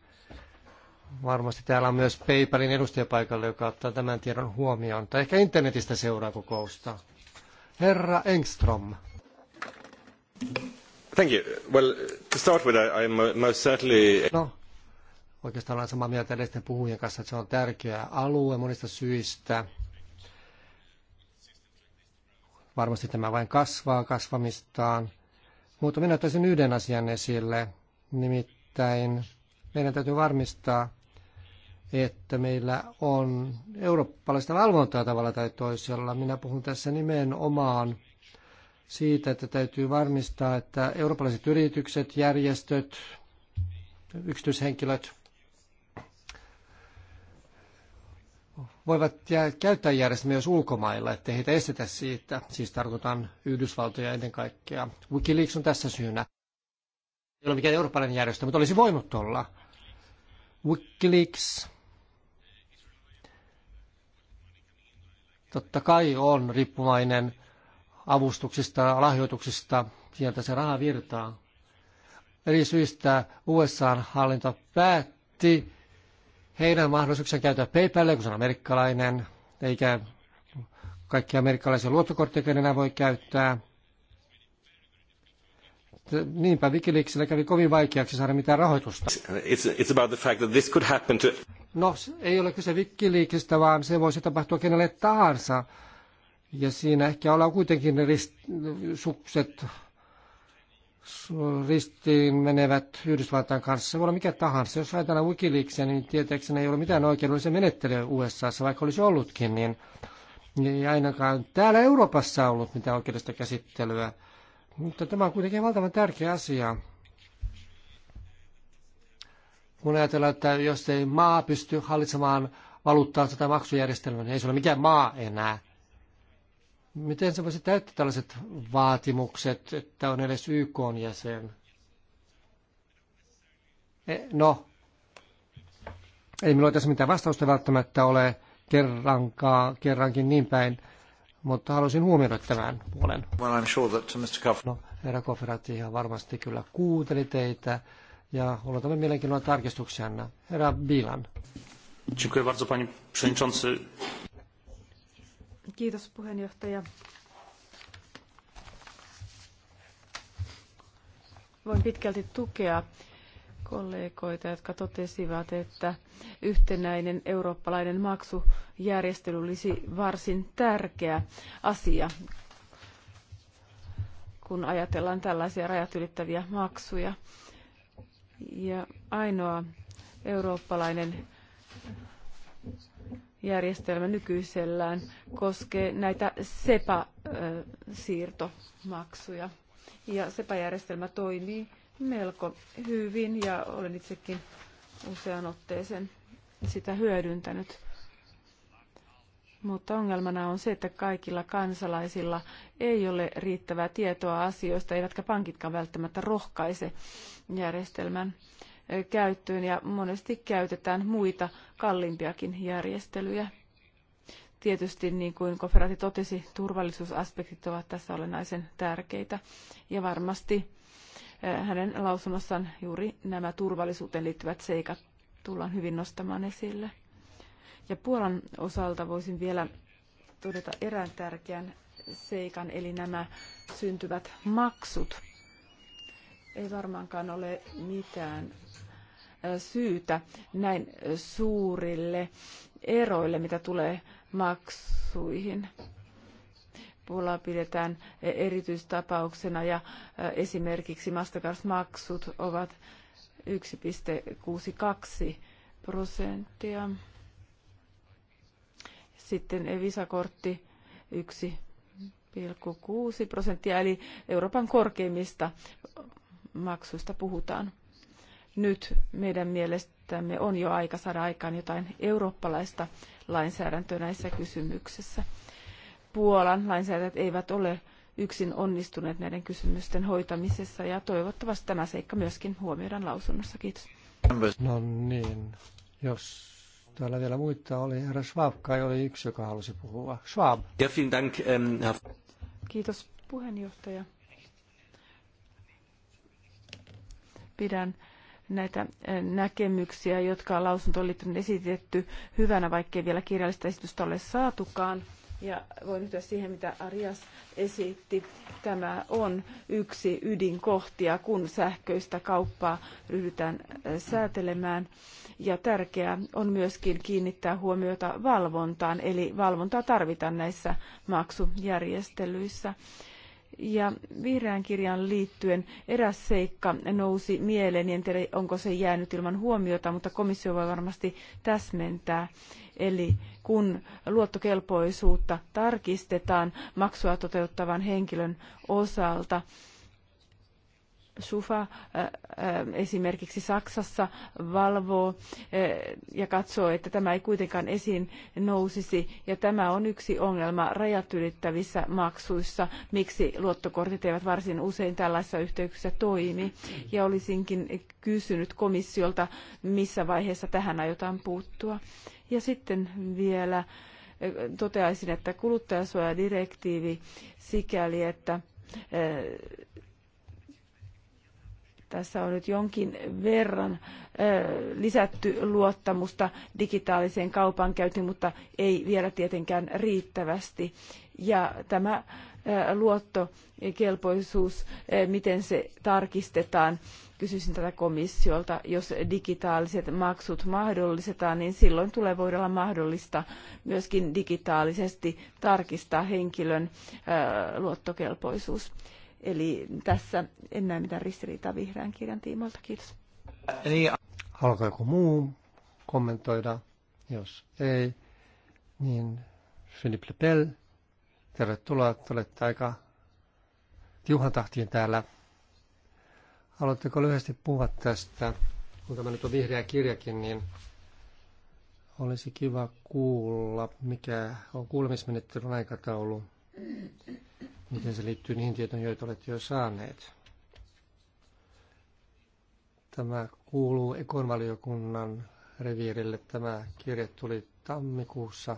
Varmasti täällä on myös PayPalin edustajapaikalle, joka ottaa tämän tiedon huomioon, tai ehkä internetistä seuraa kokousta. Herra Engström. Thank you. Well, to start with, I, I'm most certainly... No, oikeastaan olen samaa mieltä edellisten puhujien kanssa, että se on tärkeä alue monista syistä. Varmasti tämä vain kasvaa kasvamistaan. Mutta minä ottaisin yhden asian esille, nimittäin meidän täytyy varmistaa, että meillä on eurooppalaista valvontaa tavalla tai toisella. Minä puhun tässä nimenomaan siitä, että täytyy varmistaa, että eurooppalaiset yritykset, järjestöt, yksityishenkilöt voivat käyttää järjestelmiä myös ulkomailla, ettei heitä estetä siitä. Siis tarkoitan Yhdysvaltoja ennen kaikkea. Wikileaks on tässä syynä. Ei ole mikään eurooppalainen järjestö, mutta olisi voinut olla. Wikileaks totta kai on riippuvainen avustuksista, lahjoituksista, sieltä se raha virtaa. Eri syistä USA-hallinto päätti heidän mahdollisuuksensa käyttää PayPalia, kun se on amerikkalainen, eikä kaikkia amerikkalaisia luottokortteja enää voi käyttää. Niinpä Wikileaksilla kävi kovin vaikeaksi saada mitään rahoitusta. It's, it's about the fact that this could happen to... No, ei ole kyse Wikileaksista, vaan se voisi tapahtua kenelle tahansa ja siinä ehkä ollaan kuitenkin rist, sukset ristiin menevät Yhdysvaltain kanssa. Se voi olla mikä tahansa. Jos ajatellaan Wikileaksia, niin tietääkseni ei ole mitään oikeudellisia menettelyä USAssa, vaikka olisi ollutkin, niin ei ainakaan täällä Euroopassa ollut mitään oikeudellista käsittelyä. Mutta tämä on kuitenkin valtavan tärkeä asia. Kun ajatellaan, että jos ei maa pysty hallitsemaan valuuttaa tätä maksujärjestelmää, niin ei se ole mikään maa enää. Miten se voisi täyttää tällaiset vaatimukset, että on edes YK on jäsen? E, no, ei minulla tässä mitään vastausta välttämättä ole kerrankaan, kerrankin niin päin, mutta halusin huomioida tämän puolen. Well, I'm sure that uh, Mr. Kof- No, herra Kofferati ihan varmasti kyllä kuunteli teitä ja odotamme mielenkiinnolla tarkistuksia, Herra Bilan. Dziękuję bardzo, panie przewodniczący. Kiitos puheenjohtaja. Voin pitkälti tukea kollegoita, jotka totesivat, että yhtenäinen eurooppalainen maksujärjestely olisi varsin tärkeä asia, kun ajatellaan tällaisia rajat ylittäviä maksuja. Ja ainoa eurooppalainen järjestelmä nykyisellään koskee näitä SEPA-siirtomaksuja. Ja SEPA-järjestelmä toimii melko hyvin ja olen itsekin usean otteeseen sitä hyödyntänyt. Mutta ongelmana on se, että kaikilla kansalaisilla ei ole riittävää tietoa asioista, eivätkä pankitkaan välttämättä rohkaise järjestelmän käyttöön ja monesti käytetään muita kalliimpiakin järjestelyjä. Tietysti, niin kuin Koferati totesi, turvallisuusaspektit ovat tässä olennaisen tärkeitä ja varmasti eh, hänen lausunnossaan juuri nämä turvallisuuteen liittyvät seikat tullaan hyvin nostamaan esille. Ja Puolan osalta voisin vielä todeta erään tärkeän seikan, eli nämä syntyvät maksut ei varmaankaan ole mitään äh, syytä näin suurille eroille, mitä tulee maksuihin. Puolaa pidetään erityistapauksena ja äh, esimerkiksi Mastercard-maksut ovat 1,62 prosenttia. Sitten Visa-kortti 1,6 prosenttia, eli Euroopan korkeimmista maksuista puhutaan. Nyt meidän mielestämme on jo aika saada aikaan jotain eurooppalaista lainsäädäntöä näissä kysymyksissä. Puolan lainsäädäntöt eivät ole yksin onnistuneet näiden kysymysten hoitamisessa ja toivottavasti tämä seikka myöskin huomioidaan lausunnossa. Kiitos. No niin, jos täällä vielä muita oli, herra Schwab kai oli yksi, joka halusi puhua. Schwab. Ja, vielen Dank, ähm, Kiitos puheenjohtaja. pidän näitä eh, näkemyksiä, jotka lausuntoon liittyen esitetty hyvänä, vaikkei vielä kirjallista esitystä ole saatukaan. Ja voin yhtyä siihen, mitä Arias esitti. Tämä on yksi ydinkohtia, kun sähköistä kauppaa ryhdytään eh, säätelemään. Ja tärkeää on myöskin kiinnittää huomiota valvontaan, eli valvontaa tarvitaan näissä maksujärjestelyissä. Ja vihreän kirjan liittyen eräs seikka nousi mieleen, en tiedä onko se jäänyt ilman huomiota, mutta komissio voi varmasti täsmentää. Eli kun luottokelpoisuutta tarkistetaan maksua toteuttavan henkilön osalta, SUFA esimerkiksi Saksassa valvoo ja katsoo, että tämä ei kuitenkaan esiin nousisi. Ja tämä on yksi ongelma rajat ylittävissä maksuissa, miksi luottokortit eivät varsin usein tällaisissa yhteyksissä toimi. Ja olisinkin kysynyt komissiolta, missä vaiheessa tähän aiotaan puuttua. Ja sitten vielä toteaisin, että kuluttajasuojadirektiivi sikäli, että tässä on nyt jonkin verran lisätty luottamusta digitaaliseen kaupankäyntiin, mutta ei vielä tietenkään riittävästi. Ja tämä luottokelpoisuus, miten se tarkistetaan, kysyisin tätä komissiolta, jos digitaaliset maksut mahdollistetaan, niin silloin tulee voida olla mahdollista myöskin digitaalisesti tarkistaa henkilön luottokelpoisuus. Eli tässä en näe mitään ristiriitaa vihreän kirjan tiimoilta. Kiitos. Niin. Haluaako joku muu kommentoida? Jos ei, niin Philippe Lepel, tervetuloa. olette aika tiuhan tahtiin täällä. Haluatteko lyhyesti puhua tästä, kun tämä nyt on vihreä kirjakin, niin olisi kiva kuulla, mikä on kuulemismenettelyn aikataulu miten se liittyy niihin tietoihin, joita olette jo saaneet. Tämä kuuluu ekonvaliokunnan reviirille. Tämä kirje tuli tammikuussa.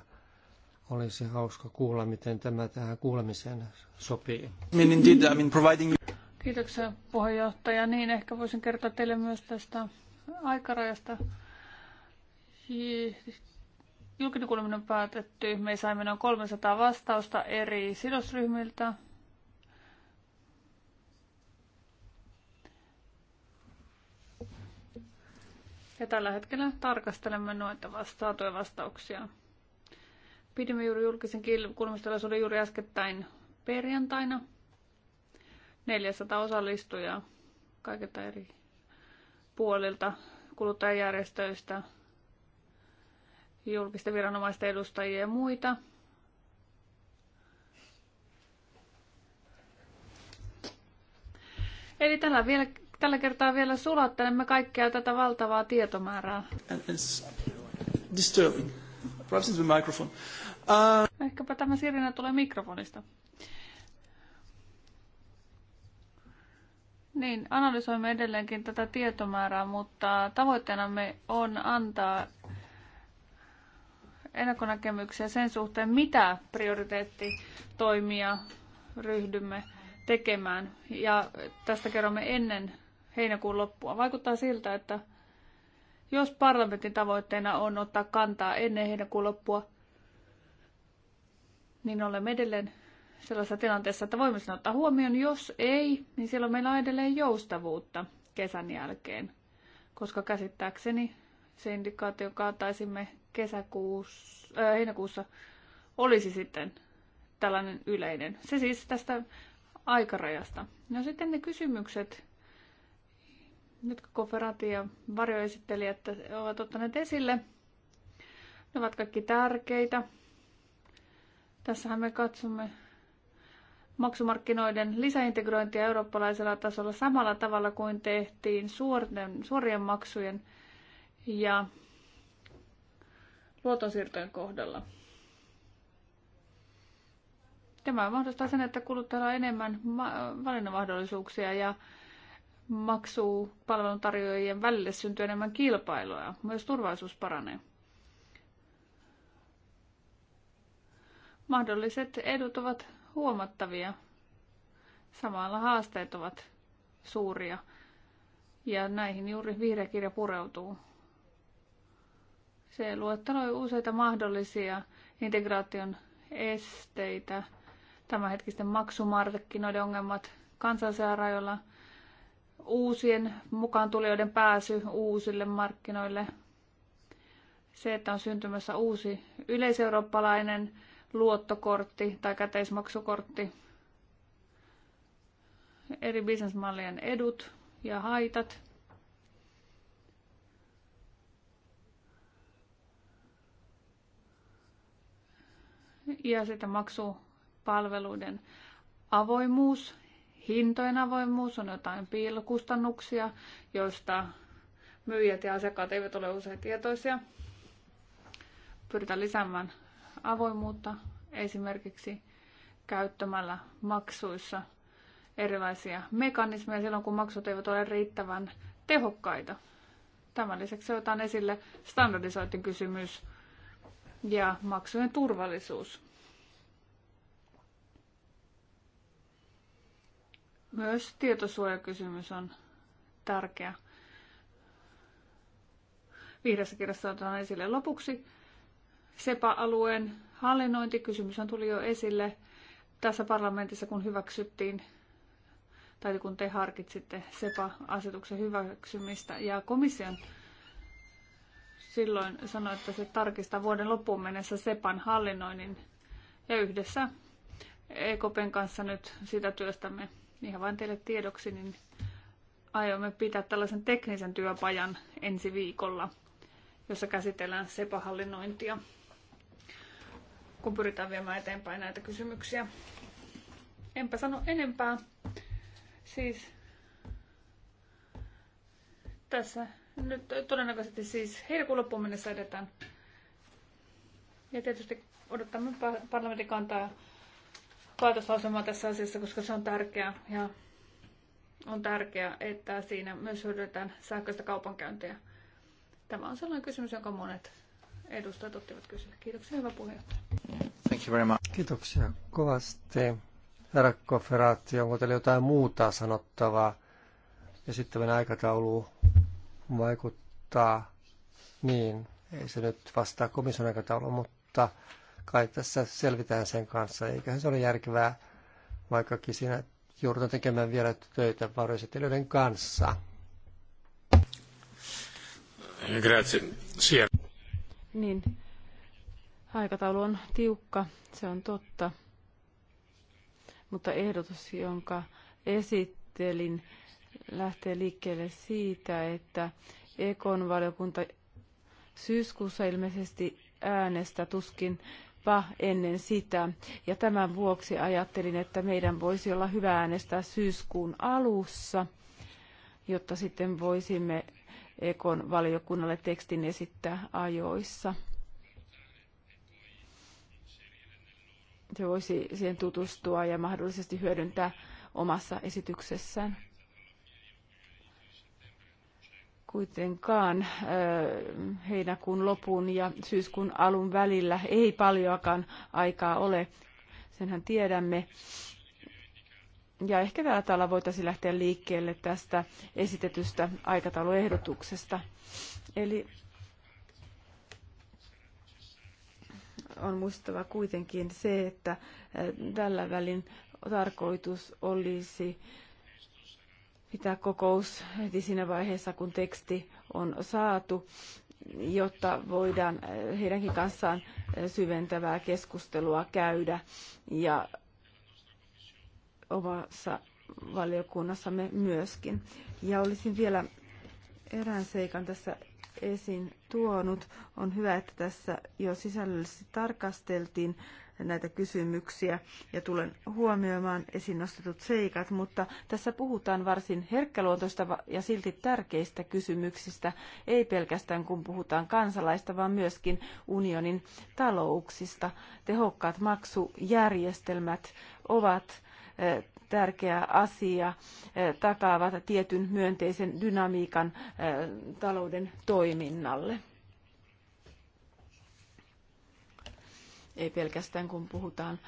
Olisi hauska kuulla, miten tämä tähän kuulemiseen sopii. Kiitoksia puheenjohtaja. Niin, ehkä voisin kertoa teille myös tästä aikarajasta Julkinen on päätetty. Me saimme noin 300 vastausta eri sidosryhmiltä. Ja tällä hetkellä tarkastelemme noita saatuja vastauksia. Pidimme juuri julkisen kuulemistilaisuuden juuri äskettäin perjantaina. 400 osallistujaa kaikilta eri puolilta kuluttajajärjestöistä, julkisten viranomaisten edustajia ja muita. Eli tällä, vielä, tällä kertaa vielä sulattelemme kaikkea tätä valtavaa tietomäärää. Uh... Ehkäpä tämä sirinä tulee mikrofonista. Niin, analysoimme edelleenkin tätä tietomäärää, mutta tavoitteenamme on antaa ennakkonäkemyksiä sen suhteen, mitä prioriteettitoimia ryhdymme tekemään. Ja tästä kerromme ennen heinäkuun loppua. Vaikuttaa siltä, että jos parlamentin tavoitteena on ottaa kantaa ennen heinäkuun loppua, niin olemme edelleen sellaisessa tilanteessa, että voimme sen ottaa huomioon. Jos ei, niin silloin meillä on edelleen joustavuutta kesän jälkeen, koska käsittääkseni se indikaatio kaataisimme kesäkuussa, äh, heinäkuussa olisi sitten tällainen yleinen. Se siis tästä aikarajasta. No sitten ne kysymykset, jotka Koferati ja varjoesittelijät ovat ottaneet esille, ne ovat kaikki tärkeitä. Tässähän me katsomme maksumarkkinoiden lisäintegrointia eurooppalaisella tasolla samalla tavalla kuin tehtiin suorien, suorien maksujen ja luotonsiirtojen kohdalla. Tämä mahdollistaa sen, että kuluttajalla on enemmän valinnanmahdollisuuksia ja maksuu palveluntarjoajien välille syntyy enemmän kilpailua. Myös turvallisuus paranee. Mahdolliset edut ovat huomattavia. Samalla haasteet ovat suuria. Ja näihin juuri vihreä kirja pureutuu. Se luetteloi useita mahdollisia integraation esteitä, tämänhetkisten maksumarkkinoiden ongelmat kansallisella rajoilla, uusien mukaan tulijoiden pääsy uusille markkinoille, se, että on syntymässä uusi yleiseurooppalainen luottokortti tai käteismaksukortti, eri bisnesmallien edut ja haitat, ja sitten maksupalveluiden avoimuus, hintojen avoimuus, on jotain piilokustannuksia, joista myyjät ja asiakkaat eivät ole usein tietoisia. Pyritään lisäämään avoimuutta esimerkiksi käyttämällä maksuissa erilaisia mekanismeja silloin, kun maksut eivät ole riittävän tehokkaita. Tämän lisäksi otan esille standardisointikysymys kysymys ja maksujen turvallisuus. Myös tietosuojakysymys on tärkeä. Vihreässä kirjassa otetaan esille lopuksi. SEPA-alueen hallinnointikysymys on tuli jo esille tässä parlamentissa, kun hyväksyttiin tai kun te harkitsitte SEPA-asetuksen hyväksymistä ja komission silloin sanoi, että se tarkistaa vuoden loppuun mennessä SEPAn hallinnoinnin ja yhdessä EKPn kanssa nyt sitä työstämme ihan vain teille tiedoksi, niin aiomme pitää tällaisen teknisen työpajan ensi viikolla, jossa käsitellään SEPA-hallinnointia, kun pyritään viemään eteenpäin näitä kysymyksiä. Enpä sano enempää. Siis tässä nyt todennäköisesti siis heinäkuun loppuun mennessä edetään. Ja tietysti odottamme parlamentin kantaa päätöslausumaa tässä asiassa, koska se on tärkeää. Ja on tärkeää, että siinä myös hyödytetään sähköistä kaupankäyntiä. Tämä on sellainen kysymys, jonka monet edustajat ottivat kysyä. Kiitoksia, hyvä puheenjohtaja. Thank you very much. Kiitoksia kovasti. Herra Koferaatti, onko teillä jotain muuta sanottavaa? Esittävän aikataulu vaikuttaa niin. Ei se nyt vastaa komission aikataulu, mutta kai tässä selvitään sen kanssa. Eiköhän se ole järkevää, vaikkakin siinä joudutaan tekemään vielä töitä varjoesittelijöiden kanssa. Grazie. Niin. Aikataulu on tiukka, se on totta. Mutta ehdotus, jonka esittelin, lähtee liikkeelle siitä, että Ekon valiokunta syyskuussa ilmeisesti äänestä tuskin ennen sitä. Ja tämän vuoksi ajattelin, että meidän voisi olla hyvä äänestää syyskuun alussa, jotta sitten voisimme Ekon valiokunnalle tekstin esittää ajoissa. Se voisi siihen tutustua ja mahdollisesti hyödyntää omassa esityksessään kuitenkaan heinäkuun lopun ja syyskuun alun välillä ei paljoakaan aikaa ole. Senhän tiedämme. Ja ehkä tällä tavalla voitaisiin lähteä liikkeelle tästä esitetystä aikatauluehdotuksesta. Eli on muistava kuitenkin se, että tällä välin tarkoitus olisi pitää kokous heti siinä vaiheessa, kun teksti on saatu, jotta voidaan eh, heidänkin kanssaan eh, syventävää keskustelua käydä. Ja omassa valiokunnassamme myöskin. Ja olisin vielä erään seikan tässä esiin tuonut. On hyvä, että tässä jo sisällöllisesti tarkasteltiin näitä kysymyksiä ja tulen huomioimaan esiin nostetut seikat, mutta tässä puhutaan varsin herkkäluontoista ja silti tärkeistä kysymyksistä, ei pelkästään kun puhutaan kansalaista, vaan myöskin unionin talouksista. Tehokkaat maksujärjestelmät ovat eh, tärkeä asia, eh, takaavat tietyn myönteisen dynamiikan eh, talouden toiminnalle. ei pelkästään kun puhutaan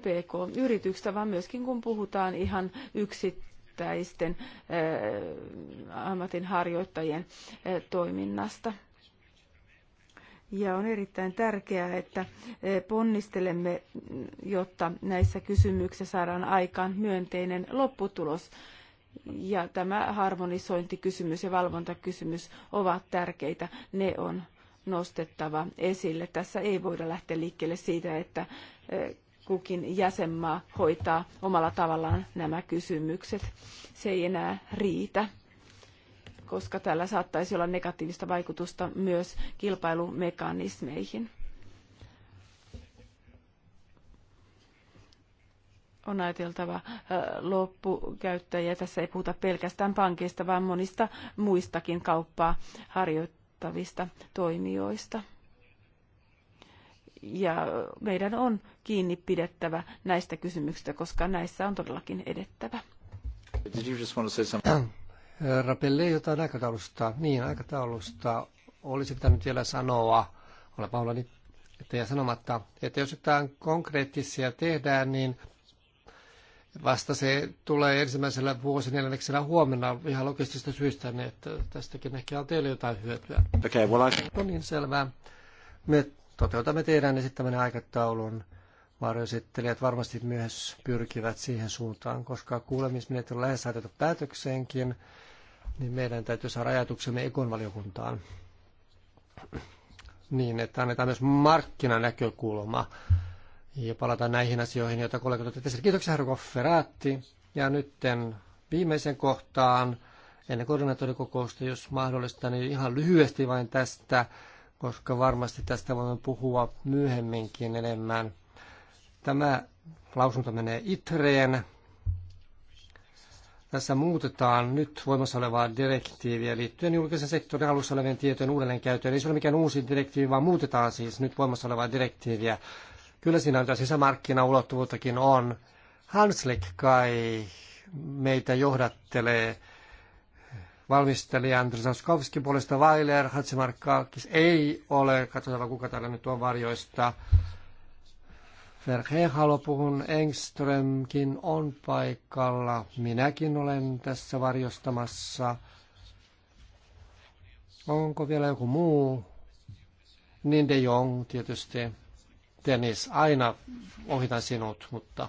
PK-yrityksistä, vaan myöskin kun puhutaan ihan yksittäisten ammatinharjoittajien toiminnasta. Ja on erittäin tärkeää, että ponnistelemme, jotta näissä kysymyksissä saadaan aikaan myönteinen lopputulos. Ja tämä harmonisointikysymys ja valvontakysymys ovat tärkeitä. Ne on nostettava esille. Tässä ei voida lähteä liikkeelle siitä, että eh, kukin jäsenmaa hoitaa omalla tavallaan nämä kysymykset. Se ei enää riitä koska tällä saattaisi olla negatiivista vaikutusta myös kilpailumekanismeihin. on ajateltava eh, loppukäyttäjiä. Tässä ei puhuta pelkästään pankeista, vaan monista muistakin kauppaa harjoittavista vaikuttavista toimijoista. Ja meidän on kiinni pidettävä näistä kysymyksistä, koska näissä on todellakin edettävä. Did you just want to say äh, Rapelle jotain aikataulusta. Niin, aikataulusta olisi pitänyt vielä sanoa. Olen pahoillani, että jää sanomatta, että jos jotain konkreettisia tehdään, niin Vasta se tulee ensimmäisellä vuosineljänneksellä huomenna ihan logistista syistä, niin että tästäkin ehkä on teille jotain hyötyä. Okay, well I... No niin, selvää. Me toteutamme teidän esittämänne aikataulun. Varjoesittelijät varmasti myös pyrkivät siihen suuntaan, koska kuulemismenettely on lähes saatettu päätökseenkin, niin meidän täytyy saada ajatuksemme ekonvaliokuntaan. valiokuntaan niin, että annetaan myös markkinanäkökulma ja palata näihin asioihin, joita kollegat ovat esille. Kiitoksia, herra Kofferaatti. Ja nyt viimeisen kohtaan ennen koordinaattorikokousta, jos mahdollista, niin ihan lyhyesti vain tästä, koska varmasti tästä voimme puhua myöhemminkin enemmän. Tämä lausunto menee ITREen. Tässä muutetaan nyt voimassa olevaa direktiiviä liittyen julkisen sektorin alussa olevien tietojen uudelleenkäyttöön. Ei se ole mikään uusi direktiivi, vaan muutetaan siis nyt voimassa olevaa direktiiviä Kyllä siinä on sisämarkkinaulottuvuuttakin on. Hanslik kai meitä johdattelee valmistelija Andrzej Zaskowski puolesta Weiler, Hatsimarkkaakis ei ole, katsotaan kuka täällä nyt on varjoista. Verhehalo puhun, Engströmkin on paikalla, minäkin olen tässä varjostamassa. Onko vielä joku muu? Niin de Jong tietysti. Dennis, niin aina ohitan sinut, mutta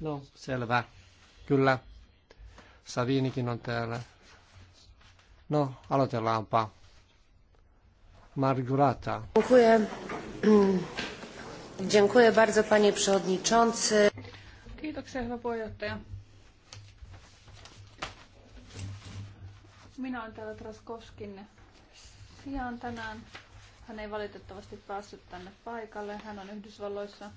no selvä. Kyllä, Savinikin on täällä. No, aloitellaanpa. Margurata. Dziękuję. Dziękuję bardzo, panie przewodniczący. Kiitoksia, hyvä puheenjohtaja. Minä olen täällä Traskovskin sijaan tänään. Hän ei valitettavasti päässyt tänne paikalle. Hän on Yhdysvalloissa.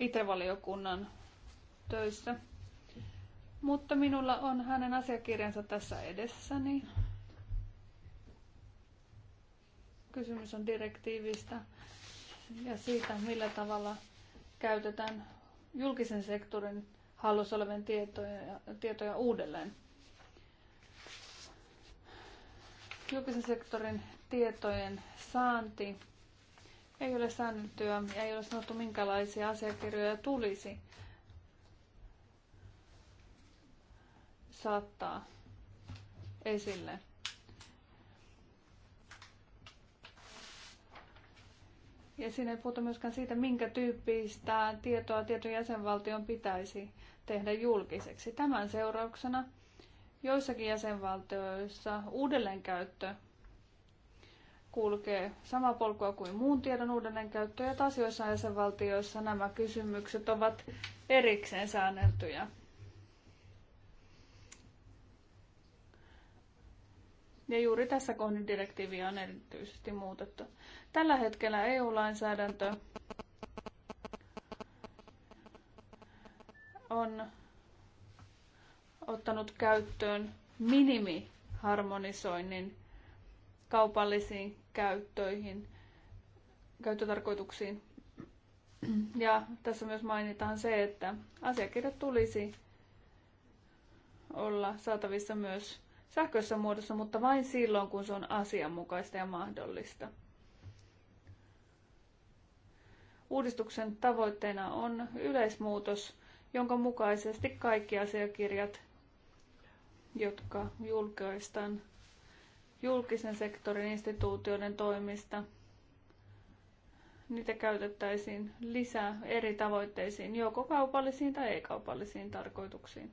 Itävaliokunnan töissä. Mutta minulla on hänen asiakirjansa tässä edessäni. Kysymys on direktiivistä ja siitä, millä tavalla käytetään julkisen sektorin hallussa olevien tietoja, tietoja uudelleen. Julkisen sektorin tietojen saanti ei ole säänneltyä ja ei ole sanottu minkälaisia asiakirjoja tulisi saattaa esille. Ja siinä ei puhuta myöskään siitä, minkä tyyppistä tietoa tietyn jäsenvaltion pitäisi tehdä julkiseksi. Tämän seurauksena joissakin jäsenvaltioissa uudelleenkäyttö kulkee samaa polkua kuin muun tiedon uudelleenkäyttö ja taas joissain jäsenvaltioissa nämä kysymykset ovat erikseen säänneltyjä. Ja juuri tässä kohdin direktiiviä on erityisesti muutettu. Tällä hetkellä EU-lainsäädäntö on ottanut käyttöön minimiharmonisoinnin kaupallisiin käyttöihin, käyttötarkoituksiin. Ja tässä myös mainitaan se, että asiakirjat tulisi olla saatavissa myös sähköisessä muodossa, mutta vain silloin, kun se on asianmukaista ja mahdollista. Uudistuksen tavoitteena on yleismuutos, jonka mukaisesti kaikki asiakirjat jotka julkaistaan julkisen sektorin instituutioiden toimista, niitä käytettäisiin lisää eri tavoitteisiin, joko kaupallisiin tai ei-kaupallisiin tarkoituksiin.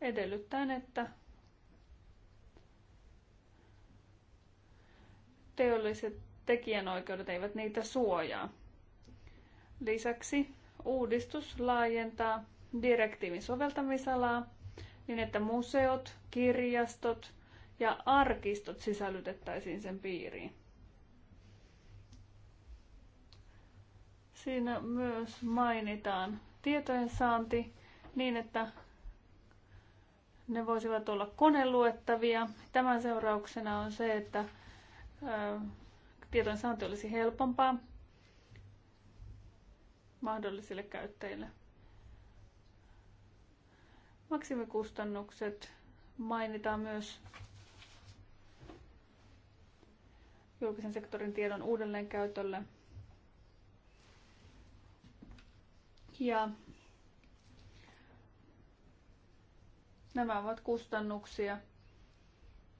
Edellyttäen, että teolliset tekijänoikeudet eivät niitä suojaa. Lisäksi uudistus laajentaa direktiivin soveltamisalaa niin, että museot, kirjastot ja arkistot sisällytettäisiin sen piiriin. Siinä myös mainitaan tietojen saanti niin, että ne voisivat olla koneluettavia. Tämän seurauksena on se, että tietojen saanti olisi helpompaa mahdollisille käyttäjille. Maksimikustannukset mainitaan myös julkisen sektorin tiedon uudelleenkäytölle. Ja nämä ovat kustannuksia,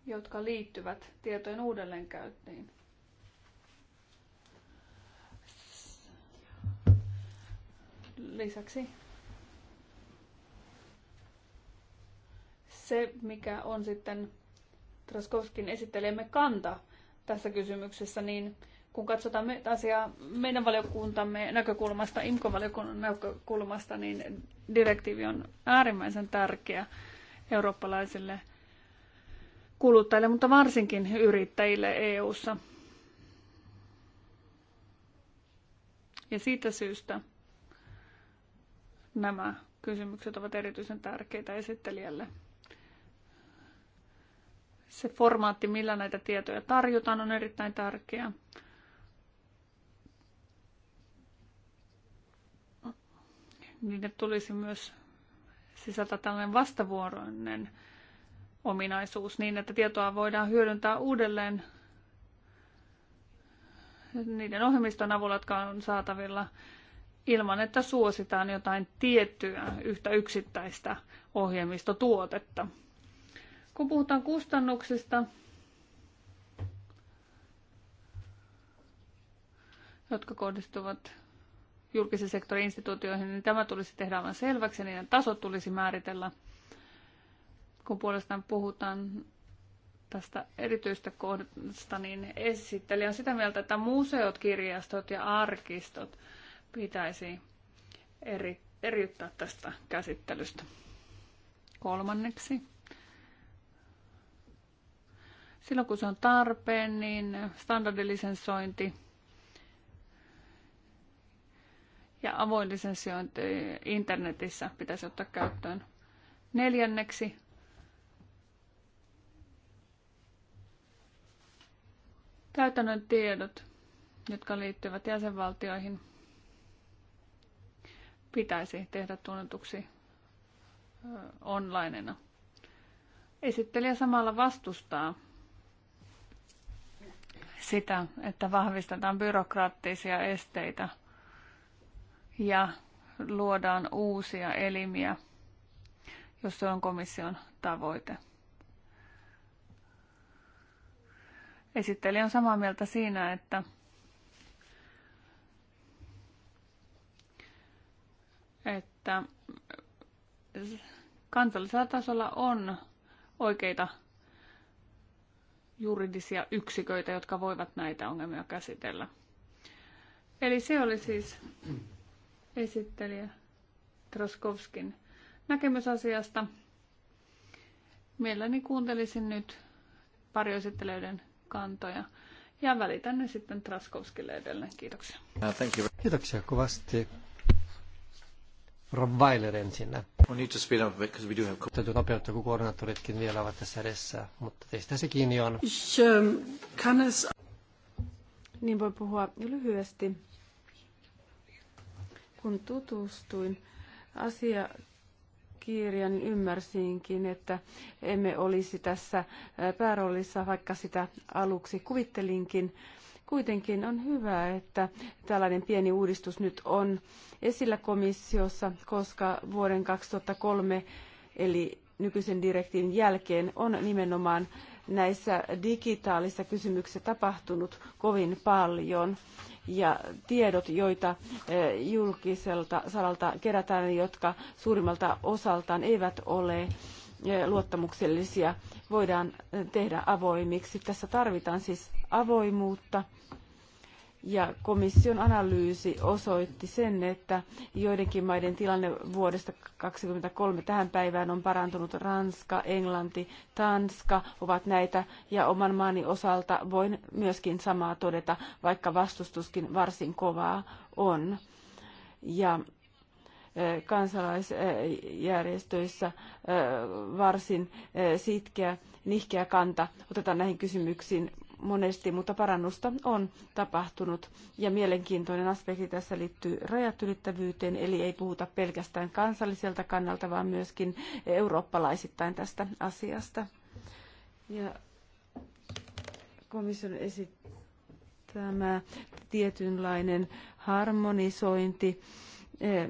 jotka liittyvät tietojen uudelleenkäyttiin. Lisäksi se, mikä on sitten Traskovskin esittelemme kanta tässä kysymyksessä, niin kun katsotaan me, asiaa meidän valiokuntamme näkökulmasta, IMCO-valiokunnan näkökulmasta, niin direktiivi on äärimmäisen tärkeä eurooppalaisille kuluttajille, mutta varsinkin yrittäjille EU-ssa. Ja siitä syystä nämä kysymykset ovat erityisen tärkeitä esittelijälle. Se formaatti, millä näitä tietoja tarjotaan, on erittäin tärkeä. Niille tulisi myös sisältää tällainen vastavuoroinen ominaisuus niin, että tietoa voidaan hyödyntää uudelleen niiden ohjelmiston avulla, jotka on saatavilla ilman, että suositaan jotain tiettyä yhtä yksittäistä ohjelmistotuotetta. Kun puhutaan kustannuksista, jotka kohdistuvat julkisen sektorin instituutioihin, niin tämä tulisi tehdä aivan selväksi, niiden taso tulisi määritellä. Kun puolestaan puhutaan tästä erityistä kohdasta, niin esittelijä on sitä mieltä, että museot, kirjastot ja arkistot pitäisi eri, eriyttää tästä käsittelystä. Kolmanneksi Silloin kun se on tarpeen, niin standardilisensointi ja avoin lisensiointi internetissä pitäisi ottaa käyttöön. Neljänneksi käytännön tiedot, jotka liittyvät jäsenvaltioihin, pitäisi tehdä tunnetuksi onlineena. Esittelijä samalla vastustaa sitä, että vahvistetaan byrokraattisia esteitä ja luodaan uusia elimiä, jos se on komission tavoite. Esittelijä on samaa mieltä siinä, että että kansallisella tasolla on oikeita juridisia yksiköitä, jotka voivat näitä ongelmia käsitellä. Eli se oli siis esittelijä Troskovskin näkemys asiasta. Mielelläni kuuntelisin nyt esittelijöiden kantoja ja välitän ne sitten Traskovskille edelleen. Kiitoksia. Uh, Kiitoksia kovasti. Weiler ensinnä. We'll need to speed up a because we do have... Täytyy nopeuttaa, kun koordinaattoritkin vielä ovat tässä edessä, mutta teistä se kiinni on. Ich, ähm, kann es... Niin voi puhua lyhyesti. Kun tutustuin asia kirjan, niin ymmärsinkin, että emme olisi tässä äh, pääroolissa, vaikka sitä aluksi kuvittelinkin. Kuitenkin on hyvä, että tällainen pieni uudistus nyt on esillä komissiossa, koska vuoden 2003 eli nykyisen direktiivin jälkeen on nimenomaan näissä digitaalisissa kysymyksissä tapahtunut kovin paljon. Ja tiedot, joita eh, julkiselta salalta kerätään, jotka suurimmalta osaltaan eivät ole eh, luottamuksellisia, voidaan eh, tehdä avoimiksi. Tässä tarvitaan siis avoimuutta. Ja komission analyysi osoitti sen, että joidenkin maiden tilanne vuodesta 2023 tähän päivään on parantunut. Ranska, Englanti, Tanska ovat näitä ja oman maani osalta voin myöskin samaa todeta, vaikka vastustuskin varsin kovaa on. Ja e, kansalaisjärjestöissä e, varsin e, sitkeä, nihkeä kanta otetaan näihin kysymyksiin monesti, mutta parannusta on tapahtunut. Ja mielenkiintoinen aspekti tässä liittyy rajat ylittävyyteen, eli ei puhuta pelkästään kansalliselta kannalta, vaan myöskin eurooppalaisittain tästä asiasta. Ja komission esittämä tietynlainen harmonisointi e, e,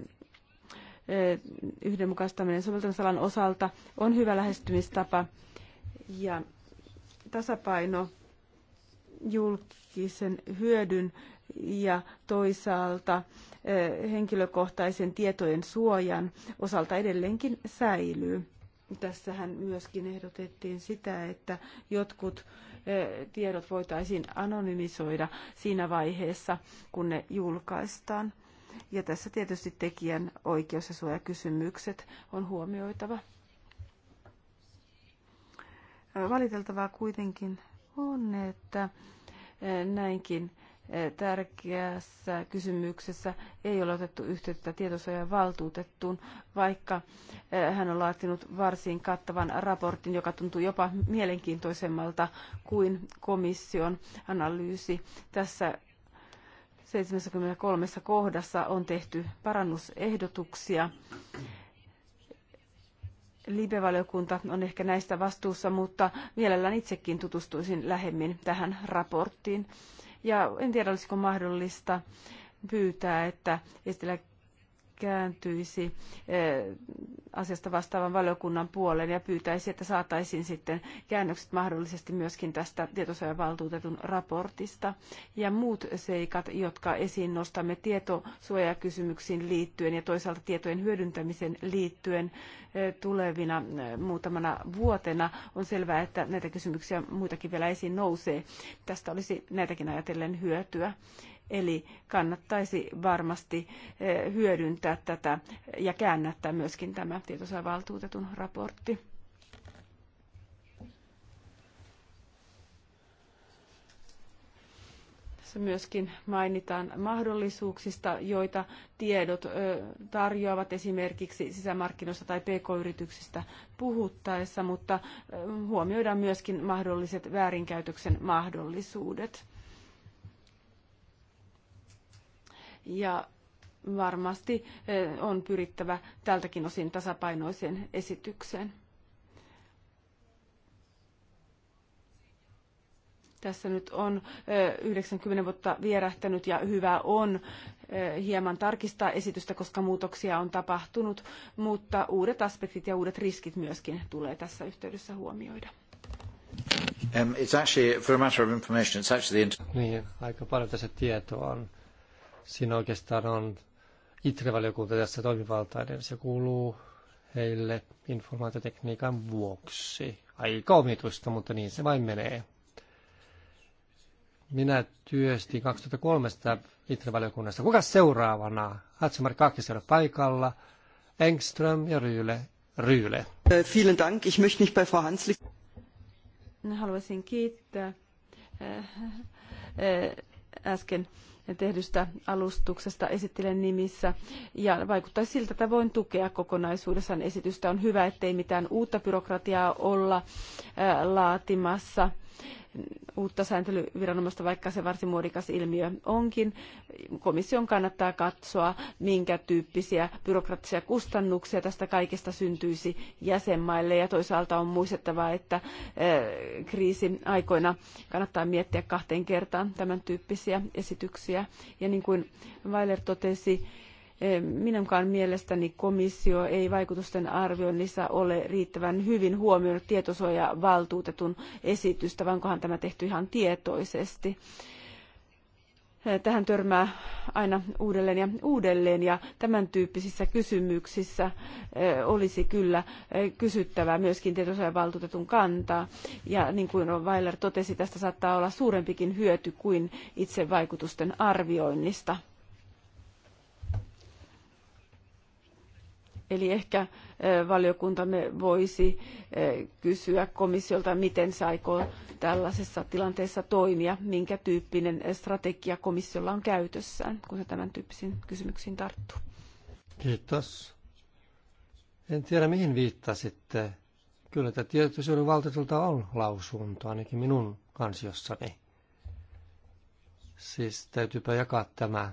yhdenmukaistaminen soveltamisalan osalta on hyvä lähestymistapa ja tasapaino julkisen hyödyn ja toisaalta eh, henkilökohtaisen tietojen suojan osalta edelleenkin säilyy. Tässähän myöskin ehdotettiin sitä, että jotkut eh, tiedot voitaisiin anonymisoida siinä vaiheessa, kun ne julkaistaan. Ja tässä tietysti tekijän oikeus- ja suojakysymykset on huomioitava. Valiteltavaa kuitenkin on, että eh, näinkin eh, tärkeässä kysymyksessä ei ole otettu yhteyttä tietosuojan valtuutettuun, vaikka eh, hän on laatinut varsin kattavan raportin, joka tuntuu jopa mielenkiintoisemmalta kuin komission analyysi. Tässä 73 kohdassa on tehty parannusehdotuksia Libe-valiokunta on ehkä näistä vastuussa, mutta mielellään itsekin tutustuisin lähemmin tähän raporttiin. Ja en tiedä, olisiko mahdollista pyytää, että esitellä kääntyisi eh, asiasta vastaavan valiokunnan puoleen ja pyytäisi, että saataisiin sitten käännökset mahdollisesti myöskin tästä tietosuojavaltuutetun raportista ja muut seikat, jotka esiin nostamme tietosuojakysymyksiin liittyen ja toisaalta tietojen hyödyntämisen liittyen eh, tulevina eh, muutamana vuotena. On selvää, että näitä kysymyksiä muitakin vielä esiin nousee. Tästä olisi näitäkin ajatellen hyötyä. Eli kannattaisi varmasti eh, hyödyntää tätä ja käännättää myöskin tämä tietosuojavaltuutetun raportti. Tässä myöskin mainitaan mahdollisuuksista, joita tiedot eh, tarjoavat esimerkiksi sisämarkkinoista tai pk-yrityksistä puhuttaessa, mutta eh, huomioidaan myöskin mahdolliset väärinkäytöksen mahdollisuudet. ja varmasti eh, on pyrittävä tältäkin osin tasapainoiseen esitykseen. Tässä nyt on 90 eh, vuotta vierähtänyt ja hyvä on eh, hieman tarkistaa esitystä, koska muutoksia on tapahtunut, mutta uudet aspektit ja uudet riskit myöskin tulee tässä yhteydessä huomioida. Um, it's actually, for a matter of information, it's actually the... Niin, aika paljon tässä tietoa on Siinä oikeastaan on ITRE-valiokunta tässä toimivaltainen. Se kuuluu heille informaatiotekniikan vuoksi. Aika omituista, mutta niin se vain menee. Minä työstin 2003 ITRE-valiokunnassa. Kuka seuraavana? Hatsumar kaksi ei paikalla. Engström ja Ryyle. Ryyle. Äh, vielen Dank. Ich möchte mich bei Frau Hanslik... Haluaisin kiittää äh, äh, äsken tehdystä alustuksesta esittelen nimissä. Ja vaikuttaa siltä, että voin tukea kokonaisuudessaan esitystä. On hyvä, ettei mitään uutta byrokratiaa olla laatimassa uutta sääntelyviranomaista, vaikka se varsin muodikas ilmiö onkin. Komission kannattaa katsoa, minkä tyyppisiä byrokraattisia kustannuksia tästä kaikesta syntyisi jäsenmaille. Ja toisaalta on muistettava, että eh, kriisin aikoina kannattaa miettiä kahteen kertaan tämän tyyppisiä esityksiä. Ja niin kuin Weiler totesi, Minunkaan mielestäni komissio ei vaikutusten arvioinnissa ole riittävän hyvin huomioinut tietosuojavaltuutetun esitystä, vaan onkohan tämä tehty ihan tietoisesti tähän törmää aina uudelleen ja uudelleen ja tämän tyyppisissä kysymyksissä e, olisi kyllä e, kysyttävää myöskin tietosuojavaltuutetun kantaa. Ja niin kuin Weiler totesi, tästä saattaa olla suurempikin hyöty kuin itse vaikutusten arvioinnista. Eli ehkä valiokuntamme voisi kysyä komissiolta, miten se aikoo tällaisessa tilanteessa toimia, minkä tyyppinen strategia komissiolla on käytössään, kun se tämän tyyppisiin kysymyksiin tarttuu. Kiitos. En tiedä, mihin viittasitte. Kyllä tämä tietoisuuden valtuutetulta on lausunto, ainakin minun kansiossani. Siis täytyypä jakaa tämä.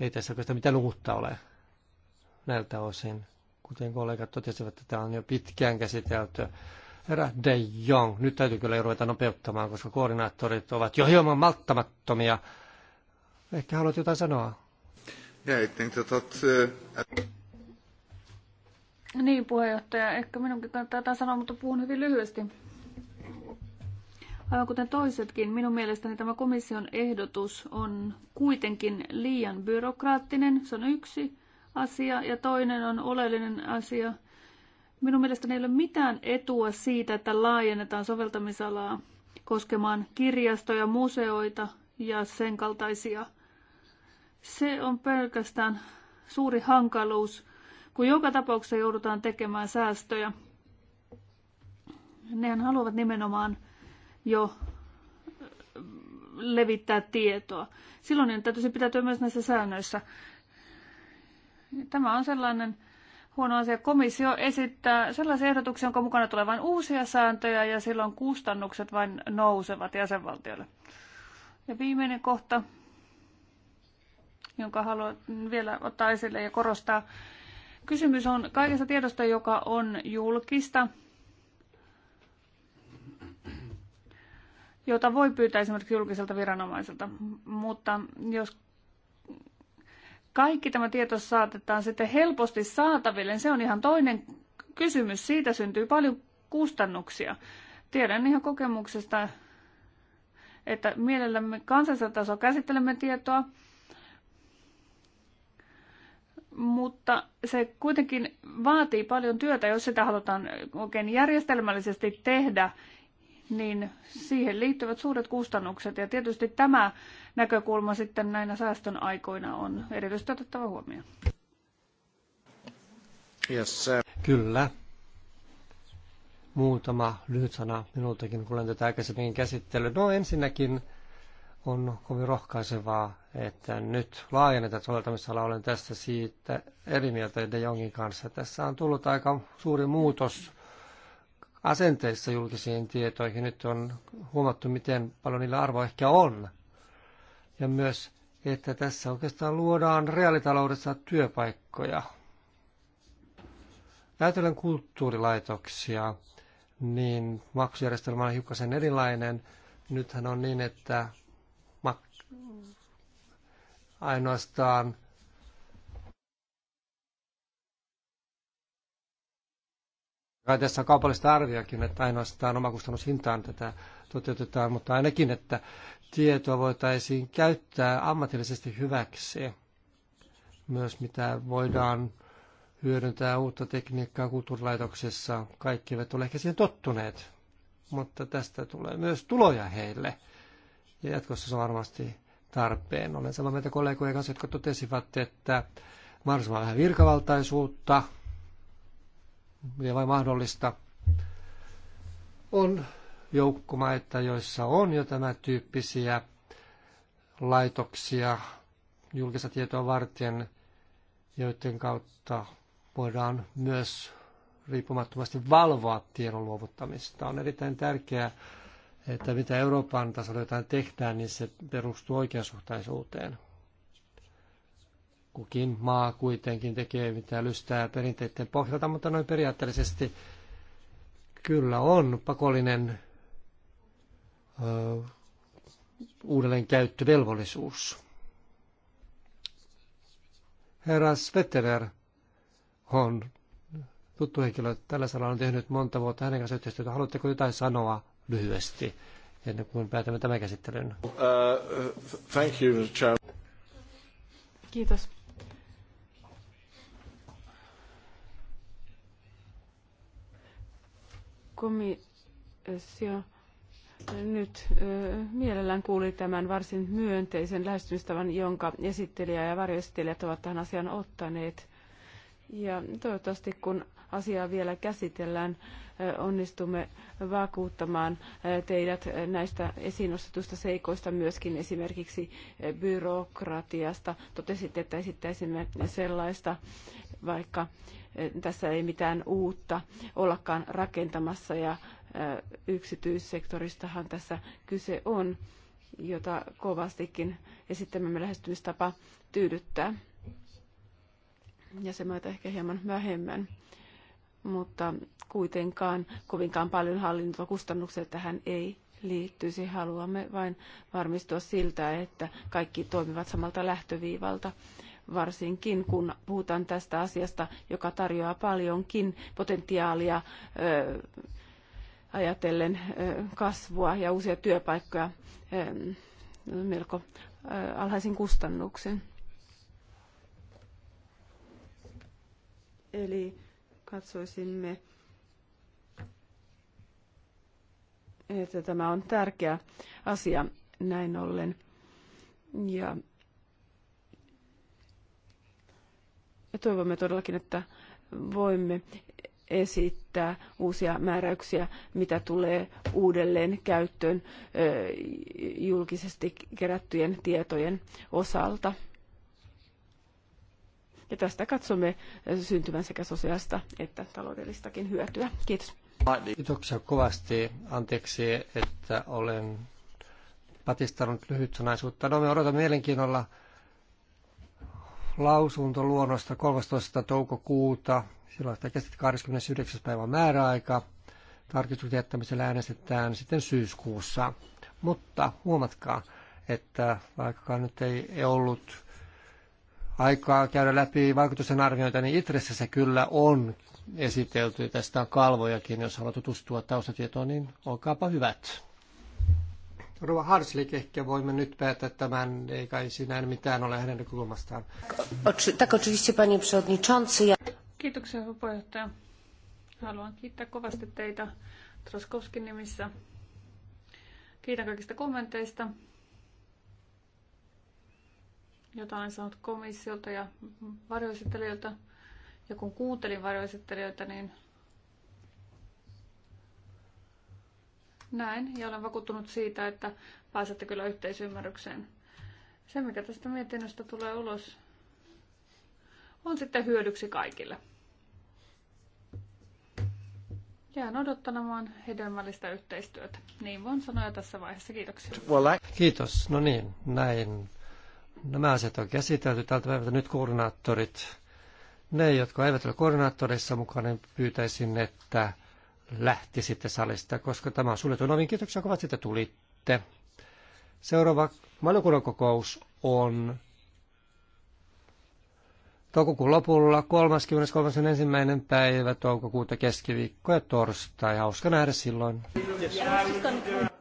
Ei tässä oikeastaan mitään uutta ole näiltä osin. Kuten kollegat totesivat, että tämä on jo pitkään käsitelty. Herra De Jong, nyt täytyy kyllä ruveta nopeuttamaan, koska koordinaattorit ovat jo hieman malttamattomia. Ehkä haluat jotain sanoa? Yeah, I think that, that, uh... Niin, puheenjohtaja. Ehkä minunkin kannattaa jotain sanoa, mutta puhun hyvin lyhyesti. Aivan kuten toisetkin, minun mielestäni tämä komission ehdotus on kuitenkin liian byrokraattinen. Se on yksi asia ja toinen on oleellinen asia. Minun mielestäni ei ole mitään etua siitä, että laajennetaan soveltamisalaa koskemaan kirjastoja, museoita ja sen kaltaisia. Se on pelkästään suuri hankaluus, kun joka tapauksessa joudutaan tekemään säästöjä. Nehän haluavat nimenomaan jo levittää tietoa. Silloin niin täytyisi pitäytyä myös näissä säännöissä. Tämä on sellainen huono asia. Komissio esittää sellaisen ehdotuksen, jonka mukana tulee vain uusia sääntöjä ja silloin kustannukset vain nousevat jäsenvaltioille. Ja viimeinen kohta, jonka haluan vielä ottaa esille ja korostaa. Kysymys on kaikesta tiedosta, joka on julkista, jota voi pyytää esimerkiksi julkiselta viranomaiselta. Mutta jos kaikki tämä tieto saatetaan sitten helposti saataville, niin se on ihan toinen kysymys. Siitä syntyy paljon kustannuksia. Tiedän ihan kokemuksesta, että mielellämme kansallisella tasolla käsittelemme tietoa, mutta se kuitenkin vaatii paljon työtä, jos sitä halutaan oikein järjestelmällisesti tehdä niin siihen liittyvät suuret kustannukset. Ja tietysti tämä näkökulma sitten näinä säästön aikoina on erityisesti otettava huomioon. Yes, Kyllä. Muutama lyhyt sana minultakin, kun olen tätä aikaisemmin käsittely. No ensinnäkin on kovin rohkaisevaa, että nyt laajennetaan soveltamisala. Olen tässä siitä eri mieltä De Jongin kanssa. Tässä on tullut aika suuri muutos asenteissa julkisiin tietoihin. Nyt on huomattu, miten paljon niillä arvoa ehkä on. Ja myös, että tässä oikeastaan luodaan reaalitaloudessa työpaikkoja. Ajatellen kulttuurilaitoksia, niin maksujärjestelmä on hiukkasen erilainen. Nythän on niin, että ainoastaan Kai tässä on kaupallista arviakin, että ainoastaan omakustannushintaan tätä toteutetaan, mutta ainakin, että tietoa voitaisiin käyttää ammatillisesti hyväksi. Myös mitä voidaan hyödyntää uutta tekniikkaa kulttuurilaitoksessa. Kaikki eivät ole ehkä siihen tottuneet, mutta tästä tulee myös tuloja heille. Ja jatkossa se on varmasti tarpeen. Olen samaa mieltä kollegojen kanssa, jotka totesivat, että mahdollisimman vähän virkavaltaisuutta – miten vain mahdollista. On joukkomaita, joissa on jo tämän tyyppisiä laitoksia julkista tietoa varten, joiden kautta voidaan myös riippumattomasti valvoa tiedon luovuttamista. On erittäin tärkeää, että mitä Euroopan tasolla jotain tehdään, niin se perustuu oikeasuhtaisuuteen. Kukin maa kuitenkin tekee mitä lystää perinteiden pohjalta, mutta noin periaatteellisesti kyllä on pakollinen ö, uudelleenkäyttövelvollisuus. Herra Svetterer on tuttu henkilö tällä saralla on tehnyt monta vuotta hänen kanssa yhteistyötä. Haluatteko jotain sanoa lyhyesti ennen kuin päätämme tämän käsittelyn? Uh, thank you, Kiitos komissio nyt mielellään kuuli tämän varsin myönteisen lähestymistavan, jonka esittelijä ja varjoesittelijät ovat tähän asiaan ottaneet. Ja toivottavasti kun asiaa vielä käsitellään, onnistumme vakuuttamaan teidät näistä esiin nostetuista seikoista myöskin esimerkiksi byrokratiasta. Totesitte, että esittäisimme sellaista, vaikka tässä ei mitään uutta ollakaan rakentamassa ja yksityissektoristahan tässä kyse on, jota kovastikin esittämämme lähestymistapa tyydyttää se ehkä hieman vähemmän mutta kuitenkaan kovinkaan paljon hallintokustannuksia tähän ei liittyisi. Haluamme vain varmistua siltä, että kaikki toimivat samalta lähtöviivalta, varsinkin kun puhutaan tästä asiasta, joka tarjoaa paljonkin potentiaalia ö, ajatellen ö, kasvua ja uusia työpaikkoja ö, melko ö, alhaisin kustannuksen. Eli katsoisimme, että tämä on tärkeä asia näin ollen. Ja toivomme todellakin, että voimme esittää uusia määräyksiä, mitä tulee uudelleen käyttöön julkisesti kerättyjen tietojen osalta. Ja tästä katsomme syntyvän sekä sosiaalista että taloudellistakin hyötyä. Kiitos. Kiitoksia kovasti. Anteeksi, että olen patistanut sanaisuutta. No me odotamme mielenkiinnolla lausuntoluonnosta 13. toukokuuta. Silloin sitä kesti 29. päivän määräaika. Tarkistuksen jättämisellä äänestetään sitten syyskuussa. Mutta huomatkaa, että vaikka nyt ei ollut aikaa käydä läpi vaikutusten arviointia, niin Itressä se kyllä on esitelty. Tästä on kalvojakin, jos haluat tutustua taustatietoon, niin olkaapa hyvät. Rova Harslik, ehkä voimme nyt päättää tämän, ei kai sinä mitään ole hänen kulmastaan. Kiitoksia, puheenjohtaja. Haluan kiittää kovasti teitä Troskowskin nimissä. Kiitän kaikista kommenteista. Jotain saanut komissiolta ja varjoesittelijöiltä. Ja kun kuuntelin varjoesittelijöitä, niin näin ja olen vakuuttunut siitä, että pääsette kyllä yhteisymmärrykseen. Se, mikä tästä mietinnöstä tulee ulos, on sitten hyödyksi kaikille. Jään odottamaan hedelmällistä yhteistyötä. Niin voin sanoa tässä vaiheessa. Kiitoksia. Kiitos. No niin, näin Nämä asiat on käsitelty tältä päivältä nyt koordinaattorit. Ne, jotka eivät ole koordinaattoreissa mukana, niin pyytäisin, että lähti sitten salista, koska tämä on suljetun no ovin. Niin, kiitoksia kovat siitä tulitte. Seuraava valiokunnan kokous on toukokuun lopulla 31. päivä toukokuuta keskiviikko ja torstai. Hauska nähdä silloin. Yes.